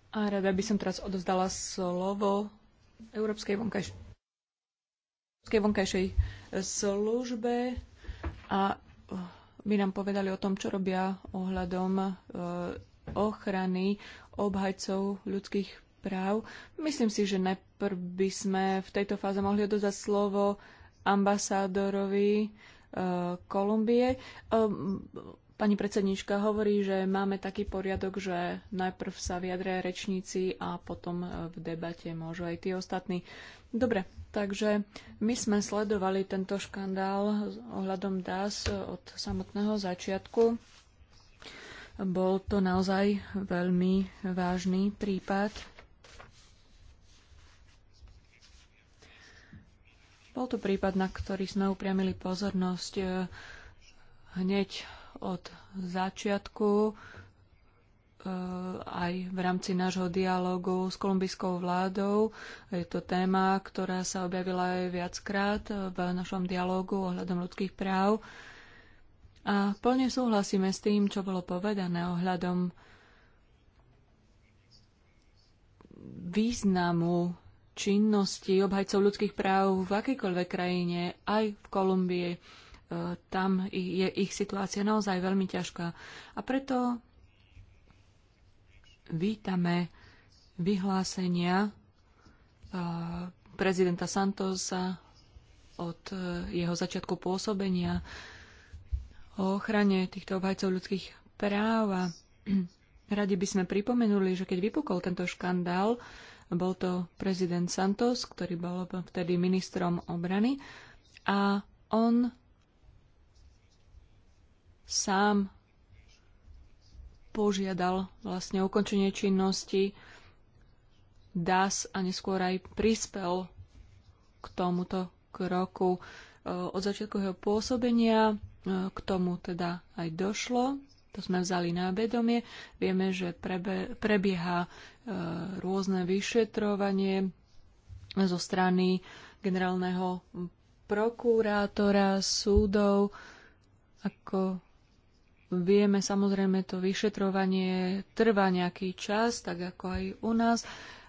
A rada by som teraz odozdala slovo Európskej vonkajšej Európskej vonkajšej e, službe a e, by nám povedali o tom, čo robia ohľadom e, ochrany obhajcov ľudských práv. Myslím si, že najprv by sme v tejto fáze mohli odozvať slovo ambasádorovi Kolumbie. Pani predsednička hovorí, že máme taký poriadok, že najprv sa vyjadria rečníci a potom e, v debate môžu aj tí ostatní. Dobre, takže my sme sledovali tento škandál ohľadom DAS od samotného začiatku. Bol to naozaj veľmi vážny prípad. Bol to prípad, na ktorý sme upriamili pozornosť e, hneď od začiatku eh, aj v rámci nášho dialogu s kolumbijskou vládou. Je to téma, ktorá sa objavila aj viackrát v našom dialogu ohľadom ľudských práv. A plne súhlasíme s tým, čo bolo povedané ohľadom významu činnosti obhajcov ľudských práv v akejkoľvek krajine, aj v Kolumbii tam je ich situácia naozaj veľmi ťažká. A preto vítame vyhlásenia e, prezidenta Santosa od e, jeho začiatku pôsobenia o ochrane týchto obhajcov ľudských práv. A radi by sme pripomenuli, že keď vypukol tento škandál, bol to prezident Santos, ktorý bol vtedy ministrom obrany a on sám požiadal vlastne ukončenie činnosti DAS a neskôr aj prispel k tomuto kroku. E, od začiatku jeho pôsobenia e, k tomu teda aj došlo. To sme vzali na vedomie. Vieme, že prebe, prebieha e, rôzne vyšetrovanie zo strany generálneho prokurátora, súdov, ako Vieme samozrejme, to vyšetrovanie trvá nejaký čas, tak ako aj u nás,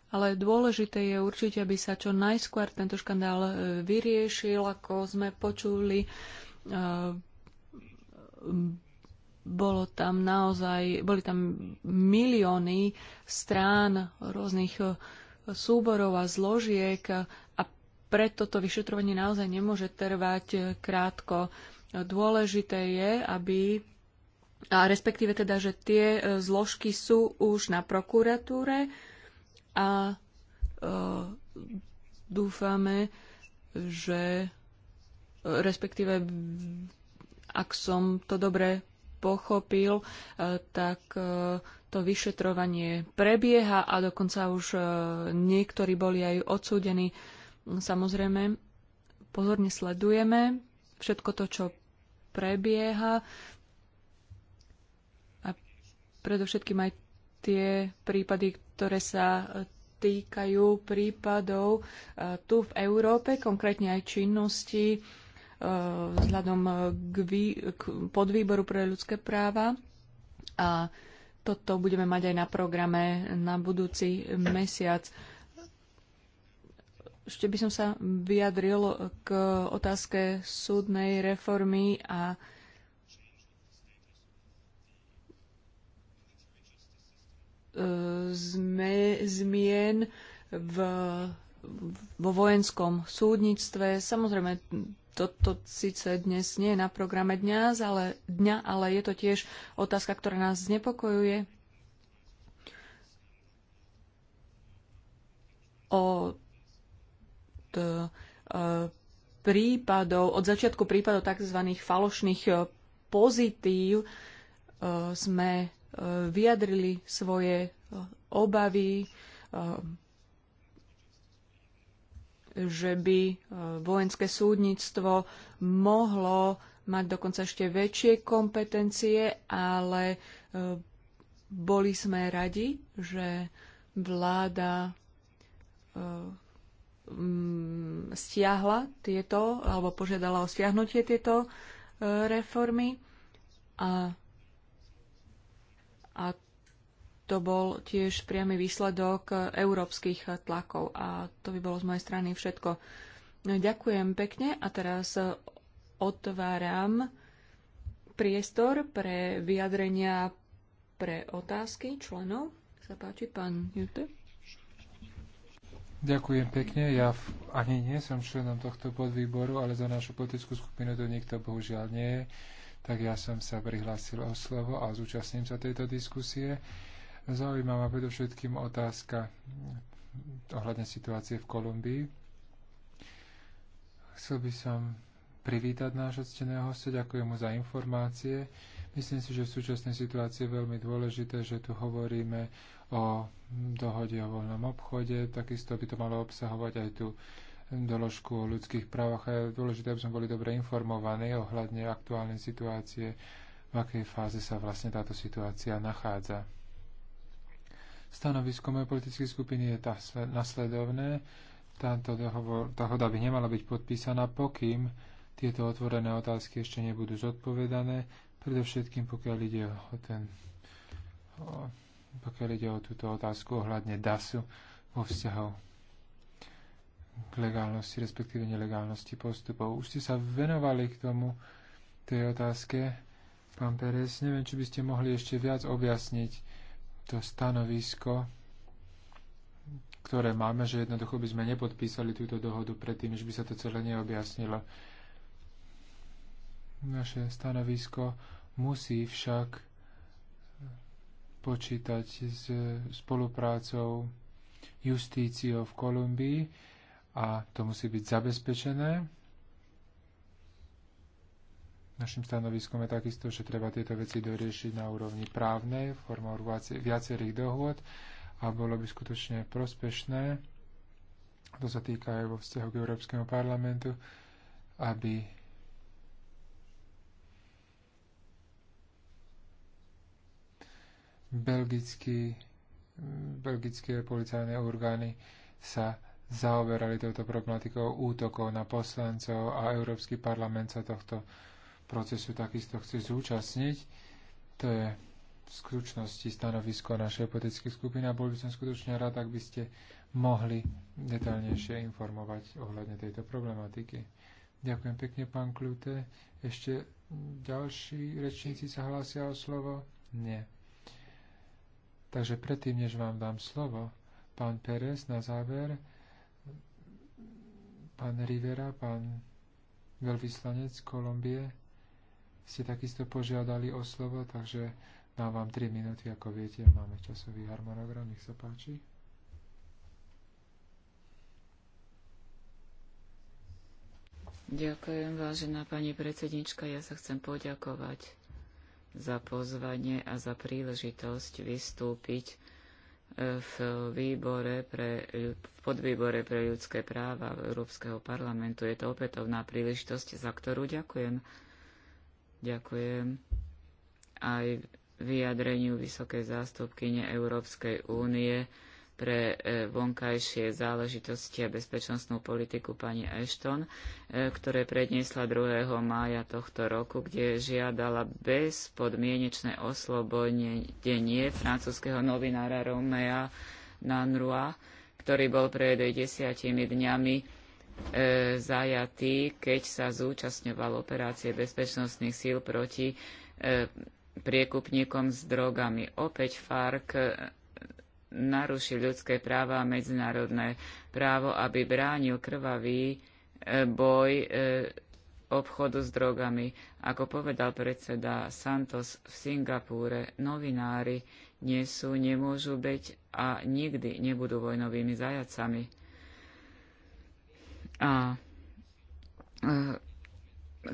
ale dôležité je určite, aby sa čo najskôr tento škandál e, vyriešil, ako sme počuli. E, bolo tam naozaj, boli tam milióny strán rôznych e, súborov a zložiek a preto to vyšetrovanie naozaj nemôže trvať krátko. Dôležité je, aby a respektíve teda, že tie e, zložky sú už na prokuratúre a e, dúfame, že e, respektíve ak som to dobre pochopil, e, tak to vyšetrovanie prebieha a dokonca už niektorí boli aj odsúdení. Samozrejme, pozorne sledujeme všetko to, čo prebieha predovšetkým aj tie prípady, ktoré sa e, týkajú prípadov e, tu v Európe, konkrétne aj činnosti e, vzhľadom k, vý, k podvýboru pre ľudské práva. A toto budeme mať aj na programe na budúci mesiac. Ešte by som sa vyjadril k otázke súdnej reformy a E, zmien v, vo vojenskom súdnictve. Samozrejme, toto síce dnes nie je na programe dňa, ale, dňa, ale je to tiež otázka, ktorá nás znepokojuje. O e, prípadov, od začiatku prípadov tzv. falošných e, pozitív e, sme vyjadrili svoje e, obavy, e, že by e, vojenské súdnictvo mohlo mať dokonca ešte väčšie kompetencie, ale boli sme radi, že vláda mm, stiahla tieto, alebo požiadala o stiahnutie tieto reformy a a to bol tiež priamy výsledok európskych tlakov. A to by bolo z mojej strany všetko. No, ďakujem pekne a teraz otváram priestor pre vyjadrenia pre otázky členov. Sa páči, pán Jute. Ďakujem pekne. Ja v, ani nie som členom tohto podvýboru, ale za našu politickú skupinu to nikto bohužiaľ nie je tak ja som sa prihlásil o slovo a zúčastním sa tejto diskusie. Zaujímavá predovšetkým otázka ohľadne situácie v Kolumbii. Chcel by som privítať nášho cteného hostia, ďakujem mu za informácie. Myslím si, že v súčasnej situácii je veľmi dôležité, že tu hovoríme o dohode o voľnom obchode, takisto by to malo obsahovať aj tú doložku o ľudských právach a je dôležité, aby sme boli dobre informovaní ohľadne aktuálnej situácie, v akej fáze sa vlastne táto situácia nachádza. Stanovisko mojej politickej skupiny je tá, nasledovné. Táto dohovor, tá hoda by nemala byť podpísaná, pokým tieto otvorené otázky ešte nebudú zodpovedané, predovšetkým pokiaľ ide o ten o, pokiaľ ide o túto otázku ohľadne DASu vo vzťahu k legálnosti, respektíve nelegálnosti postupov. Už ste sa venovali k tomu, tej otázke, pán Pérez. Neviem, či by ste mohli ešte viac objasniť to stanovisko, ktoré máme, že jednoducho by sme nepodpísali túto dohodu predtým, než by sa to celé neobjasnilo. Naše stanovisko musí však počítať s spoluprácou justíciou v Kolumbii, a to musí byť zabezpečené. Našim stanoviskom je takisto, že treba tieto veci doriešiť na úrovni právnej formou viacerých dohôd a bolo by skutočne prospešné, to sa týka aj vo vzťahu k Európskemu parlamentu, aby belgické policajné orgány sa zaoberali touto problematikou útokov na poslancov a Európsky parlament sa tohto procesu takisto chce zúčastniť. To je v skutočnosti stanovisko našej politickej skupiny a bol by som skutočne rád, ak by ste mohli detaľnejšie informovať ohľadne tejto problematiky. Ďakujem pekne, pán Klute. Ešte ďalší rečníci sa hlásia o slovo? Nie. Takže predtým, než vám dám slovo, pán Pérez na záver, Pán Rivera, pán veľvyslanec Kolumbie, ste takisto požiadali o slovo, takže dám vám 3 minúty, ako viete, máme časový harmonogram, nech sa páči. Ďakujem, vážená pani predsednička. Ja sa chcem poďakovať za pozvanie a za príležitosť vystúpiť v výbore pre, v podvýbore pre ľudské práva Európskeho parlamentu. Je to opätovná príležitosť, za ktorú ďakujem. Ďakujem aj vyjadreniu vysokej zástupkyne Európskej únie pre e, vonkajšie záležitosti a bezpečnostnú politiku pani Ashton, e, ktoré predniesla 2. mája tohto roku, kde žiadala bezpodmienečné oslobodenie francúzského novinára Romea Nanrua, ktorý bol pred desiatimi dňami e, zajatý, keď sa zúčastňoval operácie bezpečnostných síl proti e, priekupníkom s drogami. Opäť FARC e, narušil ľudské práva a medzinárodné právo, aby bránil krvavý e, boj e, obchodu s drogami. Ako povedal predseda Santos v Singapúre, novinári nie sú, nemôžu byť a nikdy nebudú vojnovými zajacami. A e,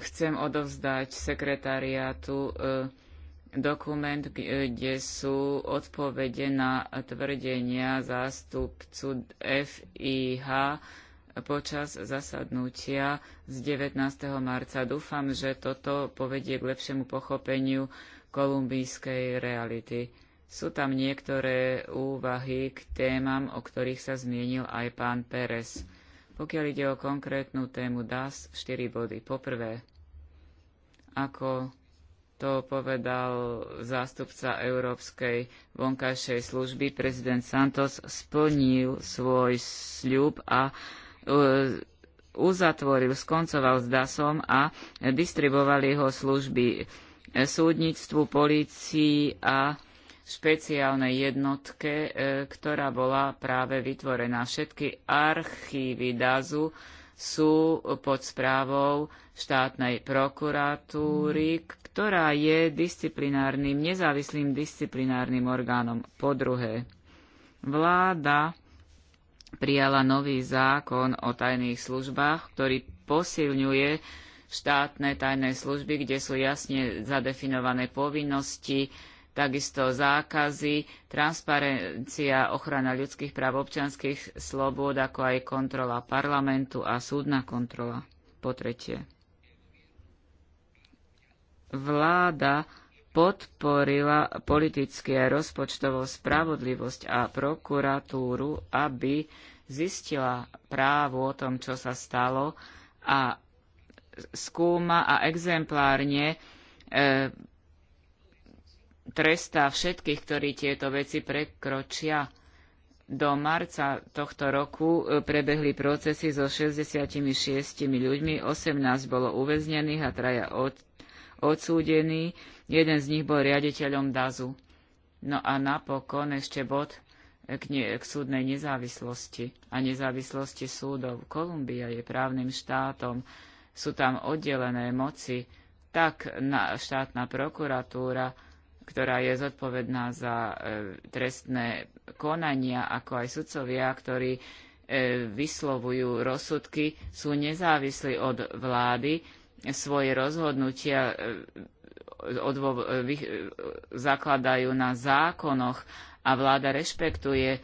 chcem odovzdať sekretariátu dokument, e, kde sú odpovede na tvrdenia zástupcu FIH počas zasadnutia z 19. marca. Dúfam, že toto povedie k lepšiemu pochopeniu kolumbijskej reality. Sú tam niektoré úvahy k témam, o ktorých sa zmienil aj pán Pérez. Pokiaľ ide o konkrétnu tému DAS, 4 body. Poprvé, ako to povedal zástupca Európskej vonkajšej služby. Prezident Santos splnil svoj sľub a e, uzatvoril, skoncoval s DASom a distribovali jeho služby e, súdnictvu, polícii a špeciálnej jednotke, e, ktorá bola práve vytvorená. Všetky archívy DASu sú pod správou štátnej prokuratúry, ktorá je disciplinárnym, nezávislým disciplinárnym orgánom. Po druhé, vláda prijala nový zákon o tajných službách, ktorý posilňuje štátne tajné služby, kde sú jasne zadefinované povinnosti, takisto zákazy, transparencia, ochrana ľudských práv, občanských slobôd, ako aj kontrola parlamentu a súdna kontrola. Po tretie vláda podporila politicky a rozpočtovú spravodlivosť a prokuratúru, aby zistila právu o tom, čo sa stalo a skúma a exemplárne e, trestá všetkých, ktorí tieto veci prekročia. Do marca tohto roku e, prebehli procesy so 66 ľuďmi, 18 bolo uväznených a traja od, odsúdení, jeden z nich bol riaditeľom DAZu. No a napokon ešte bod k, ne, k súdnej nezávislosti a nezávislosti súdov. Kolumbia je právnym štátom, sú tam oddelené moci, tak na, štátna prokuratúra, ktorá je zodpovedná za e, trestné konania, ako aj sudcovia, ktorí e, vyslovujú rozsudky, sú nezávislí od vlády svoje rozhodnutia e, e, e, zakladajú na zákonoch a vláda rešpektuje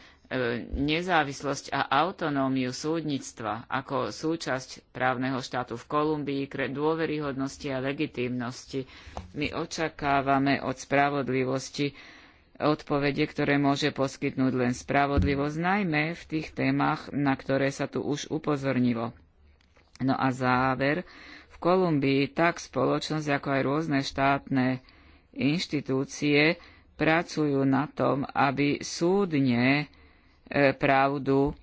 nezávislosť a autonómiu súdnictva ako súčasť právneho štátu v Kolumbii, dôveryhodnosti a legitímnosti. My očakávame od spravodlivosti odpovede, ktoré môže poskytnúť len spravodlivosť, najmä v tých témach, na ktoré sa tu už upozornilo. No a záver, Kolumbii tak spoločnosť, ako aj rôzne štátne inštitúcie pracujú na tom, aby súdne e, pravdu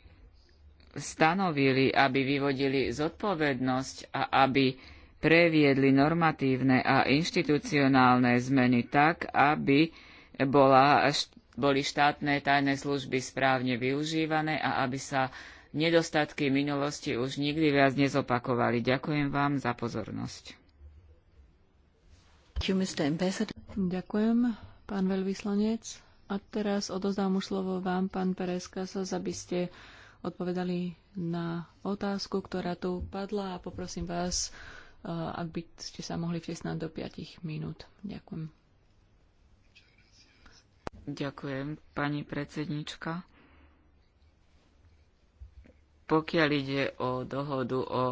stanovili, aby vyvodili zodpovednosť a aby previedli normatívne a inštitucionálne zmeny tak, aby bola, boli štátne tajné služby správne využívané a aby sa nedostatky minulosti už nikdy viac nezopakovali. Ďakujem vám za pozornosť. Ďakujem, pán veľvyslanec. A teraz odozdám už slovo vám, pán Pereskasas, aby ste odpovedali na otázku, ktorá tu padla a poprosím vás, eh, ak by ste sa mohli vtesnať do 5 minút. Ďakujem. Ďakujem, pani predsednička. Pokiaľ ide o dohodu o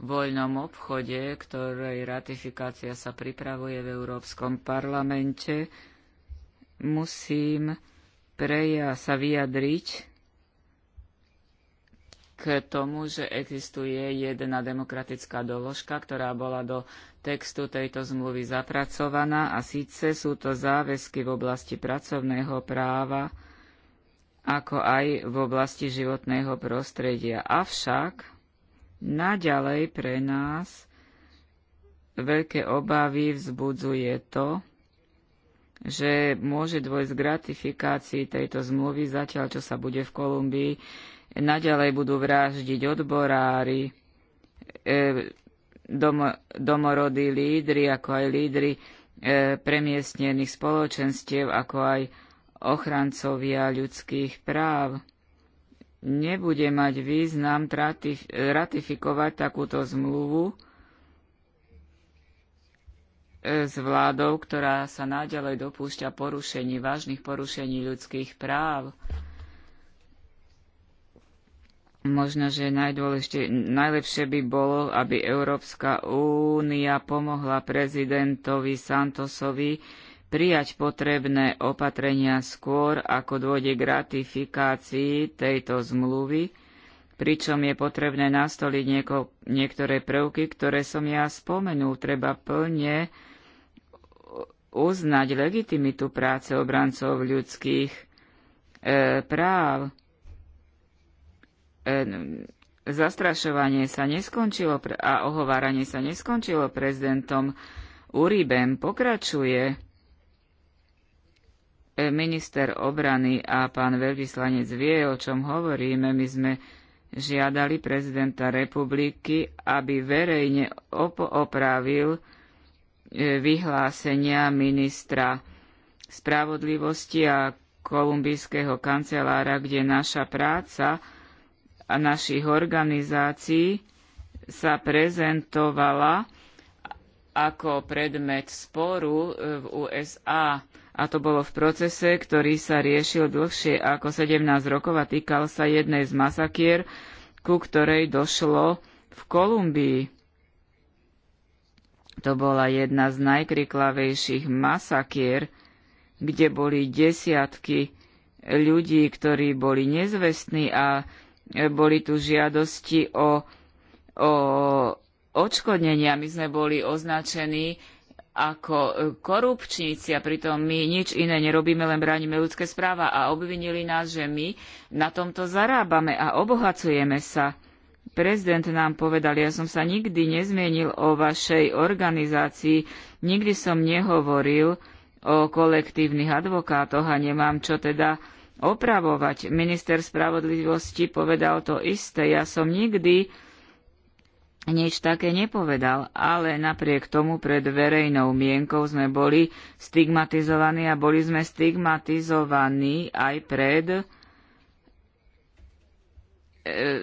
voľnom obchode, ktorej ratifikácia sa pripravuje v Európskom parlamente, musím preja sa vyjadriť k tomu, že existuje jedna demokratická doložka, ktorá bola do textu tejto zmluvy zapracovaná a síce sú to záväzky v oblasti pracovného práva ako aj v oblasti životného prostredia. Avšak naďalej pre nás veľké obavy vzbudzuje to, že môže dôjsť k gratifikácii tejto zmluvy, zatiaľ čo sa bude v Kolumbii. Naďalej budú vraždiť odborári, e, dom- domorodí lídry, ako aj lídry e, premiestnených spoločenstiev, ako aj ochrancovia ľudských práv. Nebude mať význam ratifikovať takúto zmluvu e, s vládou, ktorá sa nadalej dopúšťa porušení, vážnych porušení ľudských práv. Možno, že najlepšie by bolo, aby Európska únia pomohla prezidentovi Santosovi prijať potrebné opatrenia skôr, ako dôjde k ratifikácii tejto zmluvy, pričom je potrebné nastoliť nieko, niektoré prvky, ktoré som ja spomenul. Treba plne uznať legitimitu práce obrancov ľudských e, práv. E, zastrašovanie sa neskončilo a ohováranie sa neskončilo prezidentom Uribem. Pokračuje minister obrany a pán veľvyslanec vie, o čom hovoríme. My sme žiadali prezidenta republiky, aby verejne op- opravil e, vyhlásenia ministra spravodlivosti a kolumbijského kancelára, kde naša práca a našich organizácií sa prezentovala ako predmet sporu e, v USA a to bolo v procese, ktorý sa riešil dlhšie ako 17 rokov a týkal sa jednej z masakier, ku ktorej došlo v Kolumbii. To bola jedna z najkriklavejších masakier, kde boli desiatky ľudí, ktorí boli nezvestní a boli tu žiadosti o, o odškodnenia. My sme boli označení ako e, korupčníci a pritom my nič iné nerobíme, len bránime ľudské správa a obvinili nás, že my na tomto zarábame a obohacujeme sa. Prezident nám povedal, ja som sa nikdy nezmienil o vašej organizácii, nikdy som nehovoril o kolektívnych advokátoch a nemám čo teda opravovať. Minister spravodlivosti povedal to isté, ja som nikdy nič také nepovedal, ale napriek tomu pred verejnou mienkou sme boli stigmatizovaní a boli sme stigmatizovaní aj pred e,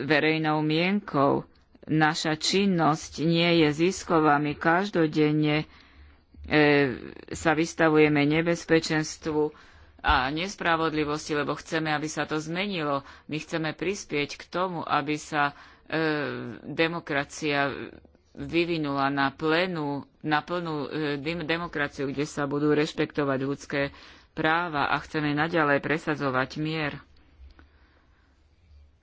verejnou mienkou. Naša činnosť nie je zisková, my každodenne e, sa vystavujeme nebezpečenstvu a nespravodlivosti, lebo chceme, aby sa to zmenilo. My chceme prispieť k tomu, aby sa E, demokracia vyvinula na plnú, na plnú e, demokraciu, kde sa budú rešpektovať ľudské práva a chceme naďalej presadzovať mier.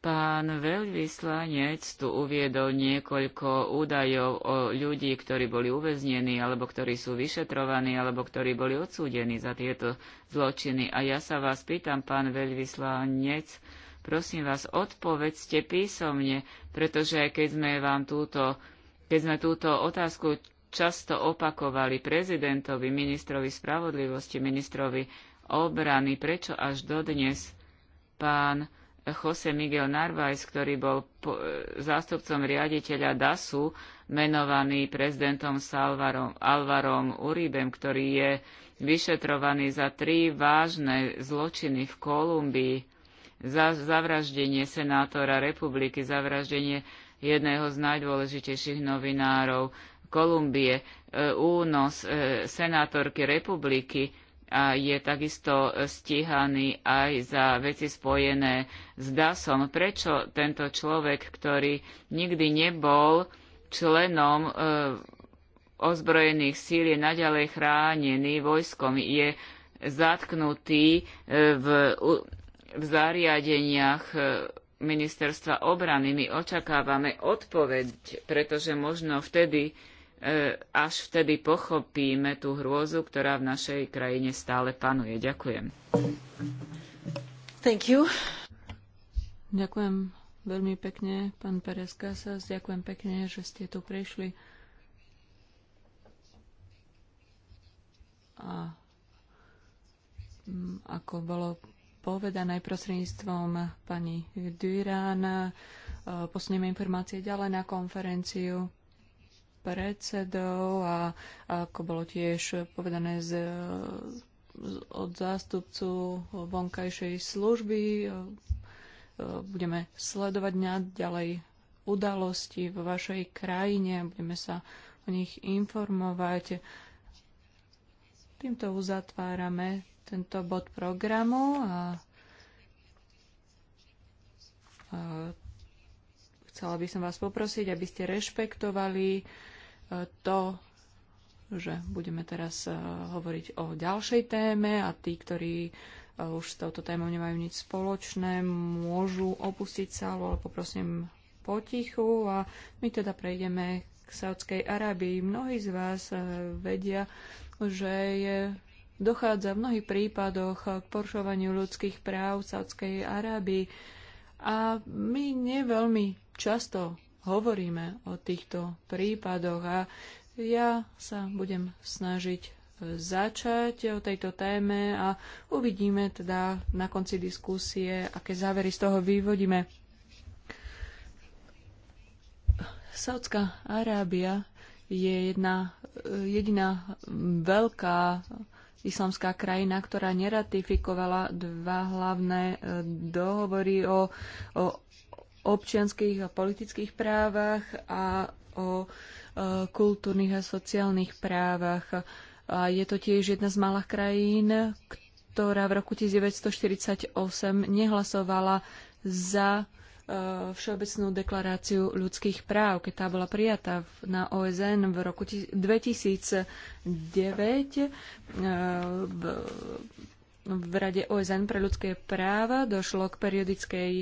Pán veľvyslanec tu uviedol niekoľko údajov o ľudí, ktorí boli uväznení, alebo ktorí sú vyšetrovaní, alebo ktorí boli odsúdení za tieto zločiny. A ja sa vás pýtam, pán veľvyslanec, Prosím vás, odpovedzte písomne, pretože keď sme vám túto, keď sme túto otázku často opakovali prezidentovi, ministrovi spravodlivosti, ministrovi obrany, prečo až dodnes pán Jose Miguel Narváez, ktorý bol po, e, zástupcom riaditeľa DASu, menovaný prezidentom Salvarom, Alvarom Uribem, ktorý je vyšetrovaný za tri vážne zločiny v Kolumbii za, zavraždenie senátora republiky, zavraždenie jedného z najdôležitejších novinárov Kolumbie, e, únos e, senátorky republiky a je takisto stíhaný aj za veci spojené s DASom. Prečo tento človek, ktorý nikdy nebol členom e, ozbrojených síl, je naďalej chránený vojskom, je zatknutý v v zariadeniach e, ministerstva obrany. My očakávame odpoveď, pretože možno vtedy, e, až vtedy pochopíme tú hrôzu, ktorá v našej krajine stále panuje. Ďakujem. Thank you. Ďakujem veľmi pekne, pán Perez Casas. Ďakujem pekne, že ste tu prišli. A mm, ako bolo povedané prostredníctvom pani Durán. E, posunieme informácie ďalej na konferenciu predsedov a ako bolo tiež povedané z, od zástupcu vonkajšej služby, e, e, budeme sledovať ďalej udalosti vo vašej krajine, budeme sa o nich informovať. Týmto uzatvárame tento bod programu a, a chcela by som vás poprosiť, aby ste rešpektovali e, to, že budeme teraz e, hovoriť o ďalšej téme a tí, ktorí e, už s touto témou nemajú nič spoločné, môžu opustiť sálu, ale poprosím potichu a my teda prejdeme k Saudskej Arábii. Mnohí z vás vedia, že je dochádza v mnohých prípadoch k porušovaniu ľudských práv v Sádskej Arábii a my neveľmi často hovoríme o týchto prípadoch a ja sa budem snažiť začať o tejto téme a uvidíme teda na konci diskusie, aké závery z toho vyvodíme. Saudská Arábia je jedna jediná veľká islamská krajina, ktorá neratifikovala dva hlavné e, dohovory o, o občianských a politických právach a o, o e, kultúrnych a sociálnych právach. A je to tiež jedna z malých krajín, ktorá v roku 1948 nehlasovala za Eh, Všeobecnú deklaráciu ľudských práv, keď tá bola prijatá na OSN v roku 2009 eh, v, v Rade OSN pre ľudské práva došlo k periodickej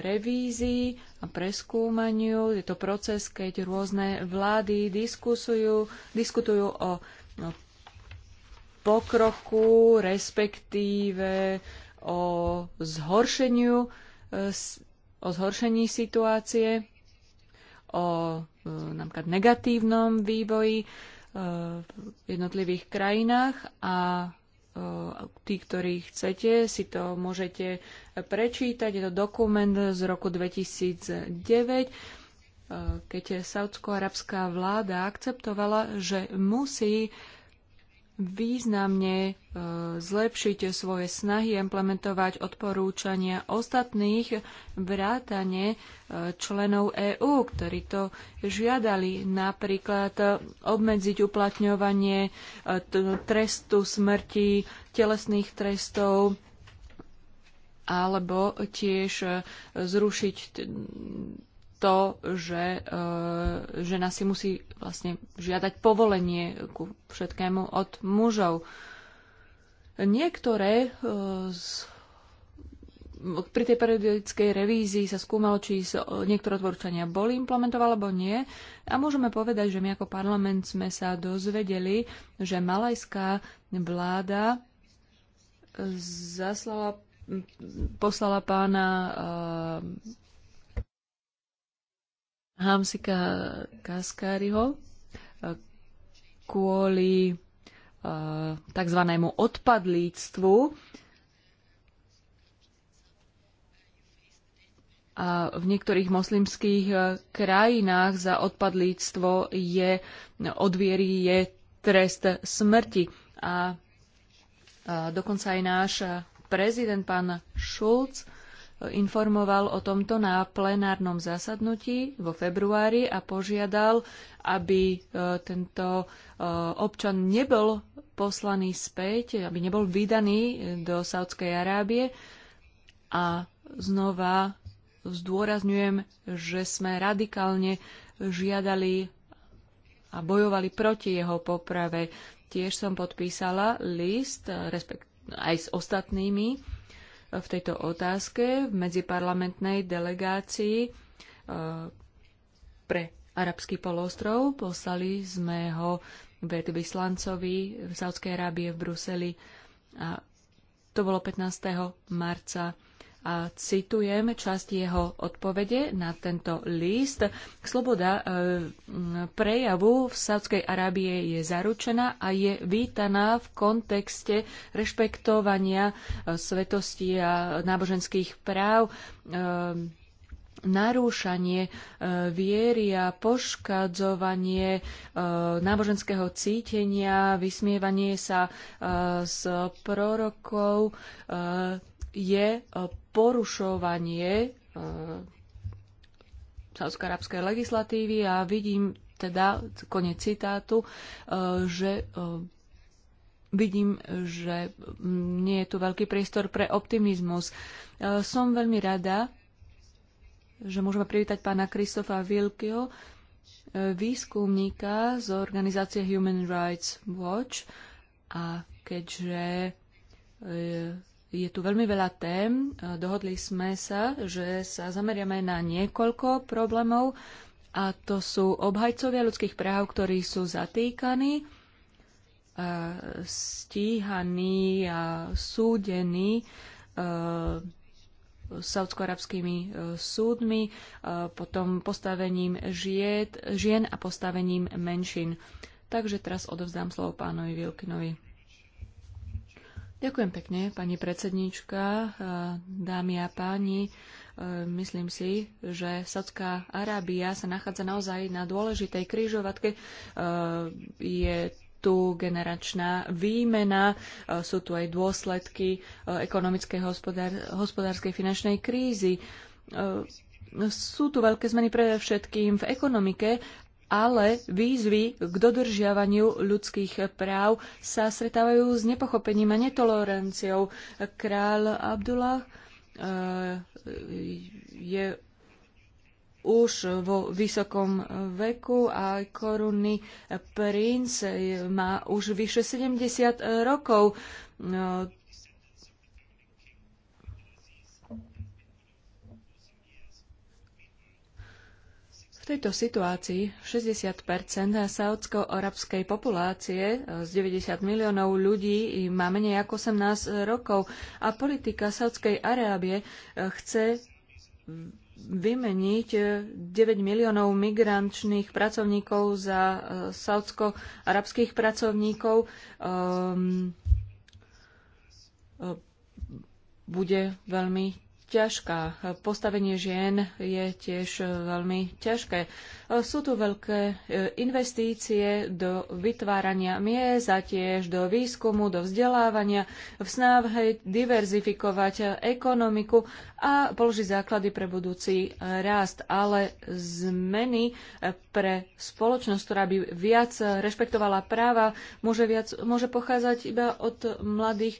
revízii a preskúmaniu. Je to proces, keď rôzne vlády diskusujú, diskutujú o pokroku, respektíve o zhoršeniu eh, o zhoršení situácie, o e, napríklad negatívnom vývoji e, v jednotlivých krajinách a e, tí, ktorí chcete, si to môžete prečítať. Je to dokument z roku 2009, keď saudsko-arabská vláda akceptovala, že musí významne e, zlepšiť svoje snahy implementovať odporúčania ostatných vrátane e, členov EÚ, ktorí to žiadali napríklad e, obmedziť uplatňovanie trestu smrti, telesných trestov alebo tiež zrušiť to, že e, žena si musí vlastne žiadať povolenie ku všetkému od mužov. Niektoré e, z pri tej periodickej revízii sa skúmalo, či niektoré odporúčania boli implementované alebo nie. A môžeme povedať, že my ako parlament sme sa dozvedeli, že malajská vláda zaslala, poslala pána Hamsika Kaskáriho e, kvôli e, tzv. odpadlíctvu a v niektorých moslimských e, krajinách za odpadlíctvo je odvierí je trest smrti. A dokonca aj náš prezident, pán Schulz, informoval o tomto na plenárnom zasadnutí vo februári a požiadal, aby e, tento e, občan nebol poslaný späť, aby nebol vydaný e, do Saudskej Arábie. A znova zdôrazňujem, že sme radikálne žiadali a bojovali proti jeho poprave. Tiež som podpísala list, respekt, aj s ostatnými v tejto otázke v medziparlamentnej delegácii e, pre arabský polostrov. Poslali sme ho vedvyslancovi v Saudskej Arábie v Bruseli a to bolo 15. marca a citujem časť jeho odpovede na tento list. Sloboda e, prejavu v Sádskej Arábie je zaručená a je vítaná v kontexte rešpektovania e, svetosti a náboženských práv e, narúšanie viery a poškadzovanie náboženského cítenia, vysmievanie sa z prorokov je porušovanie e, saudsko-arabskej legislatívy a vidím teda, konec citátu, e, že e, vidím, že nie je tu veľký priestor pre optimizmus. Som veľmi rada, že môžeme privítať pána Kristofa Vilkio, výskumníka z organizácie Human Rights Watch a keďže je tu veľmi veľa tém. E, dohodli sme sa, že sa zameriame na niekoľko problémov a to sú obhajcovia ľudských práv, ktorí sú zatýkaní, e, stíhaní a súdení e, saudsko-arabskými súdmi, potom postavením žien a postavením menšín. Takže teraz odovzdám slovo pánovi Vilkinovi. Ďakujem pekne, pani predsedníčka, dámy a páni. E, myslím si, že Sadská Arábia sa nachádza naozaj na dôležitej krížovatke. E, je tu generačná výmena, e, sú tu aj dôsledky ekonomickej, hospodár, hospodárskej, finančnej krízy. Sú tu veľké zmeny všetkým v ekonomike, ale výzvy k dodržiavaniu ľudských práv sa stretávajú s nepochopením a netoleranciou. Král Abdullah eh, je už vo vysokom veku a korunný princ eh, má už vyše 70 rokov. No, tejto situácii 60 saudsko-arabskej populácie e, z 90 miliónov ľudí e, má menej ako 18 rokov a politika Saudskej Arábie e, chce vymeniť 9 miliónov migrančných pracovníkov za saudsko-arabských pracovníkov. Ehm, bude veľmi ťažká. Postavenie žien je tiež veľmi ťažké. Sú tu veľké e, investície do vytvárania miest a tiež do výskumu, do vzdelávania, v snáhe diverzifikovať ekonomiku a položiť základy pre budúci rast, ale zmeny pre spoločnosť, ktorá by viac rešpektovala práva, môže, viac, môže pochádzať iba od mladých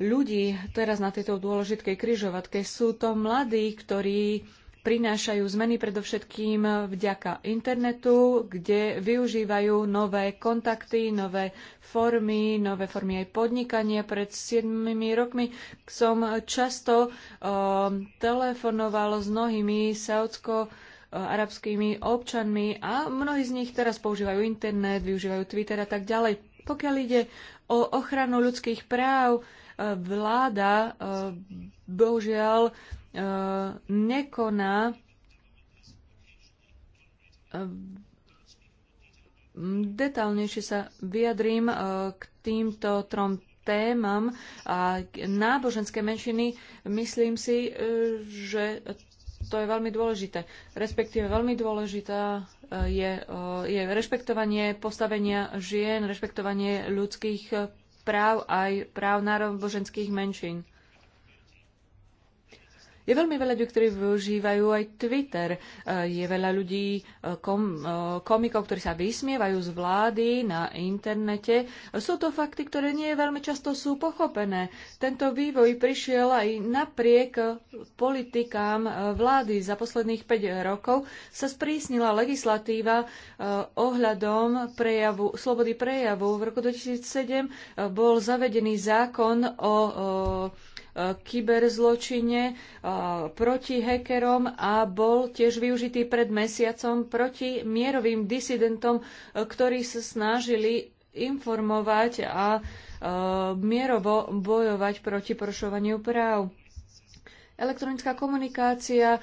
ľudí teraz na tejto dôležitej kryžovatke. Sú to mladí, ktorí prinášajú zmeny predovšetkým vďaka internetu, kde využívajú nové kontakty, nové formy, nové formy aj podnikania. Pred 7 rokmi som často o, telefonoval s mnohými saudsko arabskými občanmi a mnohí z nich teraz používajú internet, využívajú Twitter a tak ďalej. Pokiaľ ide o ochranu ľudských práv, vláda eh, bohužiaľ eh, nekoná eh, Detálnejšie sa vyjadrím k týmto trom témam a náboženské menšiny, myslím si, že to je veľmi dôležité. Respektíve veľmi dôležitá je, je rešpektovanie postavenia žien, rešpektovanie ľudských práv aj práv národoboženských menšín. Je veľmi veľa ľudí, ktorí využívajú aj Twitter. Eh, je veľa ľudí, eh, kom, eh, komikov, ktorí sa vysmievajú z vlády na internete. Sú to fakty, ktoré nie veľmi často sú pochopené. Tento vývoj prišiel aj napriek politikám vlády. Za posledných 5 rokov sa sprísnila legislatíva ohľadom prejavu, slobody prejavu. V roku 2007 bol zavedený zákon o, o E, kyberzločine e, proti hackerom a bol tiež využitý pred mesiacom proti mierovým disidentom, e, ktorí sa snažili informovať a mierovo bojovať proti porušovaniu práv. Elektronická komunikácia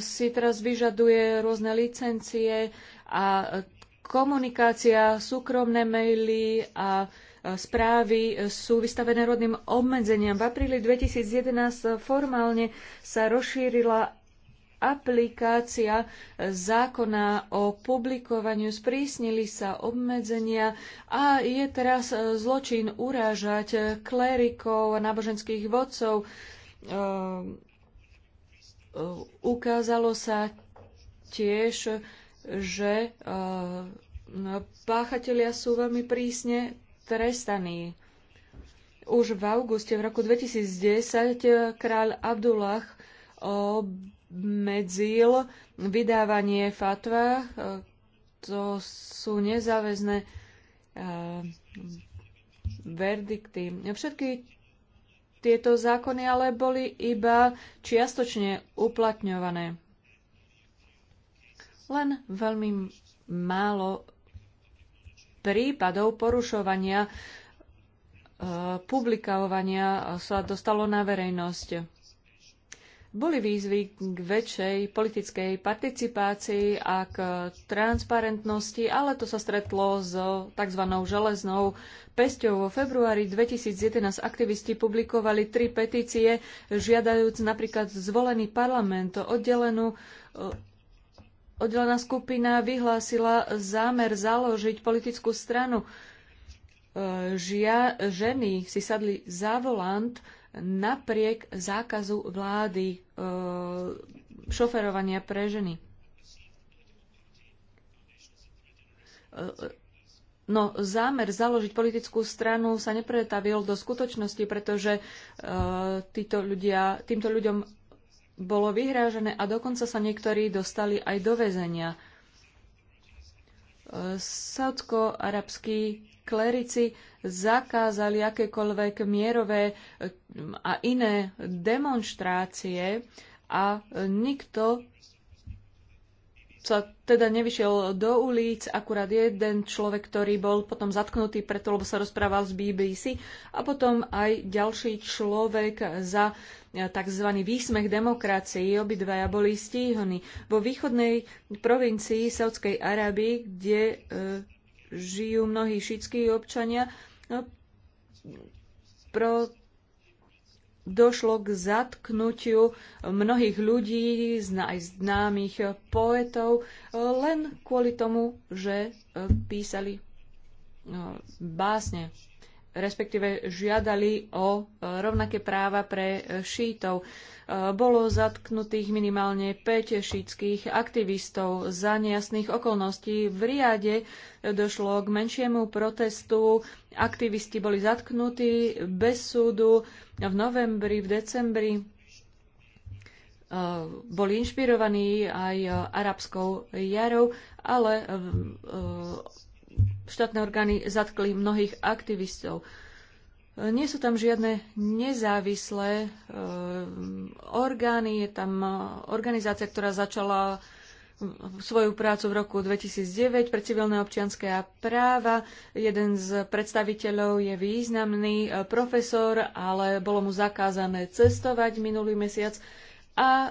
si teraz vyžaduje rôzne licencie a komunikácia, súkromné maily a správy sú vystavené rodným obmedzeniam. V apríli 2011 formálne sa rozšírila aplikácia zákona o publikovaniu, sprísnili sa obmedzenia a je teraz zločin urážať klerikov a náboženských vodcov. Ehm, ukázalo sa tiež, že ehm, páchatelia sú veľmi prísne trestaní. Už v auguste v roku 2010 kráľ Abdullah obmedzil vydávanie fatva. To sú nezáväzné eh, verdikty. Všetky tieto zákony ale boli iba čiastočne uplatňované. Len veľmi málo prípadov porušovania e, publikovania sa dostalo na verejnosť. Boli výzvy k väčšej politickej participácii a k transparentnosti, ale to sa stretlo s tzv. železnou pesťou. Vo februári 2011 aktivisti publikovali tri petície, žiadajúc napríklad zvolený parlament, oddelenú e, oddelená skupina vyhlásila zámer založiť politickú stranu. E, Žia, ženy si sadli za volant napriek zákazu vlády e, šoferovania pre ženy. E, no, zámer založiť politickú stranu sa nepretavil do skutočnosti, pretože uh, títo ľudia, týmto ľuďom bolo vyhrážené a dokonca sa niektorí dostali aj do väzenia. E, Saudsko-arabskí klerici zakázali akékoľvek mierové e, a iné demonštrácie a nikto sa teda nevyšiel do ulic, akurát jeden človek, ktorý bol potom zatknutý preto, lebo sa rozprával z BBC a potom aj ďalší človek za E, tzv. výsmech demokracii. Obidvaja boli stíhaní. Vo východnej provincii Saudskej Arábie, kde e, žijú mnohí šítskí občania, no, pro, došlo k zatknutiu mnohých ľudí, aj známych poetov, len kvôli tomu, že písali básne respektíve žiadali o e, rovnaké práva pre e, šítov. E, bolo zatknutých minimálne 5 šítských aktivistov za nejasných okolností. V Riade došlo k menšiemu protestu, aktivisti boli zatknutí bez súdu v novembri, v decembri. Boli inšpirovaní aj arabskou jarou, ale štátne orgány zatkli mnohých aktivistov. Nie sú tam žiadne nezávislé eh, orgány, je tam organizácia, ktorá začala svoju prácu v roku 2009 pre civilné občianské a práva. Jeden z predstaviteľov je významný eh, profesor, ale bolo mu zakázané cestovať minulý mesiac a e,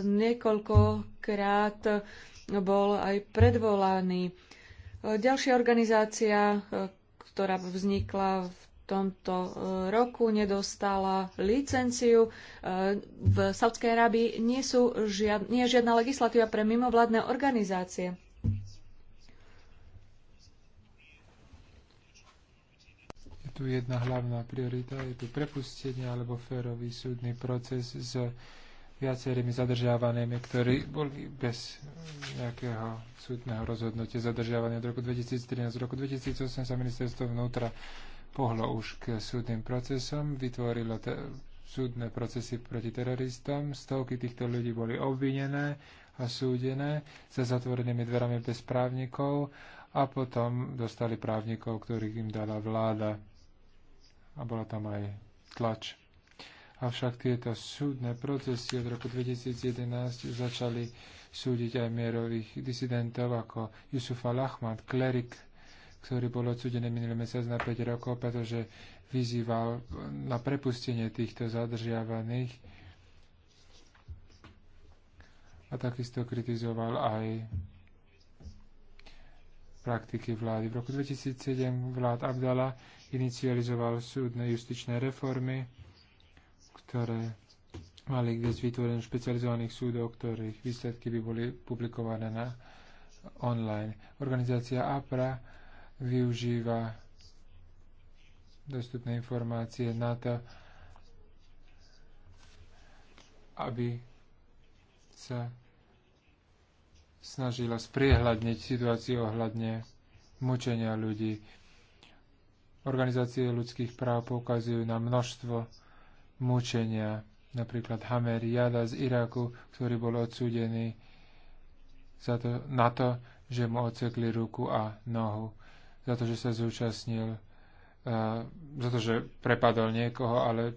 niekoľkokrát bol aj predvolaný. Ďalšia organizácia, e, ktorá vznikla v tomto e, roku nedostala licenciu. E, v Saudskej Arábii nie, sú žiad, nie je žiadna legislatíva pre mimovládne organizácie. Je tu jedna hlavná priorita, je tu prepustenie alebo férový súdny proces s viacerými zadržiavanými, ktorí boli bez nejakého súdneho rozhodnutia zadržiavaní od roku 2013. Z roku 2008 sa ministerstvo vnútra pohlo už k súdnym procesom, vytvorilo súdne procesy proti teroristom, stovky týchto ľudí boli obvinené a súdené za zatvorenými dverami bez právnikov a potom dostali právnikov, ktorých im dala vláda. A bola tam aj tlač avšak tieto súdne procesy od roku 2011 začali súdiť aj mierových disidentov ako Yusufa Lachmat, klerik, ktorý bol odsudený minulý mesiac na 5 rokov, pretože vyzýval na prepustenie týchto zadržiavaných a takisto kritizoval aj praktiky vlády. V roku 2007 vlád Abdala inicializoval súdne justičné reformy, ktoré mali kde vytvorených špecializovaných súdov, ktorých výsledky by boli publikované na online. Organizácia APRA využíva dostupné informácie na to, aby sa snažila spriehľadniť situáciu ohľadne mučenia ľudí. Organizácie ľudských práv poukazujú na množstvo mučenia. Napríklad Hamer Jada z Iraku, ktorý bol odsúdený za to, na to, že mu odsekli ruku a nohu, za to, že sa zúčastnil, uh, za to, že prepadol niekoho, ale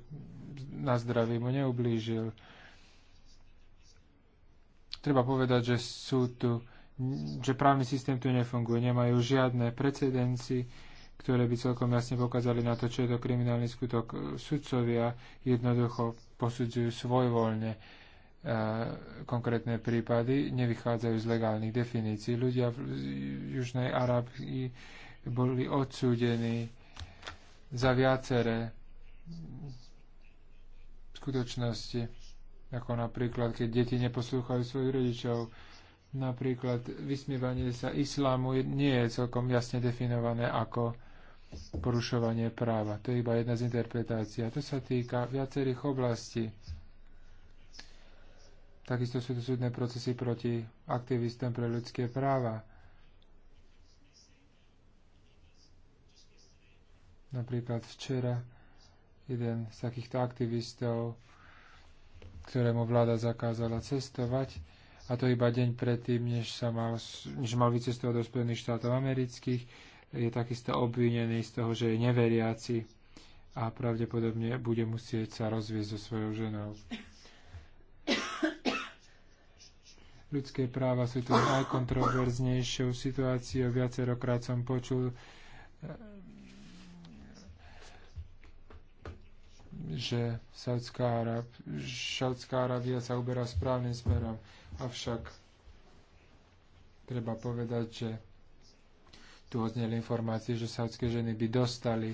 na zdraví mu neublížil. Treba povedať, že sú tu, že právny systém tu nefunguje, nemajú žiadne precedenci, ktoré by celkom jasne pokázali na to, čo je to kriminálny skutok. Sudcovia jednoducho posudzujú svojvoľne e, konkrétne prípady, nevychádzajú z legálnych definícií. Ľudia v Južnej Arabii boli odsúdení za viaceré skutočnosti, ako napríklad, keď deti neposlúchajú svojich rodičov, napríklad vysmievanie sa islámu nie je celkom jasne definované ako porušovanie práva. To je iba jedna z interpretácií. A to sa týka viacerých oblastí. Takisto sú to súdne procesy proti aktivistom pre ľudské práva. Napríklad včera jeden z takýchto aktivistov, ktorému vláda zakázala cestovať, a to iba deň predtým, než, sa mal, než mal vycestovať do Spojených štátov amerických, je takisto obvinený z toho, že je neveriaci a pravdepodobne bude musieť sa rozviesť so svojou ženou. Ľudské práva sú tu najkontroverznejšou situáciou. Viacerokrát som počul, že Saudská Arábia sa uberá správnym smerom, avšak treba povedať, že tu odzneli informácie, že saudské ženy by dostali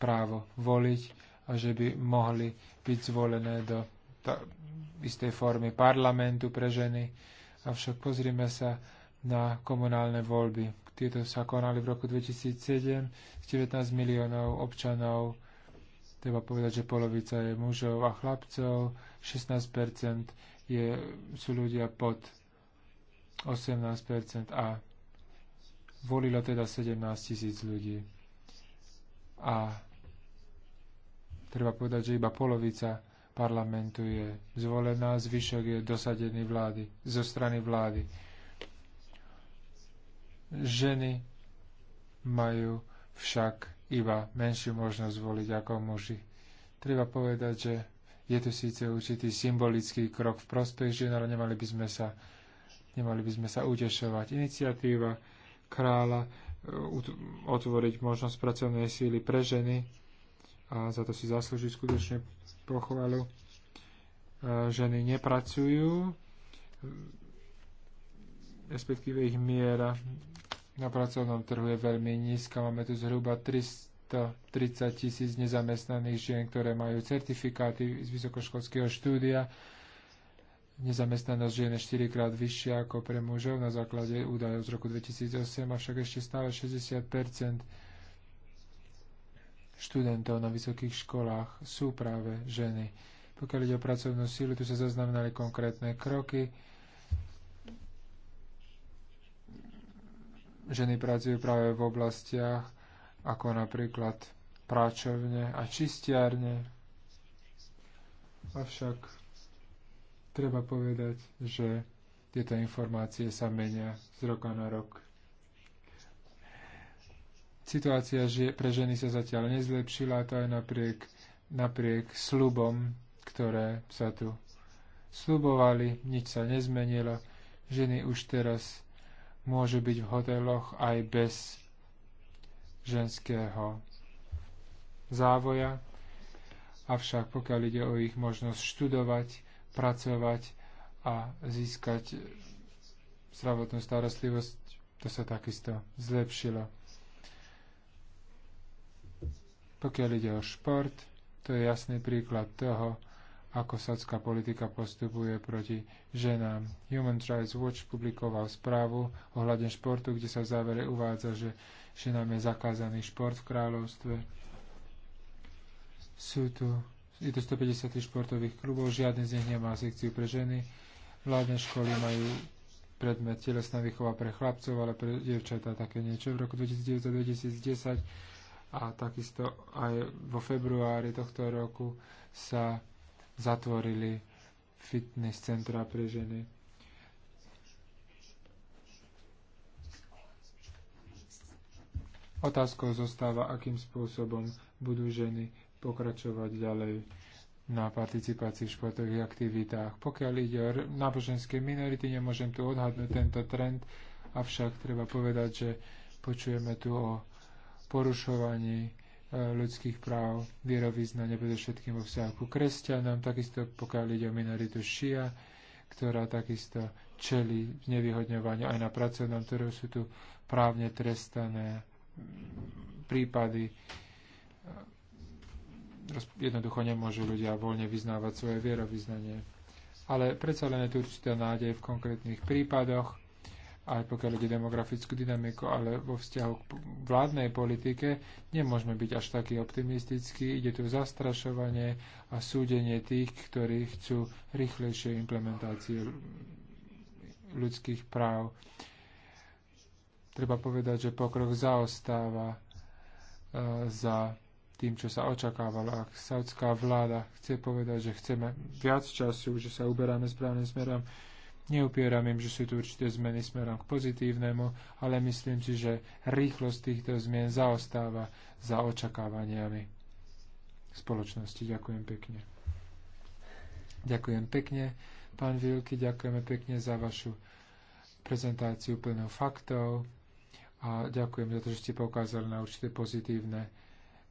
právo voliť a že by mohli byť zvolené do istej formy parlamentu pre ženy. Avšak pozrime sa na komunálne voľby. Tieto sa konali v roku 2007 s 19 miliónov občanov. Treba povedať, že polovica je mužov a chlapcov, 16% je, sú ľudia pod 18% a volilo teda 17 tisíc ľudí. A treba povedať, že iba polovica parlamentu je zvolená, zvyšok je dosadený vlády, zo strany vlády. Ženy majú však iba menšiu možnosť voliť ako muži. Treba povedať, že je to síce určitý symbolický krok v prospech žien, ale nemali by sme sa, nemali by sme sa utešovať. Iniciatíva kráľa, e, otvoriť možnosť pracovnej síly pre ženy a za to si zaslúži skutočne pochvalu. E, ženy nepracujú, e, respektíve ich miera na pracovnom trhu je veľmi nízka. Máme tu zhruba 330 tisíc nezamestnaných žien, ktoré majú certifikáty z vysokoškolského štúdia Nezamestnanosť žien je 4 krát vyššia ako pre mužov na základe údajov z roku 2008, avšak ešte stále 60 študentov na vysokých školách sú práve ženy. Pokiaľ ide o pracovnú sílu, tu sa zaznamenali konkrétne kroky. Ženy pracujú práve v oblastiach ako napríklad práčovne a čistiarne. Avšak treba povedať, že tieto informácie sa menia z roka na rok. Situácia pre ženy sa zatiaľ nezlepšila, to aj napriek, napriek slubom, ktoré sa tu slubovali, nič sa nezmenilo. Ženy už teraz môžu byť v hoteloch aj bez ženského závoja, avšak pokiaľ ide o ich možnosť študovať, pracovať a získať zdravotnú starostlivosť, to sa takisto zlepšilo. Pokiaľ ide o šport, to je jasný príklad toho, ako sadská politika postupuje proti ženám. Human Rights Watch publikoval správu ohľadne športu, kde sa v závere uvádza, že ženám je zakázaný šport v kráľovstve. Sú tu je to 150 športových klubov, žiadny z nich nemá sekciu pre ženy. Vládne školy majú predmet telesná výchova pre chlapcov, ale pre dievčatá také niečo. V roku 2009-2010 a takisto aj vo februári tohto roku sa zatvorili fitness centra pre ženy. Otázkou zostáva, akým spôsobom budú ženy pokračovať ďalej na participácii v športových aktivitách. Pokiaľ ide o náboženské minority, nemôžem tu odhadnúť tento trend, avšak treba povedať, že počujeme tu o porušovaní e, ľudských práv, vierovýznania, predovšetkým vo vzťahu ku kresťanom, takisto pokiaľ ide o minoritu šia, ktorá takisto čeli nevyhodňovaniu aj na pracovnom trhu sú tu právne trestané prípady jednoducho nemôžu ľudia voľne vyznávať svoje vierovýznanie. Ale predsa len je tu určitá nádej v konkrétnych prípadoch, aj pokiaľ ide demografickú dynamiku, ale vo vzťahu k vládnej politike nemôžeme byť až taký optimistickí. Ide tu zastrašovanie a súdenie tých, ktorí chcú rýchlejšie implementácie ľudských práv. Treba povedať, že pokrok zaostáva e, za tým, čo sa očakávalo. Ak saudská vláda chce povedať, že chceme viac času, že sa uberáme správnym smerom, neupieram im, že sú tu určité zmeny smerom k pozitívnemu, ale myslím si, že rýchlosť týchto zmien zaostáva za očakávaniami spoločnosti. Ďakujem pekne. Ďakujem pekne, pán Vilky, ďakujeme pekne za vašu prezentáciu plnou faktov a ďakujem za to, že ste poukázali na určité pozitívne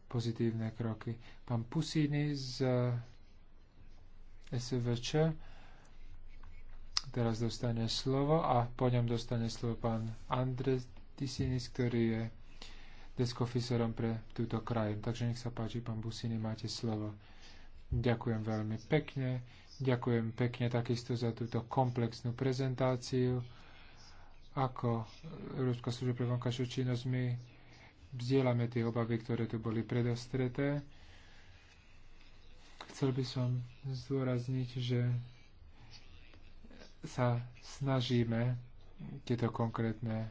pozitívne kroky. Pán Pusiny z eh, SVČ teraz dostane slovo a po ňom dostane slovo pán Andres Tisinis, ktorý je deskofisorom pre túto krajinu. Takže nech sa páči, pán Businy, máte slovo. Ďakujem veľmi pekne. Ďakujem pekne takisto za túto komplexnú prezentáciu. Ako Európska služba pre vonkajšiu činnosť my Vzdielame tie obavy, ktoré tu boli predostreté. Chcel by som zdôrazniť, že sa snažíme tieto konkrétne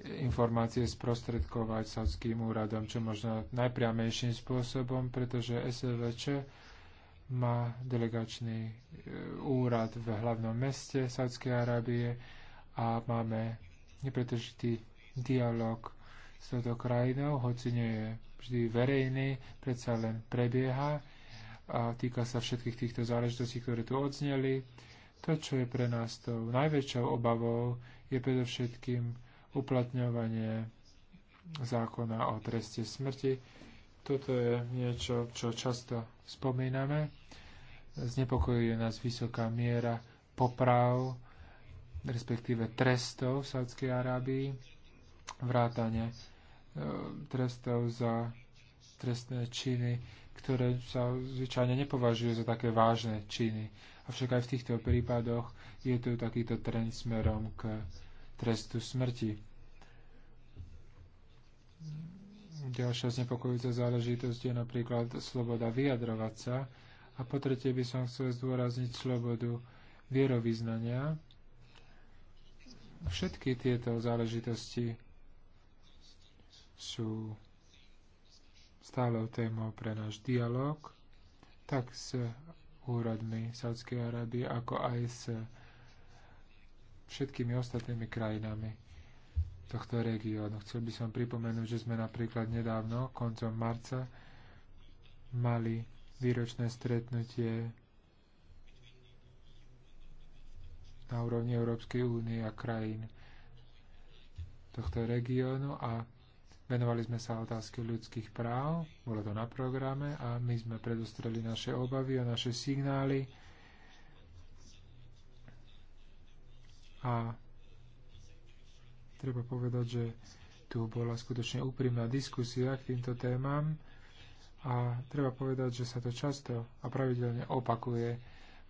informácie sprostredkovať sadským úradom, čo možno najpriamejším spôsobom, pretože SVČ má delegačný e, úrad v hlavnom meste Sádskej Arábie a máme nepretržitý dialog s touto krajinou, hoci nie je vždy verejný, predsa len prebieha a týka sa všetkých týchto záležitostí, ktoré tu odzneli. To, čo je pre nás tou najväčšou obavou, je predovšetkým uplatňovanie zákona o treste smrti. Toto je niečo, čo často spomíname. Znepokojuje nás vysoká miera poprav, respektíve trestov v Sádskej Arábii vrátane e, trestov za trestné činy, ktoré sa zvyčajne nepovažujú za také vážne činy. Avšak aj v týchto prípadoch je tu takýto trend smerom k trestu smrti. Ďalšia znepokojujúca záležitosť je napríklad sloboda vyjadrovať sa. A po tretie by som chcel zdôrazniť slobodu vierovýznania. Všetky tieto záležitosti sú stále témou pre náš dialog, tak s úradmi Saudskej Arábie, ako aj s všetkými ostatnými krajinami tohto regiónu. Chcel by som pripomenúť, že sme napríklad nedávno, koncom marca, mali výročné stretnutie na úrovni Európskej únie a krajín tohto regiónu a Venovali sme sa otázke ľudských práv, bolo to na programe a my sme predostreli naše obavy a naše signály. A treba povedať, že tu bola skutočne úprimná diskusia k týmto témam a treba povedať, že sa to často a pravidelne opakuje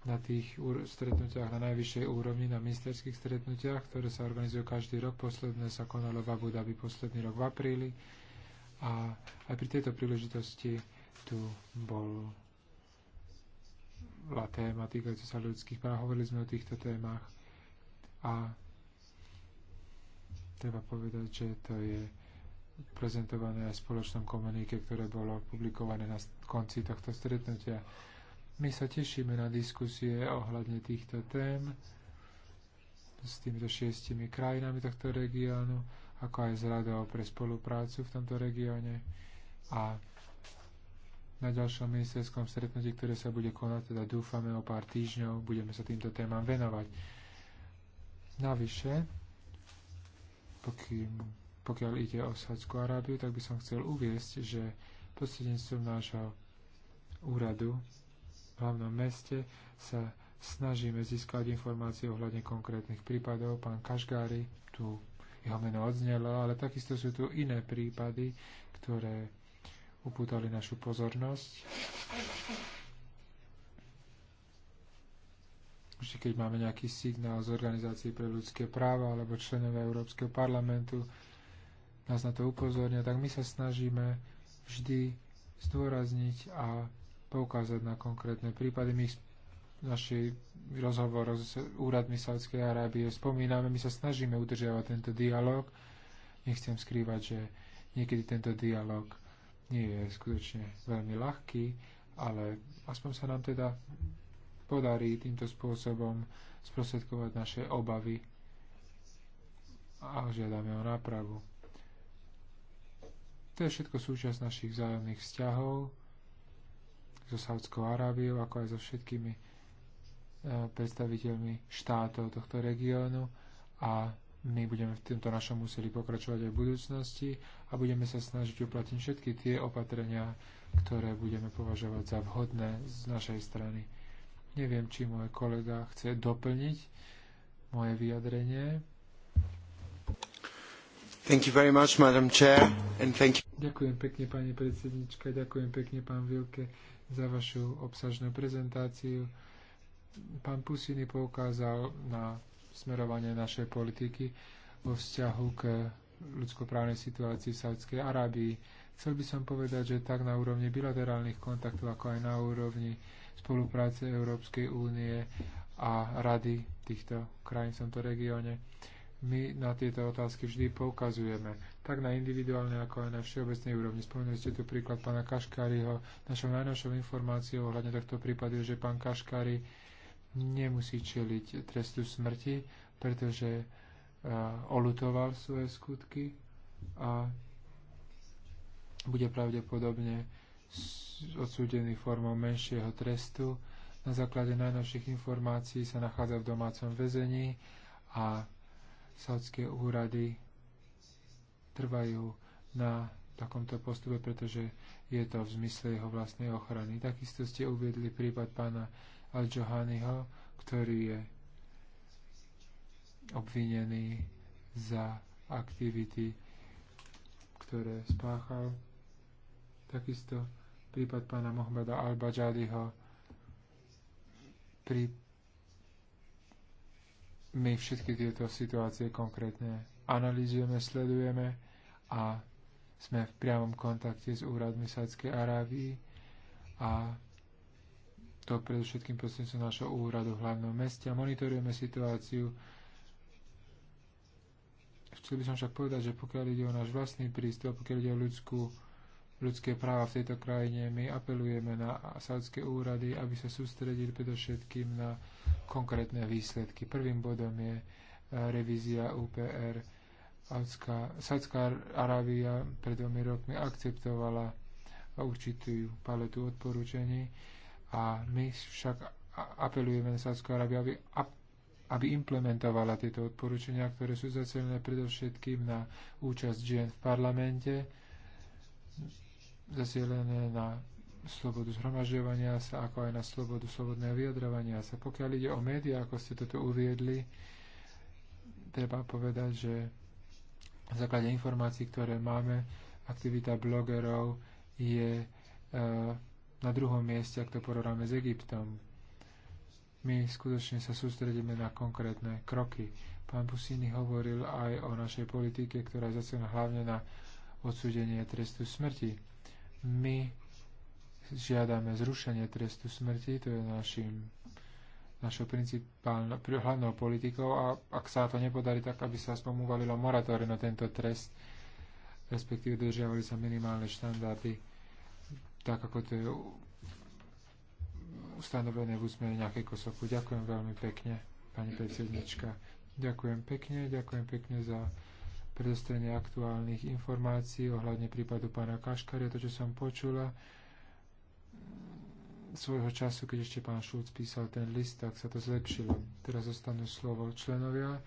na tých stretnutiach na najvyššej úrovni, na ministerských stretnutiach, ktoré sa organizujú každý rok. Posledné sa konalo v Abu Dhabi posledný rok v apríli. A aj pri tejto príležitosti tu bol bola téma týkajúca sa ľudských práv. Hovorili sme o týchto témach a treba povedať, že to je prezentované aj v spoločnom komunike, ktoré bolo publikované na konci tohto stretnutia. My sa tešíme na diskusie ohľadne týchto tém s týmito šiestimi krajinami tohto regiónu, ako aj s radou pre spoluprácu v tomto regióne a na ďalšom ministerskom stretnutí, ktoré sa bude konať, teda dúfame o pár týždňov, budeme sa týmto témam venovať. Navyše, pokým, pokiaľ ide o Sádzku Arábiu, tak by som chcel uviesť, že prostredníctvom nášho úradu hlavnom meste sa snažíme získať informácie ohľadne konkrétnych prípadov. Pán Kašgári, tu jeho meno odznelo, ale takisto sú tu iné prípady, ktoré upútali našu pozornosť. Ešte keď máme nejaký signál z Organizácie pre ľudské práva alebo členov Európskeho parlamentu, nás na to upozornia, tak my sa snažíme vždy zdôrazniť a poukázať na konkrétne prípady. My naši rozhovor s úradmi Saudskej Arábie spomíname, my sa snažíme udržiavať tento dialog. Nechcem skrývať, že niekedy tento dialog nie je skutočne veľmi ľahký, ale aspoň sa nám teda podarí týmto spôsobom sprostredkovať naše obavy a žiadame o nápravu. To je všetko súčasť našich vzájomných vzťahov so Saudskou Arábiou, ako aj so všetkými e, predstaviteľmi štátov tohto regiónu a my budeme v tomto našom úsilí pokračovať aj v budúcnosti a budeme sa snažiť uplatniť všetky tie opatrenia, ktoré budeme považovať za vhodné z našej strany. Neviem, či môj kolega chce doplniť moje vyjadrenie. Thank you very much, Madam Chair, and thank you. Ďakujem pekne, pani predsednička, ďakujem pekne, pán Vilke, za vašu obsažnú prezentáciu. Pán Pusiny poukázal na smerovanie našej politiky vo vzťahu k ľudskoprávnej situácii v Saudskej Arábii. Chcel by som povedať, že tak na úrovni bilaterálnych kontaktov, ako aj na úrovni spolupráce Európskej únie a rady týchto krajín v tomto regióne my na tieto otázky vždy poukazujeme, tak na individuálnej, ako aj na všeobecnej úrovni. Spomínali ste tu príklad pána Kaškáriho. Našou najnovšou informáciou ohľadne tohto prípadu je, že pán Kaškári nemusí čeliť trestu smrti, pretože uh, olutoval svoje skutky a bude pravdepodobne odsúdený formou menšieho trestu. Na základe najnovších informácií sa nachádza v domácom väzení a sádske úrady trvajú na takomto postupe, pretože je to v zmysle jeho vlastnej ochrany. Takisto ste uviedli prípad pána Al-Johaniho, ktorý je obvinený za aktivity, ktoré spáchal. Takisto prípad pána Mohameda Al-Bajadiho, my všetky tieto situácie konkrétne analýzujeme, sledujeme a sme v priamom kontakte s úradmi Sádskej Arábii a to predovšetkým prostredníctvom našho úradu v hlavnom meste a monitorujeme situáciu. Chcel by som však povedať, že pokiaľ ide o náš vlastný prístup, pokiaľ ide o ľudskú ľudské práva v tejto krajine. My apelujeme na saudské úrady, aby sa sústredili predovšetkým na konkrétne výsledky. Prvým bodom je eh, revízia UPR. Saudská Arábia pred dvomi rokmi akceptovala určitú paletu odporúčaní a my však apelujeme na Saudskú Arábiu, aby, aby implementovala tieto odporúčania, ktoré sú zacelené predovšetkým na účasť žien v parlamente, zasielené na slobodu zhromažďovania sa, ako aj na slobodu slobodného vyjadrovania sa. Pokiaľ ide o médiá, ako ste toto uviedli, treba povedať, že na základe informácií, ktoré máme, aktivita blogerov je e, na druhom mieste, ak to porovnáme s Egyptom. My skutočne sa sústredíme na konkrétne kroky. Pán Pusini hovoril aj o našej politike, ktorá je hlavne na odsúdenie trestu smrti my žiadame zrušenie trestu smrti, to je našim, našou principálnou hlavnou politikou a ak sa to nepodarí, tak aby sa aspoň uvalilo moratórium na tento trest, respektíve dodržiavali sa minimálne štandardy, tak ako to je ustanovené v nejakej Kosoku. Ďakujem veľmi pekne, pani predsednička. Ďakujem pekne, ďakujem pekne za predostrenie aktuálnych informácií ohľadne prípadu pána Kaškaria, to, čo som počula svojho času, keď ešte pán Šulc písal ten list, tak sa to zlepšilo. Teraz zostanú slovo členovia.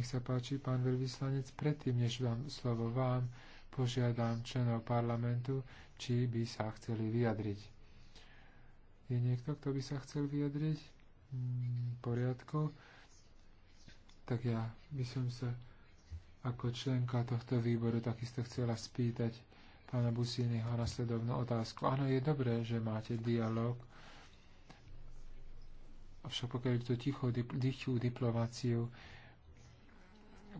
Nech sa páči, pán veľvyslanec, predtým, než dám slovo vám, požiadam členov parlamentu, či by sa chceli vyjadriť. Je niekto, kto by sa chcel vyjadriť? Mm, poriadku. Tak ja by som sa ako členka tohto výboru takisto chcela spýtať pána Businyho nasledovnú otázku. Áno, je dobré, že máte dialog, avšak pokiaľ to tichú, tichú diplomáciu,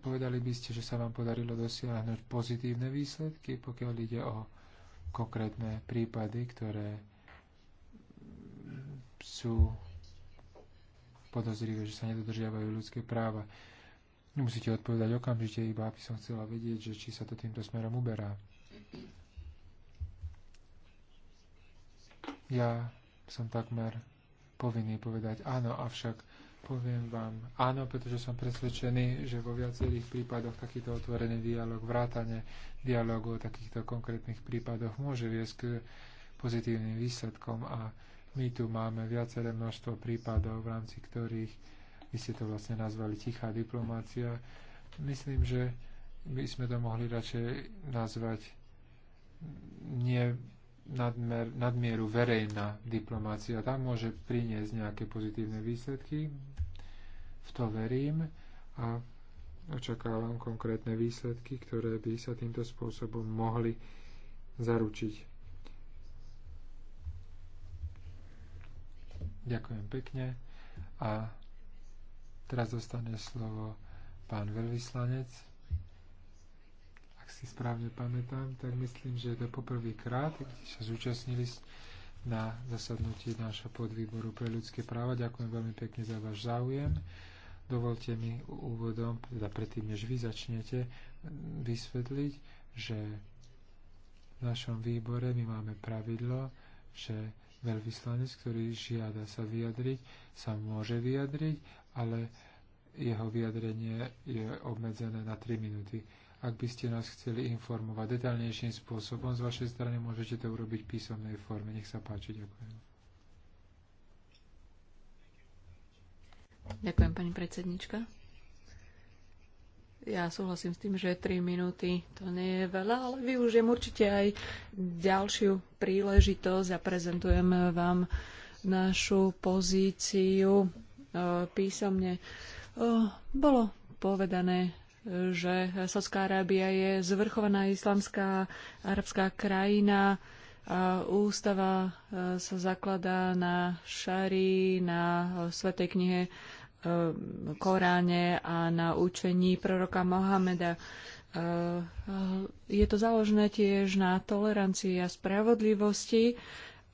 povedali by ste, že sa vám podarilo dosiahnuť pozitívne výsledky, pokiaľ ide o konkrétne prípady, ktoré sú podozrivé, že sa nedodržiavajú ľudské práva. Nemusíte odpovedať okamžite, iba aby som chcela vedieť, že či sa to týmto smerom uberá. Ja som takmer povinný povedať áno, avšak poviem vám áno, pretože som presvedčený, že vo viacerých prípadoch takýto otvorený dialog, vrátane dialogu o takýchto konkrétnych prípadoch môže viesť k pozitívnym výsledkom a my tu máme viaceré množstvo prípadov, v rámci ktorých vy ste to vlastne nazvali tichá diplomácia. Myslím, že by sme to mohli radšej nazvať nie nadmer, nadmieru verejná diplomácia. Tam môže priniesť nejaké pozitívne výsledky. V to verím a očakávam konkrétne výsledky, ktoré by sa týmto spôsobom mohli zaručiť. Ďakujem pekne a Teraz dostane slovo pán veľvyslanec. Ak si správne pamätám, tak myslím, že je to poprvýkrát, kde sa zúčastnili na zasadnutí nášho podvýboru pre ľudské práva. Ďakujem veľmi pekne za váš záujem. Dovolte mi úvodom, teda predtým, než vy začnete, vysvetliť, že v našom výbore my máme pravidlo, že veľvyslanec, ktorý žiada sa vyjadriť, sa môže vyjadriť, ale jeho vyjadrenie je obmedzené na 3 minúty. Ak by ste nás chceli informovať detaľnejším spôsobom, z vašej strany môžete to urobiť v písomnej forme. Nech sa páči, ďakujem. Ďakujem, pani predsednička. Ja súhlasím s tým, že 3 minúty to nie je veľa, ale využijem určite aj ďalšiu príležitosť a prezentujem vám našu pozíciu E, písomne. E, bolo povedané, že Saudská Arábia je zvrchovaná islamská arabská krajina. A ústava e, sa zakladá na šari, na svetej knihe Koráne a na učení proroka Mohameda. Je to založené tiež na tolerancii a spravodlivosti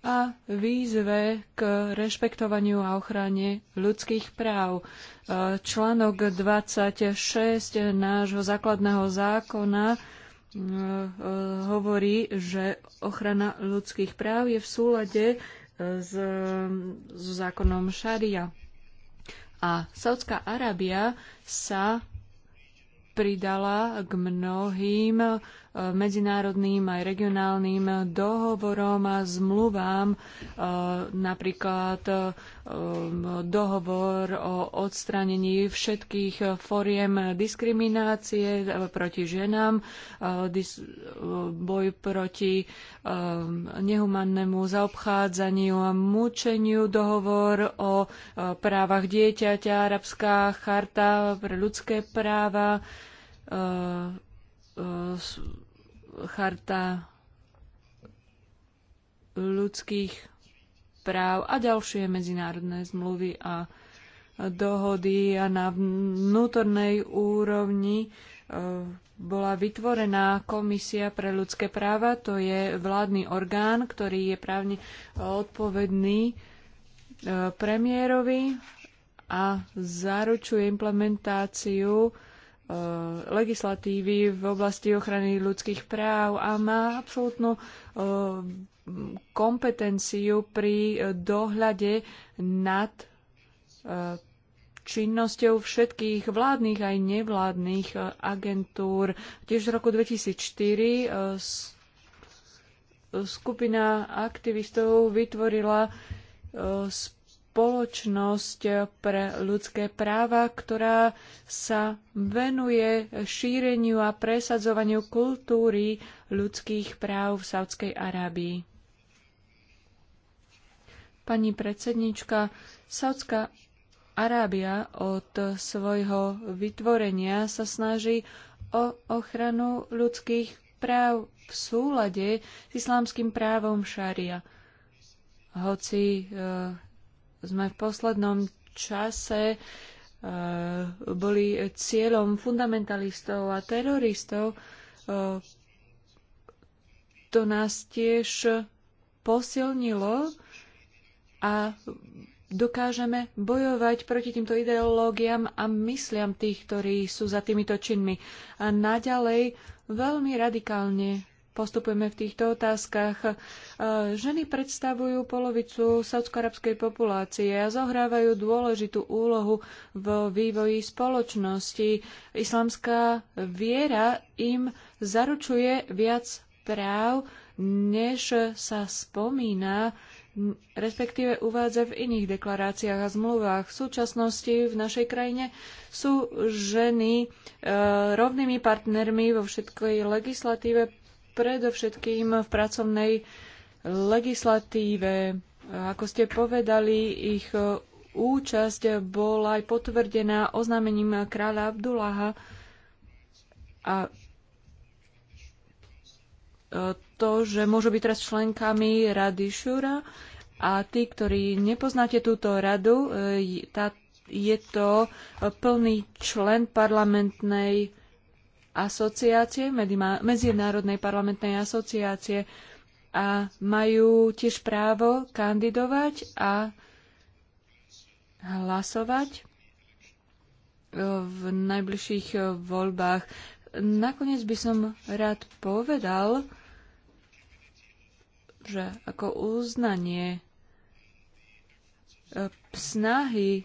a výzve k rešpektovaniu a ochrane ľudských práv. E, článok 26 nášho základného zákona e, e, hovorí, že ochrana ľudských práv je v súlade s, s zákonom šaria. A Saudská Arábia sa pridala k mnohým medzinárodným aj regionálnym dohovorom a zmluvám, e, napríklad e, dohovor o odstránení všetkých foriem diskriminácie proti ženám, e, boj proti nehumannému zaobchádzaniu a mučeniu, dohovor o právach dieťaťa, arabská charta pre ľudské práva, charta ľudských práv a ďalšie medzinárodné zmluvy a dohody a na vnútornej úrovni e, bola vytvorená Komisia pre ľudské práva. To je vládny orgán, ktorý je právne odpovedný e, premiérovi a zaručuje implementáciu Eh, legislatívy v oblasti ochrany ľudských práv a má absolútnu eh, kompetenciu pri dohľade nad eh, činnosťou všetkých vládnych aj nevládnych agentúr. Tiež v roku 2004 skupina aktivistov vytvorila spoločnosť spoločnosť pre ľudské práva, ktorá sa venuje šíreniu a presadzovaniu kultúry ľudských práv v Saudskej Arábii. Pani predsednička, Saudská Arábia od svojho vytvorenia sa snaží o ochranu ľudských práv v súlade s islámským právom šaria hoci e, sme v poslednom čase e, boli cieľom fundamentalistov a teroristov, e, to nás tiež posilnilo a dokážeme bojovať proti týmto ideológiám a mysliam tých, ktorí sú za týmito činmi. A naďalej veľmi radikálne postupujeme v týchto otázkach. E, ženy predstavujú polovicu saudsko-arabskej populácie a zohrávajú dôležitú úlohu v vývoji spoločnosti. Islamská viera im zaručuje viac práv, než sa spomína respektíve uvádza v iných deklaráciách a zmluvách. V súčasnosti v našej krajine sú ženy e, rovnými partnermi vo všetkej legislatíve predovšetkým v pracovnej legislatíve. Ako ste povedali, ich e, účasť bola aj potvrdená oznámením kráľa Abdullaha a e, to, že môžu byť teraz členkami Rady Šura a tí, ktorí nepoznáte túto radu, e, tá, je to plný člen parlamentnej asociácie, Medzinárodnej parlamentnej asociácie a majú tiež právo kandidovať a hlasovať e, v najbližších e, voľbách. Nakoniec by som rád povedal, že ako uznanie e, snahy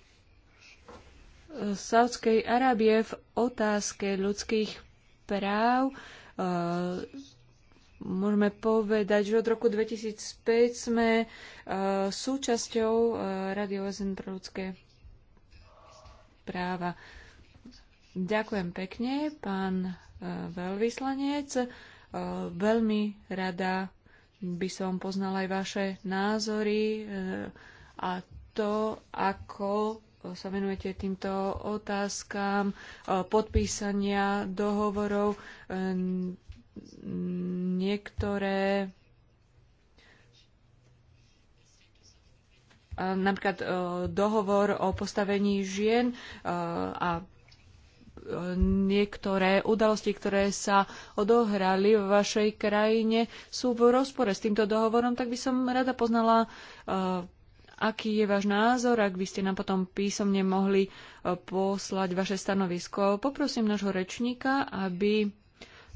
Saudskej Arábie v otázke ľudských práv. E, môžeme povedať, že od roku 2005 sme e, súčasťou e, Rady OSN pro ľudské práva. Ďakujem pekne, pán veľvyslanec. Veľmi rada by som poznala aj vaše názory a to, ako sa venujete týmto otázkam e, podpísania dohovorov. E, niektoré e, napríklad dohovor o postavení žien a niektoré udalosti, ktoré sa odohrali v vašej krajine, sú v rozpore s týmto dohovorom, tak by som rada poznala Aký je váš názor, ak by ste nám potom písomne mohli e, poslať vaše stanovisko? Poprosím nášho rečníka, aby e,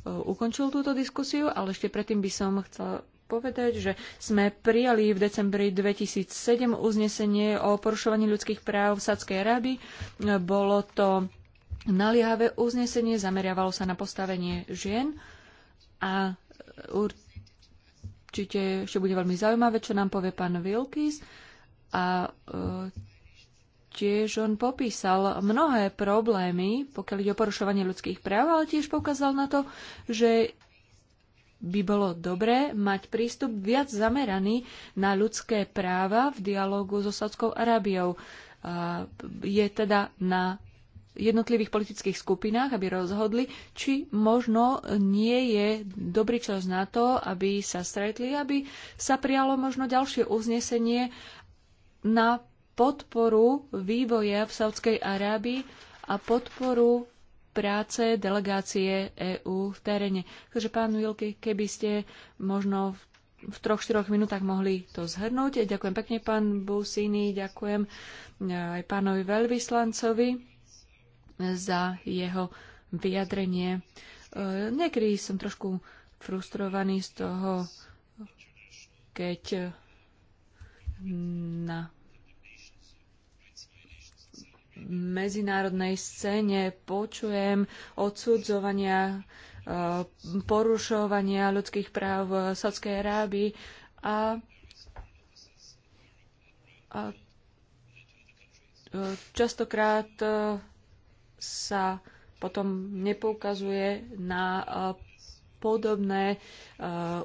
ukončil túto diskusiu, ale ešte predtým by som chcela povedať, že sme prijali v decembri 2007 uznesenie o porušovaní ľudských práv v Sadskej Arábii. E, bolo to naliehavé uznesenie, zameriavalo sa na postavenie žien a určite ešte bude veľmi zaujímavé, čo nám povie pán Wilkis. A e, tiež on popísal mnohé problémy, pokiaľ ide o porušovanie ľudských práv, ale tiež poukázal na to, že by bolo dobré mať prístup viac zameraný na ľudské práva v dialogu so Sádskou Arábiou. Je teda na jednotlivých politických skupinách, aby rozhodli, či možno nie je dobrý čas na to, aby sa stretli, aby sa prijalo možno ďalšie uznesenie na podporu vývoja v Saudskej Arábii a podporu práce delegácie EÚ v teréne. Takže pán Wilky, keby ste možno v troch, štyroch minútach mohli to zhrnúť. Ďakujem pekne, pán Busini, ďakujem e, aj pánovi veľvyslancovi za jeho vyjadrenie. E, niekedy som trošku frustrovaný z toho, keď na medzinárodnej scéne počujem odsudzovania e, porušovania ľudských práv v Sádskej Arábii a, a e, častokrát e, sa potom nepoukazuje na podobné eh,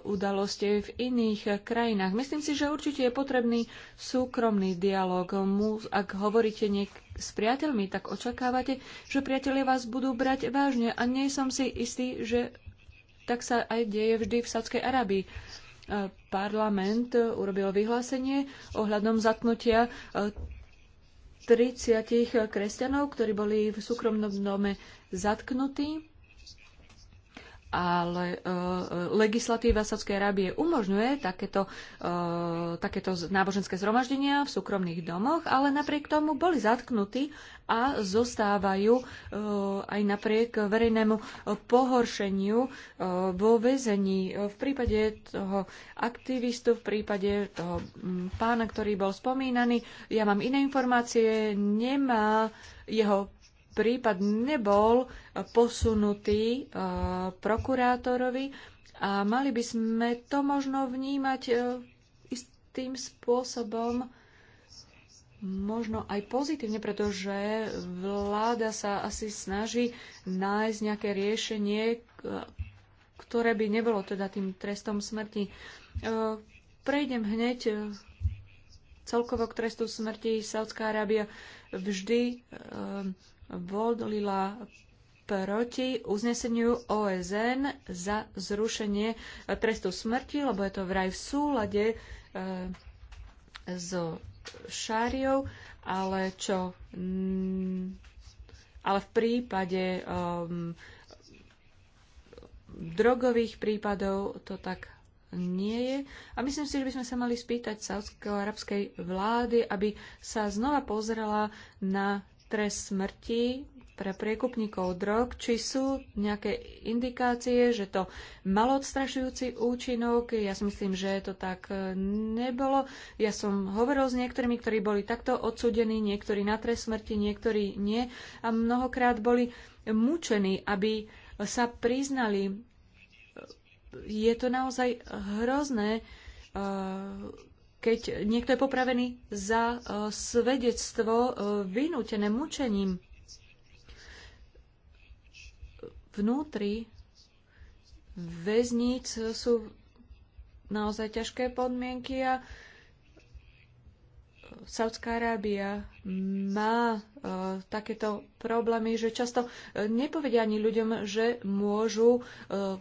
udalosti v iných krajinách. Myslím si, že určite je potrebný súkromný dialog. Ak hovoríte niek- s priateľmi, tak očakávate, že priatelia vás budú brať vážne a nie som si istý, že tak sa aj deje vždy v Sádskej Arabii eh, parlament eh, urobil vyhlásenie ohľadom zatknutia 30 kresťanov, ktorí boli v súkromnom dome zatknutí ale e, e, legislatíva Sádskej Arábie umožňuje takéto, e, takéto náboženské zhromaždenia v súkromných domoch, ale napriek tomu boli zatknutí a zostávajú e, aj napriek verejnému e, pohoršeniu e, vo väzení. V prípade toho aktivistu, v prípade toho pána, ktorý bol spomínaný, ja mám iné informácie, nemá jeho prípad nebol e, posunutý e, prokurátorovi a mali by sme to možno vnímať e, istým spôsobom možno aj pozitívne, pretože vláda sa asi snaží nájsť nejaké riešenie, ktoré by nebolo teda tým trestom smrti. Prejdem hneď celkovo k trestu smrti. Saudská Arábia vždy volila proti uzneseniu OSN za zrušenie trestu smrti, lebo je to vraj v súlade e, so šáriou, ale čo... Mm, ale v prípade um, drogových prípadov to tak nie je. A myslím si, že by sme sa mali spýtať saudsko-arabskej vlády, aby sa znova pozrela na trest smrti pre priekupníkov drog, či sú nejaké indikácie, že to malo odstrašujúci účinok. Ja si myslím, že to tak e, nebolo. Ja som hovoril s niektorými, ktorí boli takto odsudení, niektorí na trest smrti, niektorí nie. A mnohokrát boli mučení, aby sa priznali. E, je to naozaj hrozné e, keď niekto je popravený za e, svedectvo e, vynútené mučením. Vnútri väzníc sú naozaj ťažké podmienky a Saudská Arábia má uh, takéto problémy, že často nepovedia ani ľuďom, že môžu uh,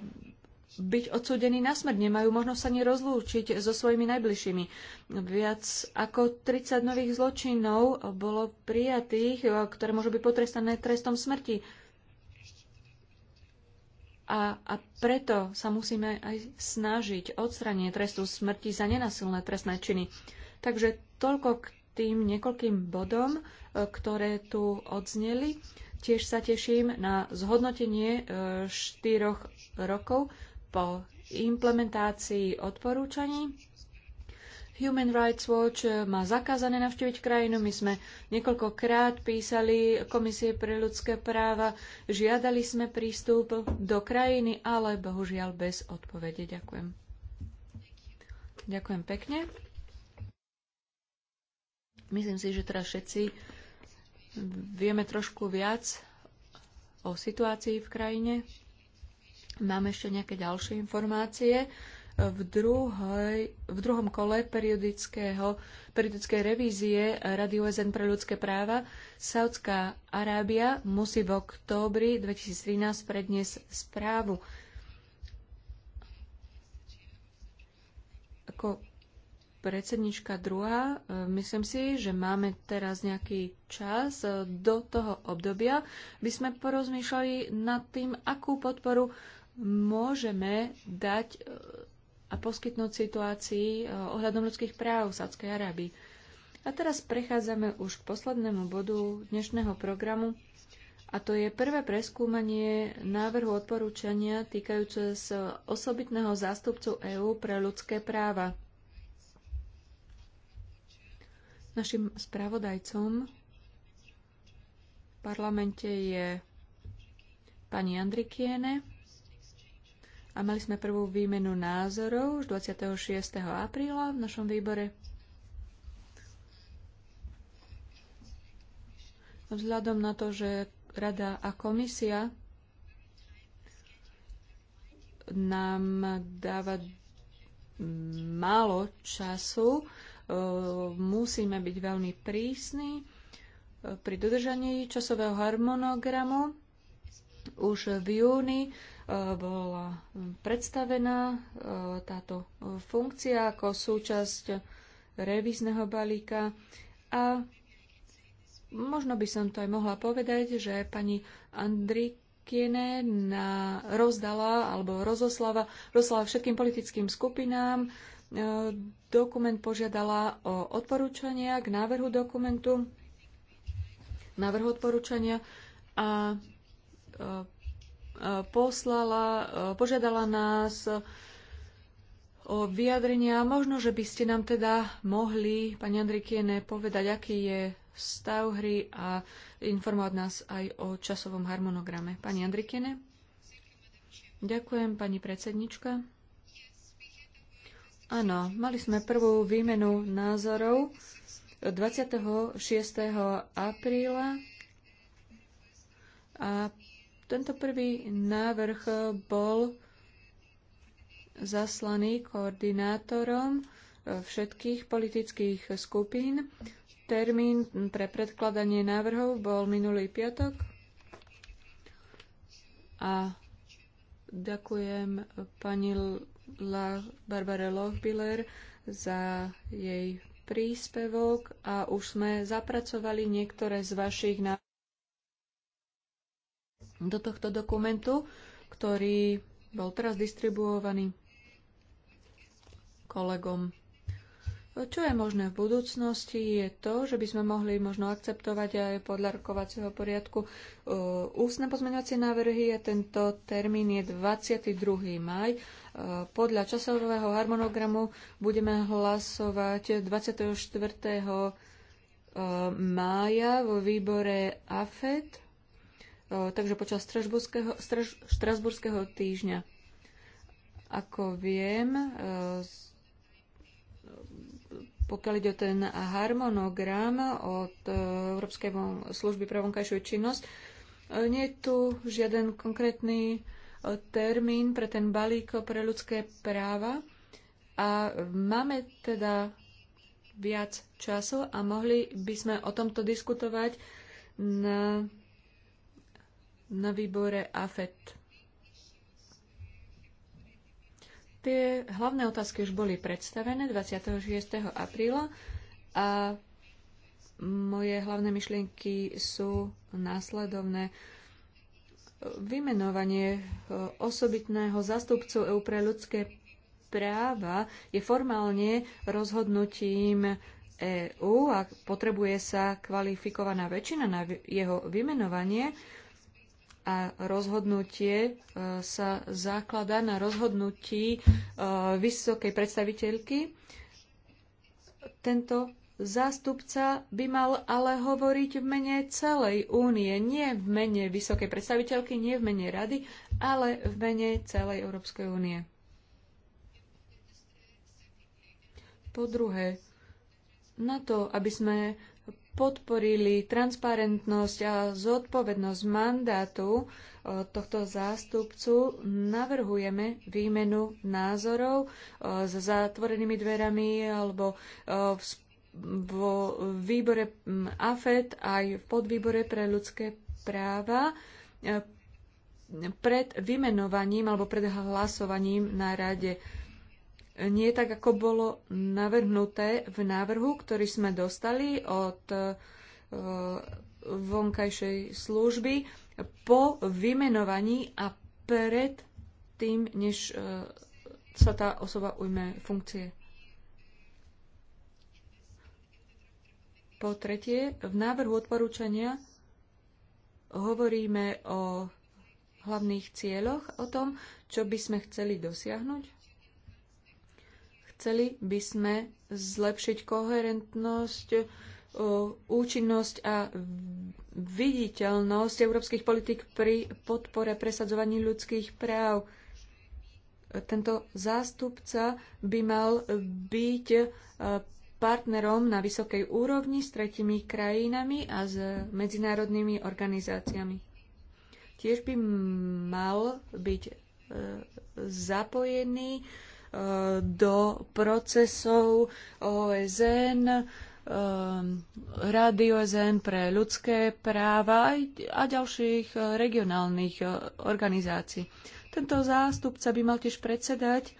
byť odsúdení na smrť, nemajú možnosť sa nerozlúčiť rozlúčiť so svojimi najbližšími. Viac ako 30 nových zločinov bolo prijatých, ktoré môžu byť potrestané trestom smrti. A, a preto sa musíme aj snažiť odstranie trestu smrti za nenasilné trestné činy. Takže toľko k tým niekoľkým bodom, e, ktoré tu odzneli. Tiež sa teším na zhodnotenie e, štyroch rokov po implementácii odporúčaní. Human Rights Watch má zakázané navštíviť krajinu. My sme niekoľkokrát písali Komisie pre ľudské práva, žiadali sme prístup do krajiny, ale bohužiaľ bez odpovede. Ďakujem. Ďakujem pekne. Myslím si, že teraz všetci vieme trošku viac o situácii v krajine. Máme ešte nejaké ďalšie informácie. V, druhej, v druhom kole periodického, periodickej revízie Rady OSN pre ľudské práva Saudská Arábia musí v októbri 2013 predniesť správu. Ako predsednička druhá, e, myslím si, že máme teraz nejaký čas e, do toho obdobia, by sme porozmýšľali nad tým, akú podporu môžeme dať e, a poskytnúť situácii e, ohľadom ľudských práv v Sádskej Arábii. A teraz prechádzame už k poslednému bodu dnešného programu, a to je prvé preskúmanie návrhu odporúčania týkajúce sa osobitného zástupcu EÚ pre ľudské práva. Našim spravodajcom v parlamente je pani Andrikiene a mali sme prvú výmenu názorov už 26. apríla v našom výbore. Vzhľadom na to, že Rada a komisia nám dáva málo času, e, musíme byť veľmi prísni e, pri dodržaní časového harmonogramu. Už v júni bola predstavená e, táto funkcia ako súčasť revízneho balíka a možno by som to aj mohla povedať, že pani Andrik Kiene na, rozdala alebo rozoslava, rozoslala všetkým politickým skupinám. E, dokument požiadala o odporúčania k návrhu dokumentu, návrhu odporúčania a e, poslala, e, požiadala nás o vyjadrenia. Možno, že by ste nám teda mohli, pani Andrikiene, povedať, aký je stav hry a informovať nás aj o časovom harmonograme. Pani Andrikiene? Ďakujem, pani predsednička. Áno, mali sme prvú výmenu názorov 26. apríla a tento prvý návrh bol zaslaný koordinátorom všetkých politických skupín. Termín pre predkladanie návrhov bol minulý piatok. A ďakujem pani La Barbare Lochbiller za jej príspevok a už sme zapracovali niektoré z vašich návrhov do tohto dokumentu, ktorý bol teraz distribuovaný kolegom. Čo je možné v budúcnosti je to, že by sme mohli možno akceptovať aj podľa rokovacieho poriadku uh, ústne pozmeňovacie návrhy a tento termín je 22. maj. Uh, podľa časového harmonogramu budeme hlasovať 24. Uh, mája vo výbore AFED E, takže počas štrasburského, štrasburského týždňa. Ako viem, e, pokiaľ ide o ten harmonogram od e, Európskej služby pre vonkajšiu činnosť, nie je tu žiaden konkrétny termín pre ten balík pre ľudské práva a máme teda viac času a mohli by sme o tomto diskutovať na na výbore AFET. Tie hlavné otázky už boli predstavené 26. apríla a moje hlavné myšlienky sú následovné. Vymenovanie e, osobitného zastupcu EU pre ľudské práva je formálne rozhodnutím EU a potrebuje sa kvalifikovaná väčšina na jeho vymenovanie a rozhodnutie e, sa základa na rozhodnutí e, vysokej predstaviteľky. Tento zástupca by mal ale hovoriť v mene celej únie, nie v mene vysokej predstaviteľky, nie v mene rady, ale v mene celej Európskej únie. Po druhé, na to, aby sme podporili transparentnosť a zodpovednosť mandátu e, tohto zástupcu, navrhujeme výmenu názorov e, s zatvorenými dverami alebo e, v vo výbore AFET aj v podvýbore pre ľudské práva pred vymenovaním alebo pred hlasovaním na rade nie tak, ako bolo navrhnuté v návrhu, ktorý sme dostali od e, vonkajšej služby po vymenovaní a pred tým, než e, sa tá osoba ujme funkcie. Po tretie, v návrhu odporúčania hovoríme o hlavných cieľoch, o tom, čo by sme chceli dosiahnuť Chceli by sme zlepšiť koherentnosť, účinnosť a viditeľnosť európskych politik pri podpore presadzovaní ľudských práv. Tento zástupca by mal byť e, partnerom na vysokej úrovni s tretimi krajinami a s medzinárodnými organizáciami. Tiež by mal byť e, zapojený do procesov OSN, eh, Rady OSN pre ľudské práva a ďalších eh, regionálnych eh, organizácií. Tento zástupca by mal tiež predsedať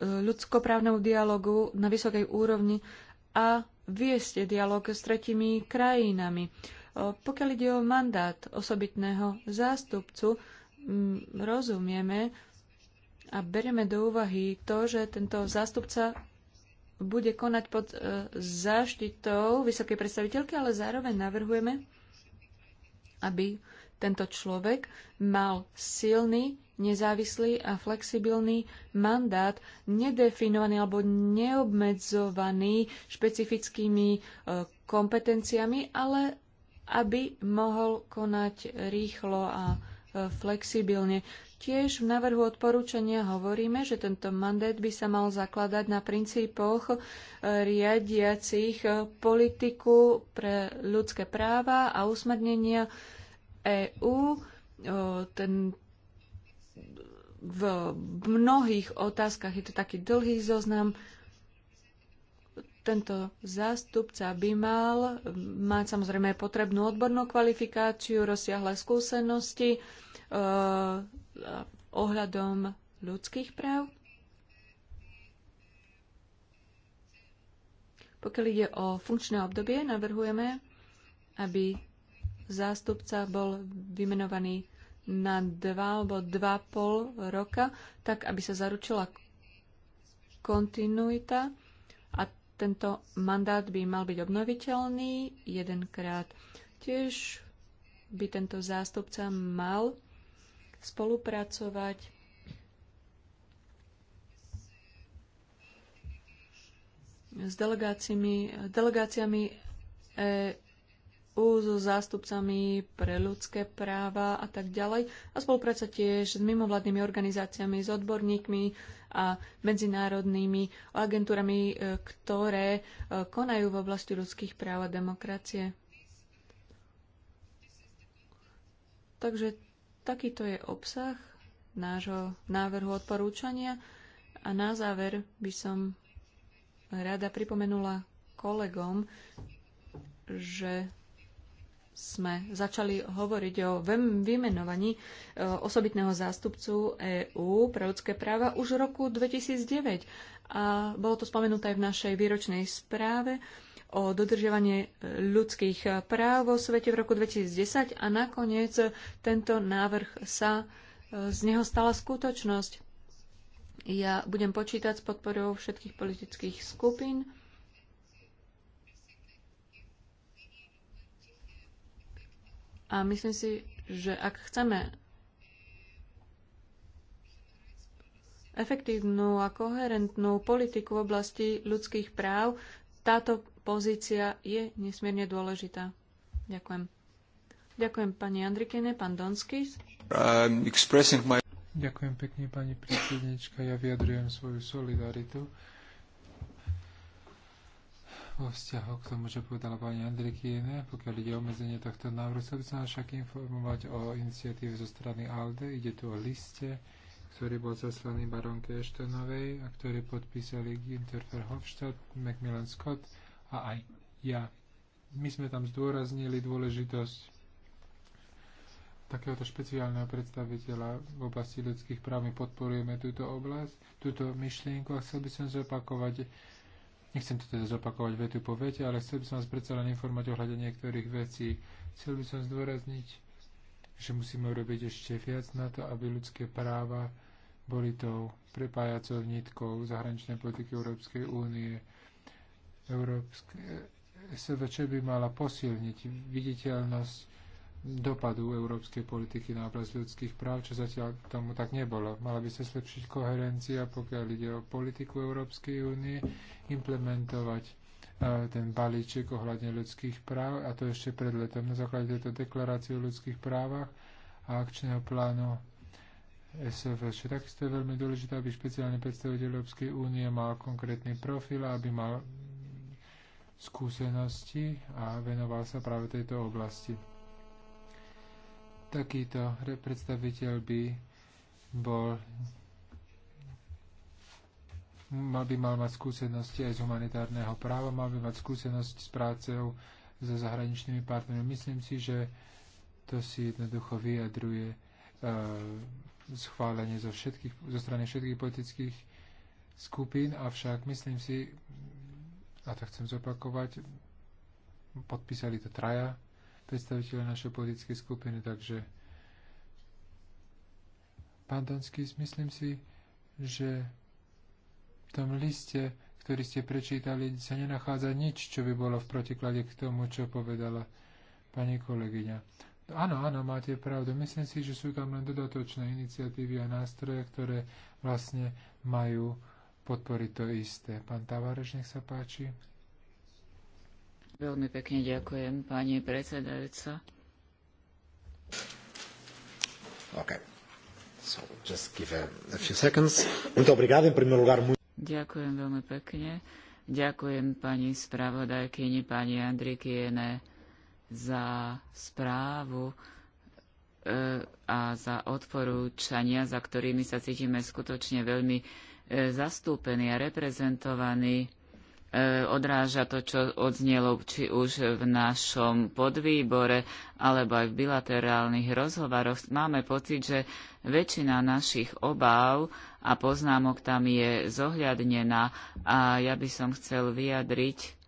ľudskoprávnemu dialogu na vysokej úrovni a viesť dialog s tretimi krajinami. Pokiaľ ide o mandát osobitného zástupcu, mm, rozumieme, a bereme do úvahy to, že tento zástupca bude konať pod e, záštitou vysokej predstaviteľky, ale zároveň navrhujeme, aby tento človek mal silný, nezávislý a flexibilný mandát, nedefinovaný alebo neobmedzovaný špecifickými e, kompetenciami, ale aby mohol konať rýchlo a e, flexibilne. Tiež v navrhu odporúčania hovoríme, že tento mandát by sa mal zakladať na princípoch e, riadiacich e, politiku pre ľudské práva a usmernenia EÚ. E, v mnohých otázkach je to taký dlhý zoznam. Tento zástupca by mal mať samozrejme potrebnú odbornú kvalifikáciu, rozsiahle skúsenosti, ohľadom ľudských práv. Pokiaľ ide o funkčné obdobie, navrhujeme, aby zástupca bol vymenovaný na dva alebo dva pol roka, tak aby sa zaručila kontinuita a tento mandát by mal byť obnoviteľný jedenkrát. Tiež by tento zástupca mal spolupracovať. S delegáciami, delegáciami EU, so zástupcami pre ľudské práva a tak ďalej. A spolupráca tiež s mimovládnymi organizáciami, s odborníkmi a medzinárodnými agentúrami, e, ktoré e, konajú v oblasti ľudských práv a demokracie. Takže Takýto je obsah nášho návrhu odporúčania a na záver by som rada pripomenula kolegom, že sme začali hovoriť o vymenovaní e, osobitného zástupcu EÚ pre ľudské práva už v roku 2009. A bolo to spomenuté aj v našej výročnej správe o dodržiavanie e, ľudských e, práv vo svete v roku 2010 a nakoniec e, tento návrh sa z neho stala skutočnosť. Ja budem počítať s podporou všetkých politických skupín. A myslím si, že ak chceme efektívnu a koherentnú politiku v oblasti ľudských práv, táto pozícia je nesmierne dôležitá. Ďakujem. Ďakujem pani Andrikene, pán Donsky. My... Ďakujem pekne, pani predsednička. Ja vyjadrujem svoju solidaritu vo vzťahu k tomu, čo povedala pani Andrikiene, pokiaľ ide o obmedzenie tohto návrhu, chcel by som však informovať o iniciatíve zo strany ALDE. Ide tu o liste, ktorý bol zaslaný baronke Eštonovej a ktorý podpísali Ginter Verhofstadt, Macmillan Scott, a aj ja. My sme tam zdôraznili dôležitosť takéhoto špeciálneho predstaviteľa v oblasti ľudských práv. My podporujeme túto oblasť, túto myšlienku a chcel by som zopakovať, nechcem to teda zopakovať vetu po vete, ale chcel by som vás predsa len informovať ohľade niektorých vecí. Chcel by som zdôrazniť, že musíme urobiť ešte viac na to, aby ľudské práva boli tou prepájacou nitkou zahraničnej politiky Európskej únie Európsk, SVČ by mala posilniť viditeľnosť dopadu európskej politiky na oblasť ľudských práv, čo zatiaľ tomu tak nebolo. Mala by sa zlepšiť koherencia, pokiaľ ide o politiku Európskej únie, implementovať e, ten balíček ohľadne ľudských práv, a to ešte pred letom, na základe tejto deklarácie o ľudských právach a akčného plánu SFŠ. Takisto je veľmi dôležité, aby špeciálny predstaviteľ Európskej únie mal konkrétny profil, aby mal skúsenosti a venoval sa práve tejto oblasti. Takýto predstaviteľ by bol mal by mal mať skúsenosti aj z humanitárneho práva, mal by mať skúsenosť s prácou so zahraničnými partnermi. Myslím si, že to si jednoducho vyjadruje e, schválenie zo, všetkých, zo strany všetkých politických skupín, avšak myslím si, a to chcem zopakovať, podpísali to traja predstaviteľe našej politickej skupiny, takže pán Donský, myslím si, že v tom liste, ktorý ste prečítali, sa nenachádza nič, čo by bolo v protiklade k tomu, čo povedala pani kolegyňa. Áno, áno, máte pravdu. Myslím si, že sú tam len dodatočné iniciatívy a nástroje, ktoré vlastne majú podporí to isté. Pán Tavareš, nech sa páči. Veľmi pekne ďakujem, pani predsedajúca. Okay. So just give a, few seconds. Muito obrigado, em primeiro lugar. Ďakujem veľmi pekne. Ďakujem pani spravodajkyni, pani Andrikiene za správu e, a za odporúčania, za ktorými sa cítime skutočne veľmi E, zastúpený a reprezentovaný. E, odráža to, čo odznelo či už v našom podvýbore alebo aj v bilaterálnych rozhovoroch. Máme pocit, že väčšina našich obáv a poznámok tam je zohľadnená a ja by som chcel vyjadriť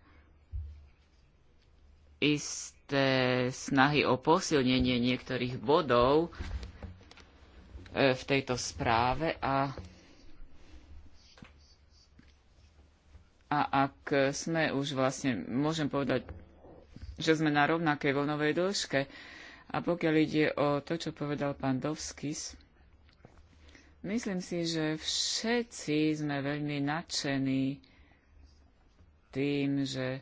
isté snahy o posilnenie niektorých bodov e, v tejto správe a A ak sme už vlastne, môžem povedať, že sme na rovnakej vlnovej dĺžke. A pokiaľ ide o to, čo povedal pán Dovskis, myslím si, že všetci sme veľmi nadšení tým, že e,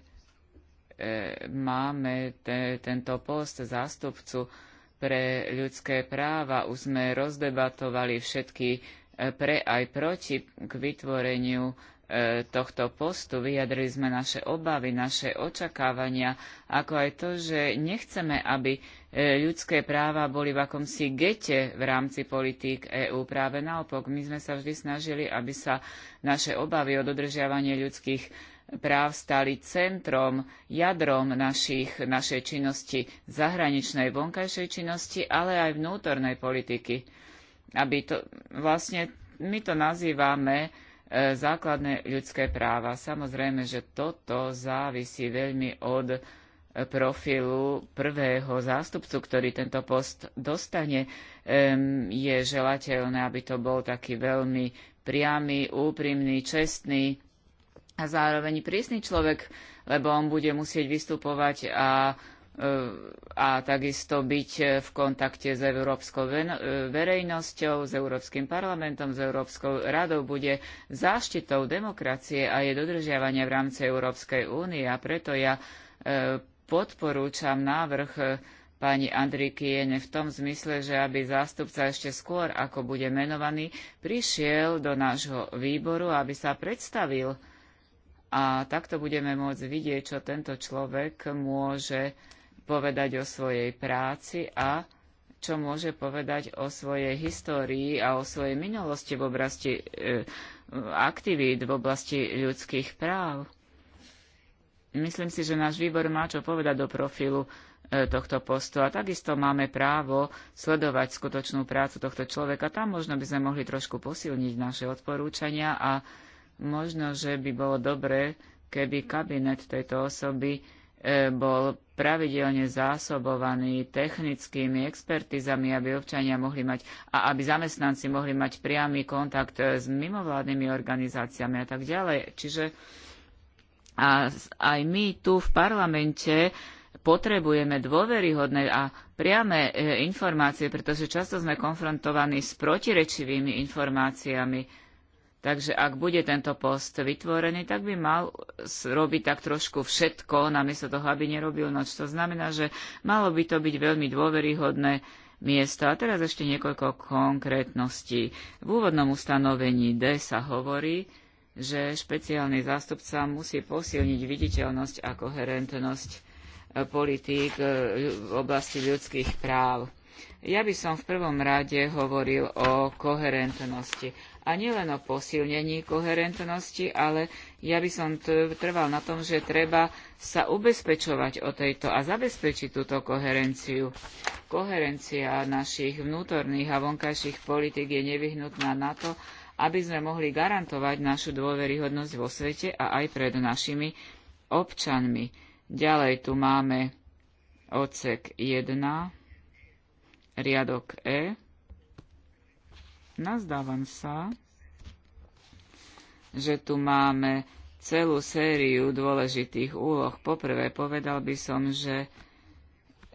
máme te, tento post zástupcu pre ľudské práva. Už sme rozdebatovali všetky e, pre aj proti k vytvoreniu E, tohto postu, vyjadrili sme naše obavy, naše očakávania, ako aj to, že nechceme, aby e, ľudské práva boli v akomsi gete v rámci politík EÚ. Práve naopak, my sme sa vždy snažili, aby sa naše obavy o dodržiavanie ľudských práv stali centrom, jadrom našich, našej činnosti zahraničnej, vonkajšej činnosti, ale aj vnútornej politiky. Aby to, vlastne my to nazývame E, základné ľudské práva. Samozrejme, že toto závisí veľmi od e, profilu prvého zástupcu, ktorý tento post dostane. Je želateľné, aby to bol taký veľmi priamy, úprimný, čestný a zároveň prísny človek, lebo on bude musieť vystupovať a a takisto byť eh, v kontakte s európskou eh, verejnosťou, s Európskym parlamentom, s Európskou radou bude záštitou demokracie a jej dodržiavania v rámci Európskej únie. A preto ja eh, podporúčam návrh pani Andriky Jene v tom zmysle, že aby zástupca ešte skôr, ako bude menovaný, prišiel do nášho výboru, aby sa predstavil. A takto budeme môcť vidieť, čo tento človek môže povedať o svojej práci a čo môže povedať o svojej histórii a o svojej minulosti v oblasti e, aktivít, v oblasti ľudských práv. Myslím si, že náš výbor má čo povedať do profilu e, tohto postu a takisto máme právo sledovať skutočnú prácu tohto človeka. Tam možno by sme mohli trošku posilniť naše odporúčania a možno, že by bolo dobré, keby kabinet tejto osoby E, bol pravidelne zásobovaný technickými expertizami, aby občania mohli mať a aby zamestnanci mohli mať priamy kontakt s mimovládnymi organizáciami a tak ďalej. Čiže a aj my tu v parlamente potrebujeme dôveryhodné a priame e, informácie, pretože často sme konfrontovaní s protirečivými informáciami Takže ak bude tento post vytvorený, tak by mal robiť tak trošku všetko, namiesto toho, aby nerobil noč. To znamená, že malo by to byť veľmi dôveryhodné miesto. A teraz ešte niekoľko konkrétností. V úvodnom ustanovení D sa hovorí, že špeciálny zástupca musí posilniť viditeľnosť a koherentnosť e, politík e, v oblasti ľudských práv. Ja by som v prvom rade hovoril o koherentnosti a nielen o posilnení koherentnosti, ale ja by som trval na tom, že treba sa ubezpečovať o tejto a zabezpečiť túto koherenciu. Koherencia našich vnútorných a vonkajších politik je nevyhnutná na to, aby sme mohli garantovať našu dôveryhodnosť vo svete a aj pred našimi občanmi. Ďalej tu máme odsek 1, riadok E Nazdávam sa, že tu máme celú sériu dôležitých úloh. Poprvé povedal by som, že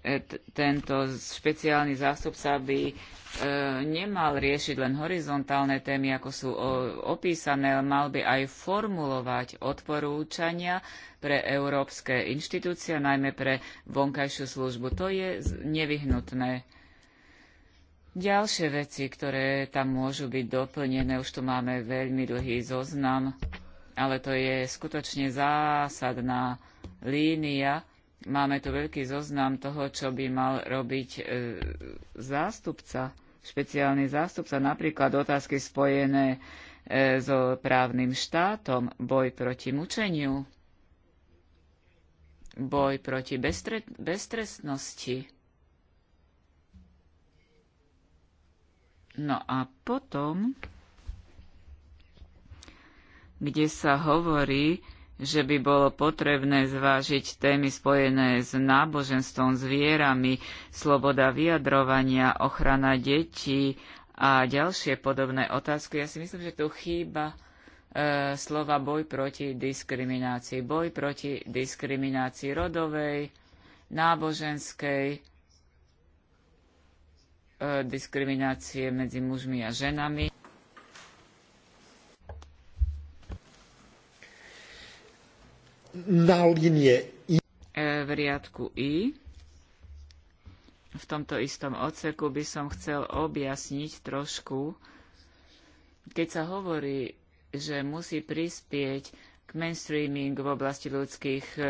e, tento špeciálny zástupca by e, nemal riešiť len horizontálne témy, ako sú o, opísané, ale mal by aj formulovať odporúčania pre európske inštitúcie, najmä pre vonkajšiu službu. To je nevyhnutné. Ďalšie veci, ktoré tam môžu byť doplnené, už tu máme veľmi dlhý zoznam, ale to je skutočne zásadná línia. Máme tu veľký zoznam toho, čo by mal robiť e, zástupca, špeciálny zástupca, napríklad otázky spojené e, so právnym štátom, boj proti mučeniu, boj proti bestre, beztrestnosti No a potom, kde sa hovorí, že by bolo potrebné zvážiť témy spojené s náboženstvom, s vierami, sloboda vyjadrovania, ochrana detí a ďalšie podobné otázky. Ja si myslím, že tu chýba e, slova boj proti diskriminácii. Boj proti diskriminácii rodovej, náboženskej, E, diskriminácie medzi mužmi a ženami. Na linie I. E, v riadku I. V tomto istom odseku by som chcel objasniť trošku, keď sa hovorí, že musí prispieť k mainstreaming v oblasti ľudských e,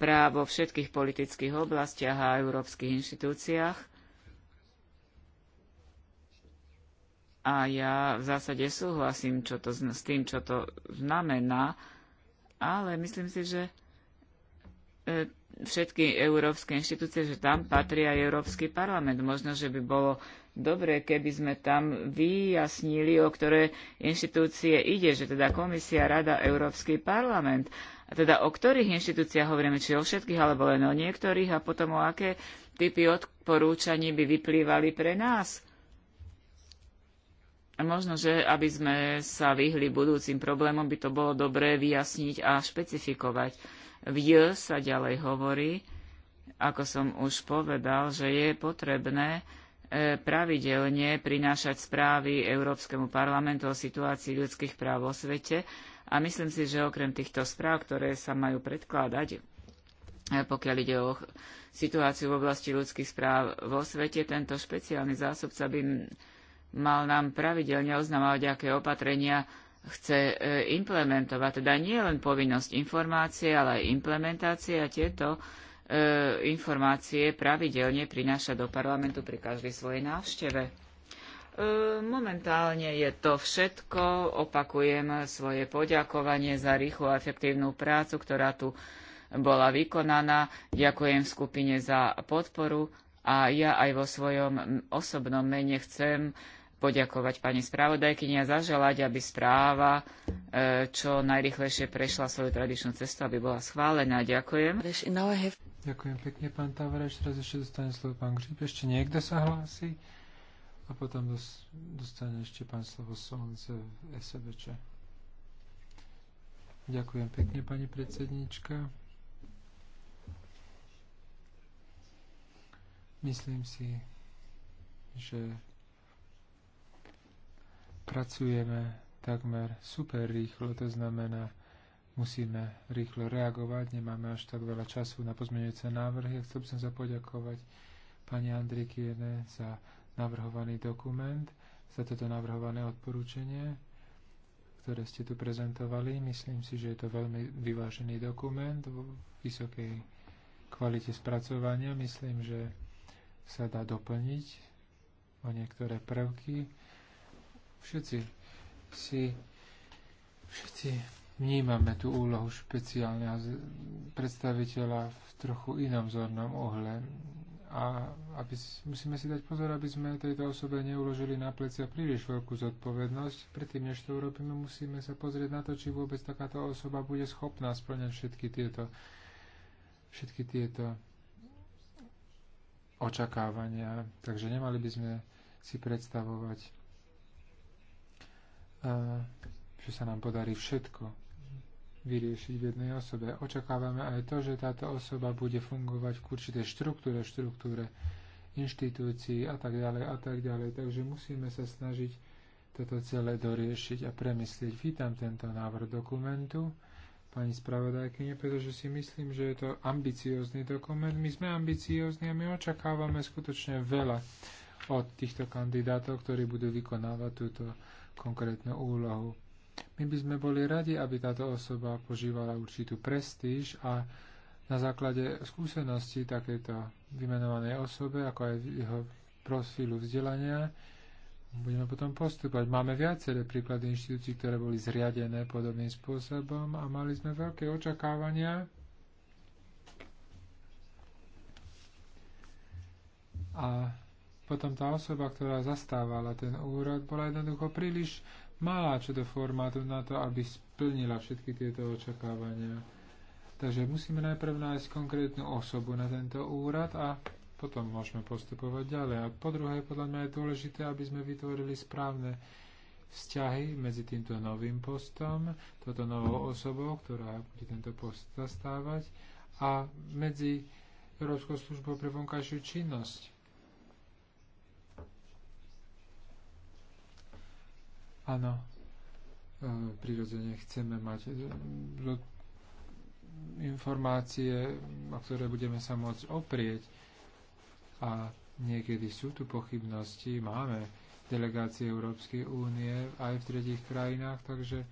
práv vo všetkých politických oblastiach a európskych inštitúciách, A ja v zásade súhlasím čo to, s tým, čo to znamená, ale myslím si, že e, všetky európske inštitúcie, že tam patrí aj Európsky parlament. Možno, že by bolo dobre, keby sme tam vyjasnili, o ktoré inštitúcie ide, že teda komisia, rada, Európsky parlament. A teda o ktorých inštitúciách hovoríme, či o všetkých, alebo len o niektorých a potom o aké typy odporúčaní by vyplývali pre nás možno, že aby sme sa vyhli budúcim problémom, by to bolo dobré vyjasniť a špecifikovať. V J sa ďalej hovorí, ako som už povedal, že je potrebné e, pravidelne prinášať správy Európskemu parlamentu o situácii ľudských práv vo svete a myslím si, že okrem týchto správ, ktoré sa majú predkladať, e, pokiaľ ide o situáciu v oblasti ľudských správ vo svete, tento špeciálny zásobca by mal nám pravidelne oznamovať, aké opatrenia chce e, implementovať. Teda nie len povinnosť informácie, ale aj implementácie a tieto e, informácie pravidelne prináša do parlamentu pri každej svojej návšteve. E, momentálne je to všetko. Opakujem svoje poďakovanie za rýchlu a efektívnu prácu, ktorá tu bola vykonaná. Ďakujem skupine za podporu a ja aj vo svojom osobnom mene chcem poďakovať pani spravodajkyni a zaželať, aby správa e, čo najrychlejšie prešla svoju tradičnú cestu, aby bola schválená. Ďakujem. Ďakujem pekne, pán Tavareš. Teraz ešte dostane slovo pán Gríp. Ešte niekto sa hlási? A potom dostane ešte pán slovo Solnice v SBČ. Ďakujem pekne, pani predsednička. Myslím si, že pracujeme takmer super rýchlo, to znamená, musíme rýchlo reagovať, nemáme až tak veľa času na pozmeňujúce návrhy. Chcel by som sa poďakovať pani Andrikiene za navrhovaný dokument, za toto navrhované odporúčanie, ktoré ste tu prezentovali. Myslím si, že je to veľmi vyvážený dokument v vysokej kvalite spracovania. Myslím, že sa dá doplniť o niektoré prvky Všetci si všetci vnímame tú úlohu špeciálneho predstaviteľa v trochu inom zornom uhle. A aby, musíme si dať pozor, aby sme tejto osobe neuložili na plecia príliš veľkú zodpovednosť. Predtým, než to urobíme, musíme sa pozrieť na to, či vôbec takáto osoba bude schopná splňať všetky tieto, všetky tieto očakávania. Takže nemali by sme si predstavovať že sa nám podarí všetko vyriešiť v jednej osobe. Očakávame aj to, že táto osoba bude fungovať v určitej štruktúre, štruktúre inštitúcií a tak ďalej a tak ďalej. Takže musíme sa snažiť toto celé doriešiť a premyslieť. Vítam tento návrh dokumentu pani spravodajkyne, pretože si myslím, že je to ambiciózny dokument. My sme ambiciózni a my očakávame skutočne veľa od týchto kandidátov, ktorí budú vykonávať túto konkrétnu úlohu. My by sme boli radi, aby táto osoba požívala určitú prestíž a na základe skúseností takéto vymenovanej osobe, ako aj jeho profilu vzdelania, budeme potom postupovať. Máme viaceré príklady inštitúcií, ktoré boli zriadené podobným spôsobom a mali sme veľké očakávania. A potom tá osoba, ktorá zastávala ten úrad, bola jednoducho príliš malá čo do formátu na to, aby splnila všetky tieto očakávania. Takže musíme najprv nájsť konkrétnu osobu na tento úrad a potom môžeme postupovať ďalej. A po druhé, podľa mňa je dôležité, aby sme vytvorili správne vzťahy medzi týmto novým postom, toto novou osobou, ktorá bude tento post zastávať, a medzi Európskou službou pre vonkajšiu činnosť Áno, e, prirodzene chceme mať e, informácie, o ktoré budeme sa môcť oprieť. A niekedy sú tu pochybnosti, máme delegácie Európskej únie aj v tretich krajinách, takže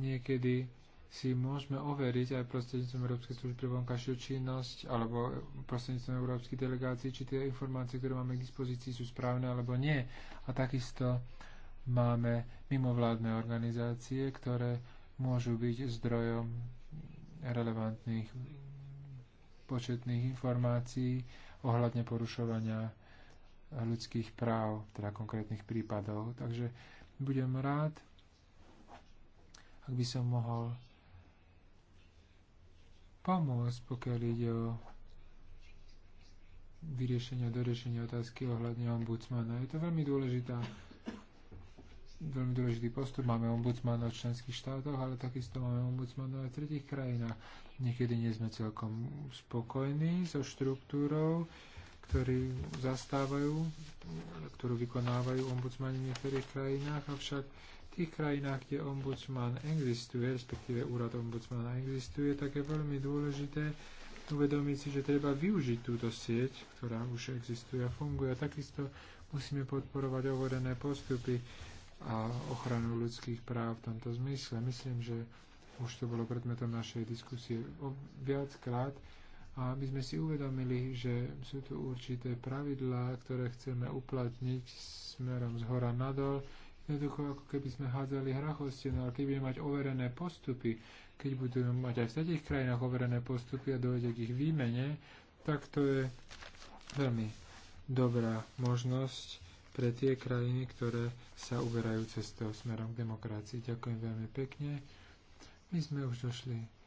niekedy si môžeme overiť aj prostredníctvom Európskej služby pre vonkajšiu činnosť alebo prostredníctvom Európskych delegácií, či tie informácie, ktoré máme k dispozícii, sú správne alebo nie. A takisto máme mimovládne organizácie, ktoré môžu byť zdrojom relevantných početných informácií ohľadne porušovania ľudských práv, teda konkrétnych prípadov. Takže budem rád, ak by som mohol pomôcť, pokiaľ ide o a doriešenie otázky ohľadne ombudsmana. Je to veľmi dôležitá veľmi dôležitý postup. Máme ombudsmana v členských štátoch, ale takisto máme ombudsmana aj v tretich krajinách. Niekedy nie sme celkom spokojní so štruktúrou, ktorý zastávajú, ktorú vykonávajú ombudsmani v niektorých krajinách, avšak v tých krajinách, kde ombudsman existuje, respektíve úrad ombudsmana existuje, tak je veľmi dôležité uvedomiť si, že treba využiť túto sieť, ktorá už existuje a funguje. takisto musíme podporovať overené postupy a ochranu ľudských práv v tomto zmysle. Myslím, že už to bolo predmetom našej diskusie viackrát a my sme si uvedomili, že sú tu určité pravidlá, ktoré chceme uplatniť smerom z hora nadol. Jednoducho ako keby sme hádzali no ale keď budeme mať overené postupy, keď budeme mať aj v tých krajinách overené postupy a dojde k ich výmene, tak to je veľmi dobrá možnosť pre tie krajiny, ktoré sa uberajú cestou smerom k demokracii. Ďakujem veľmi pekne. My sme už došli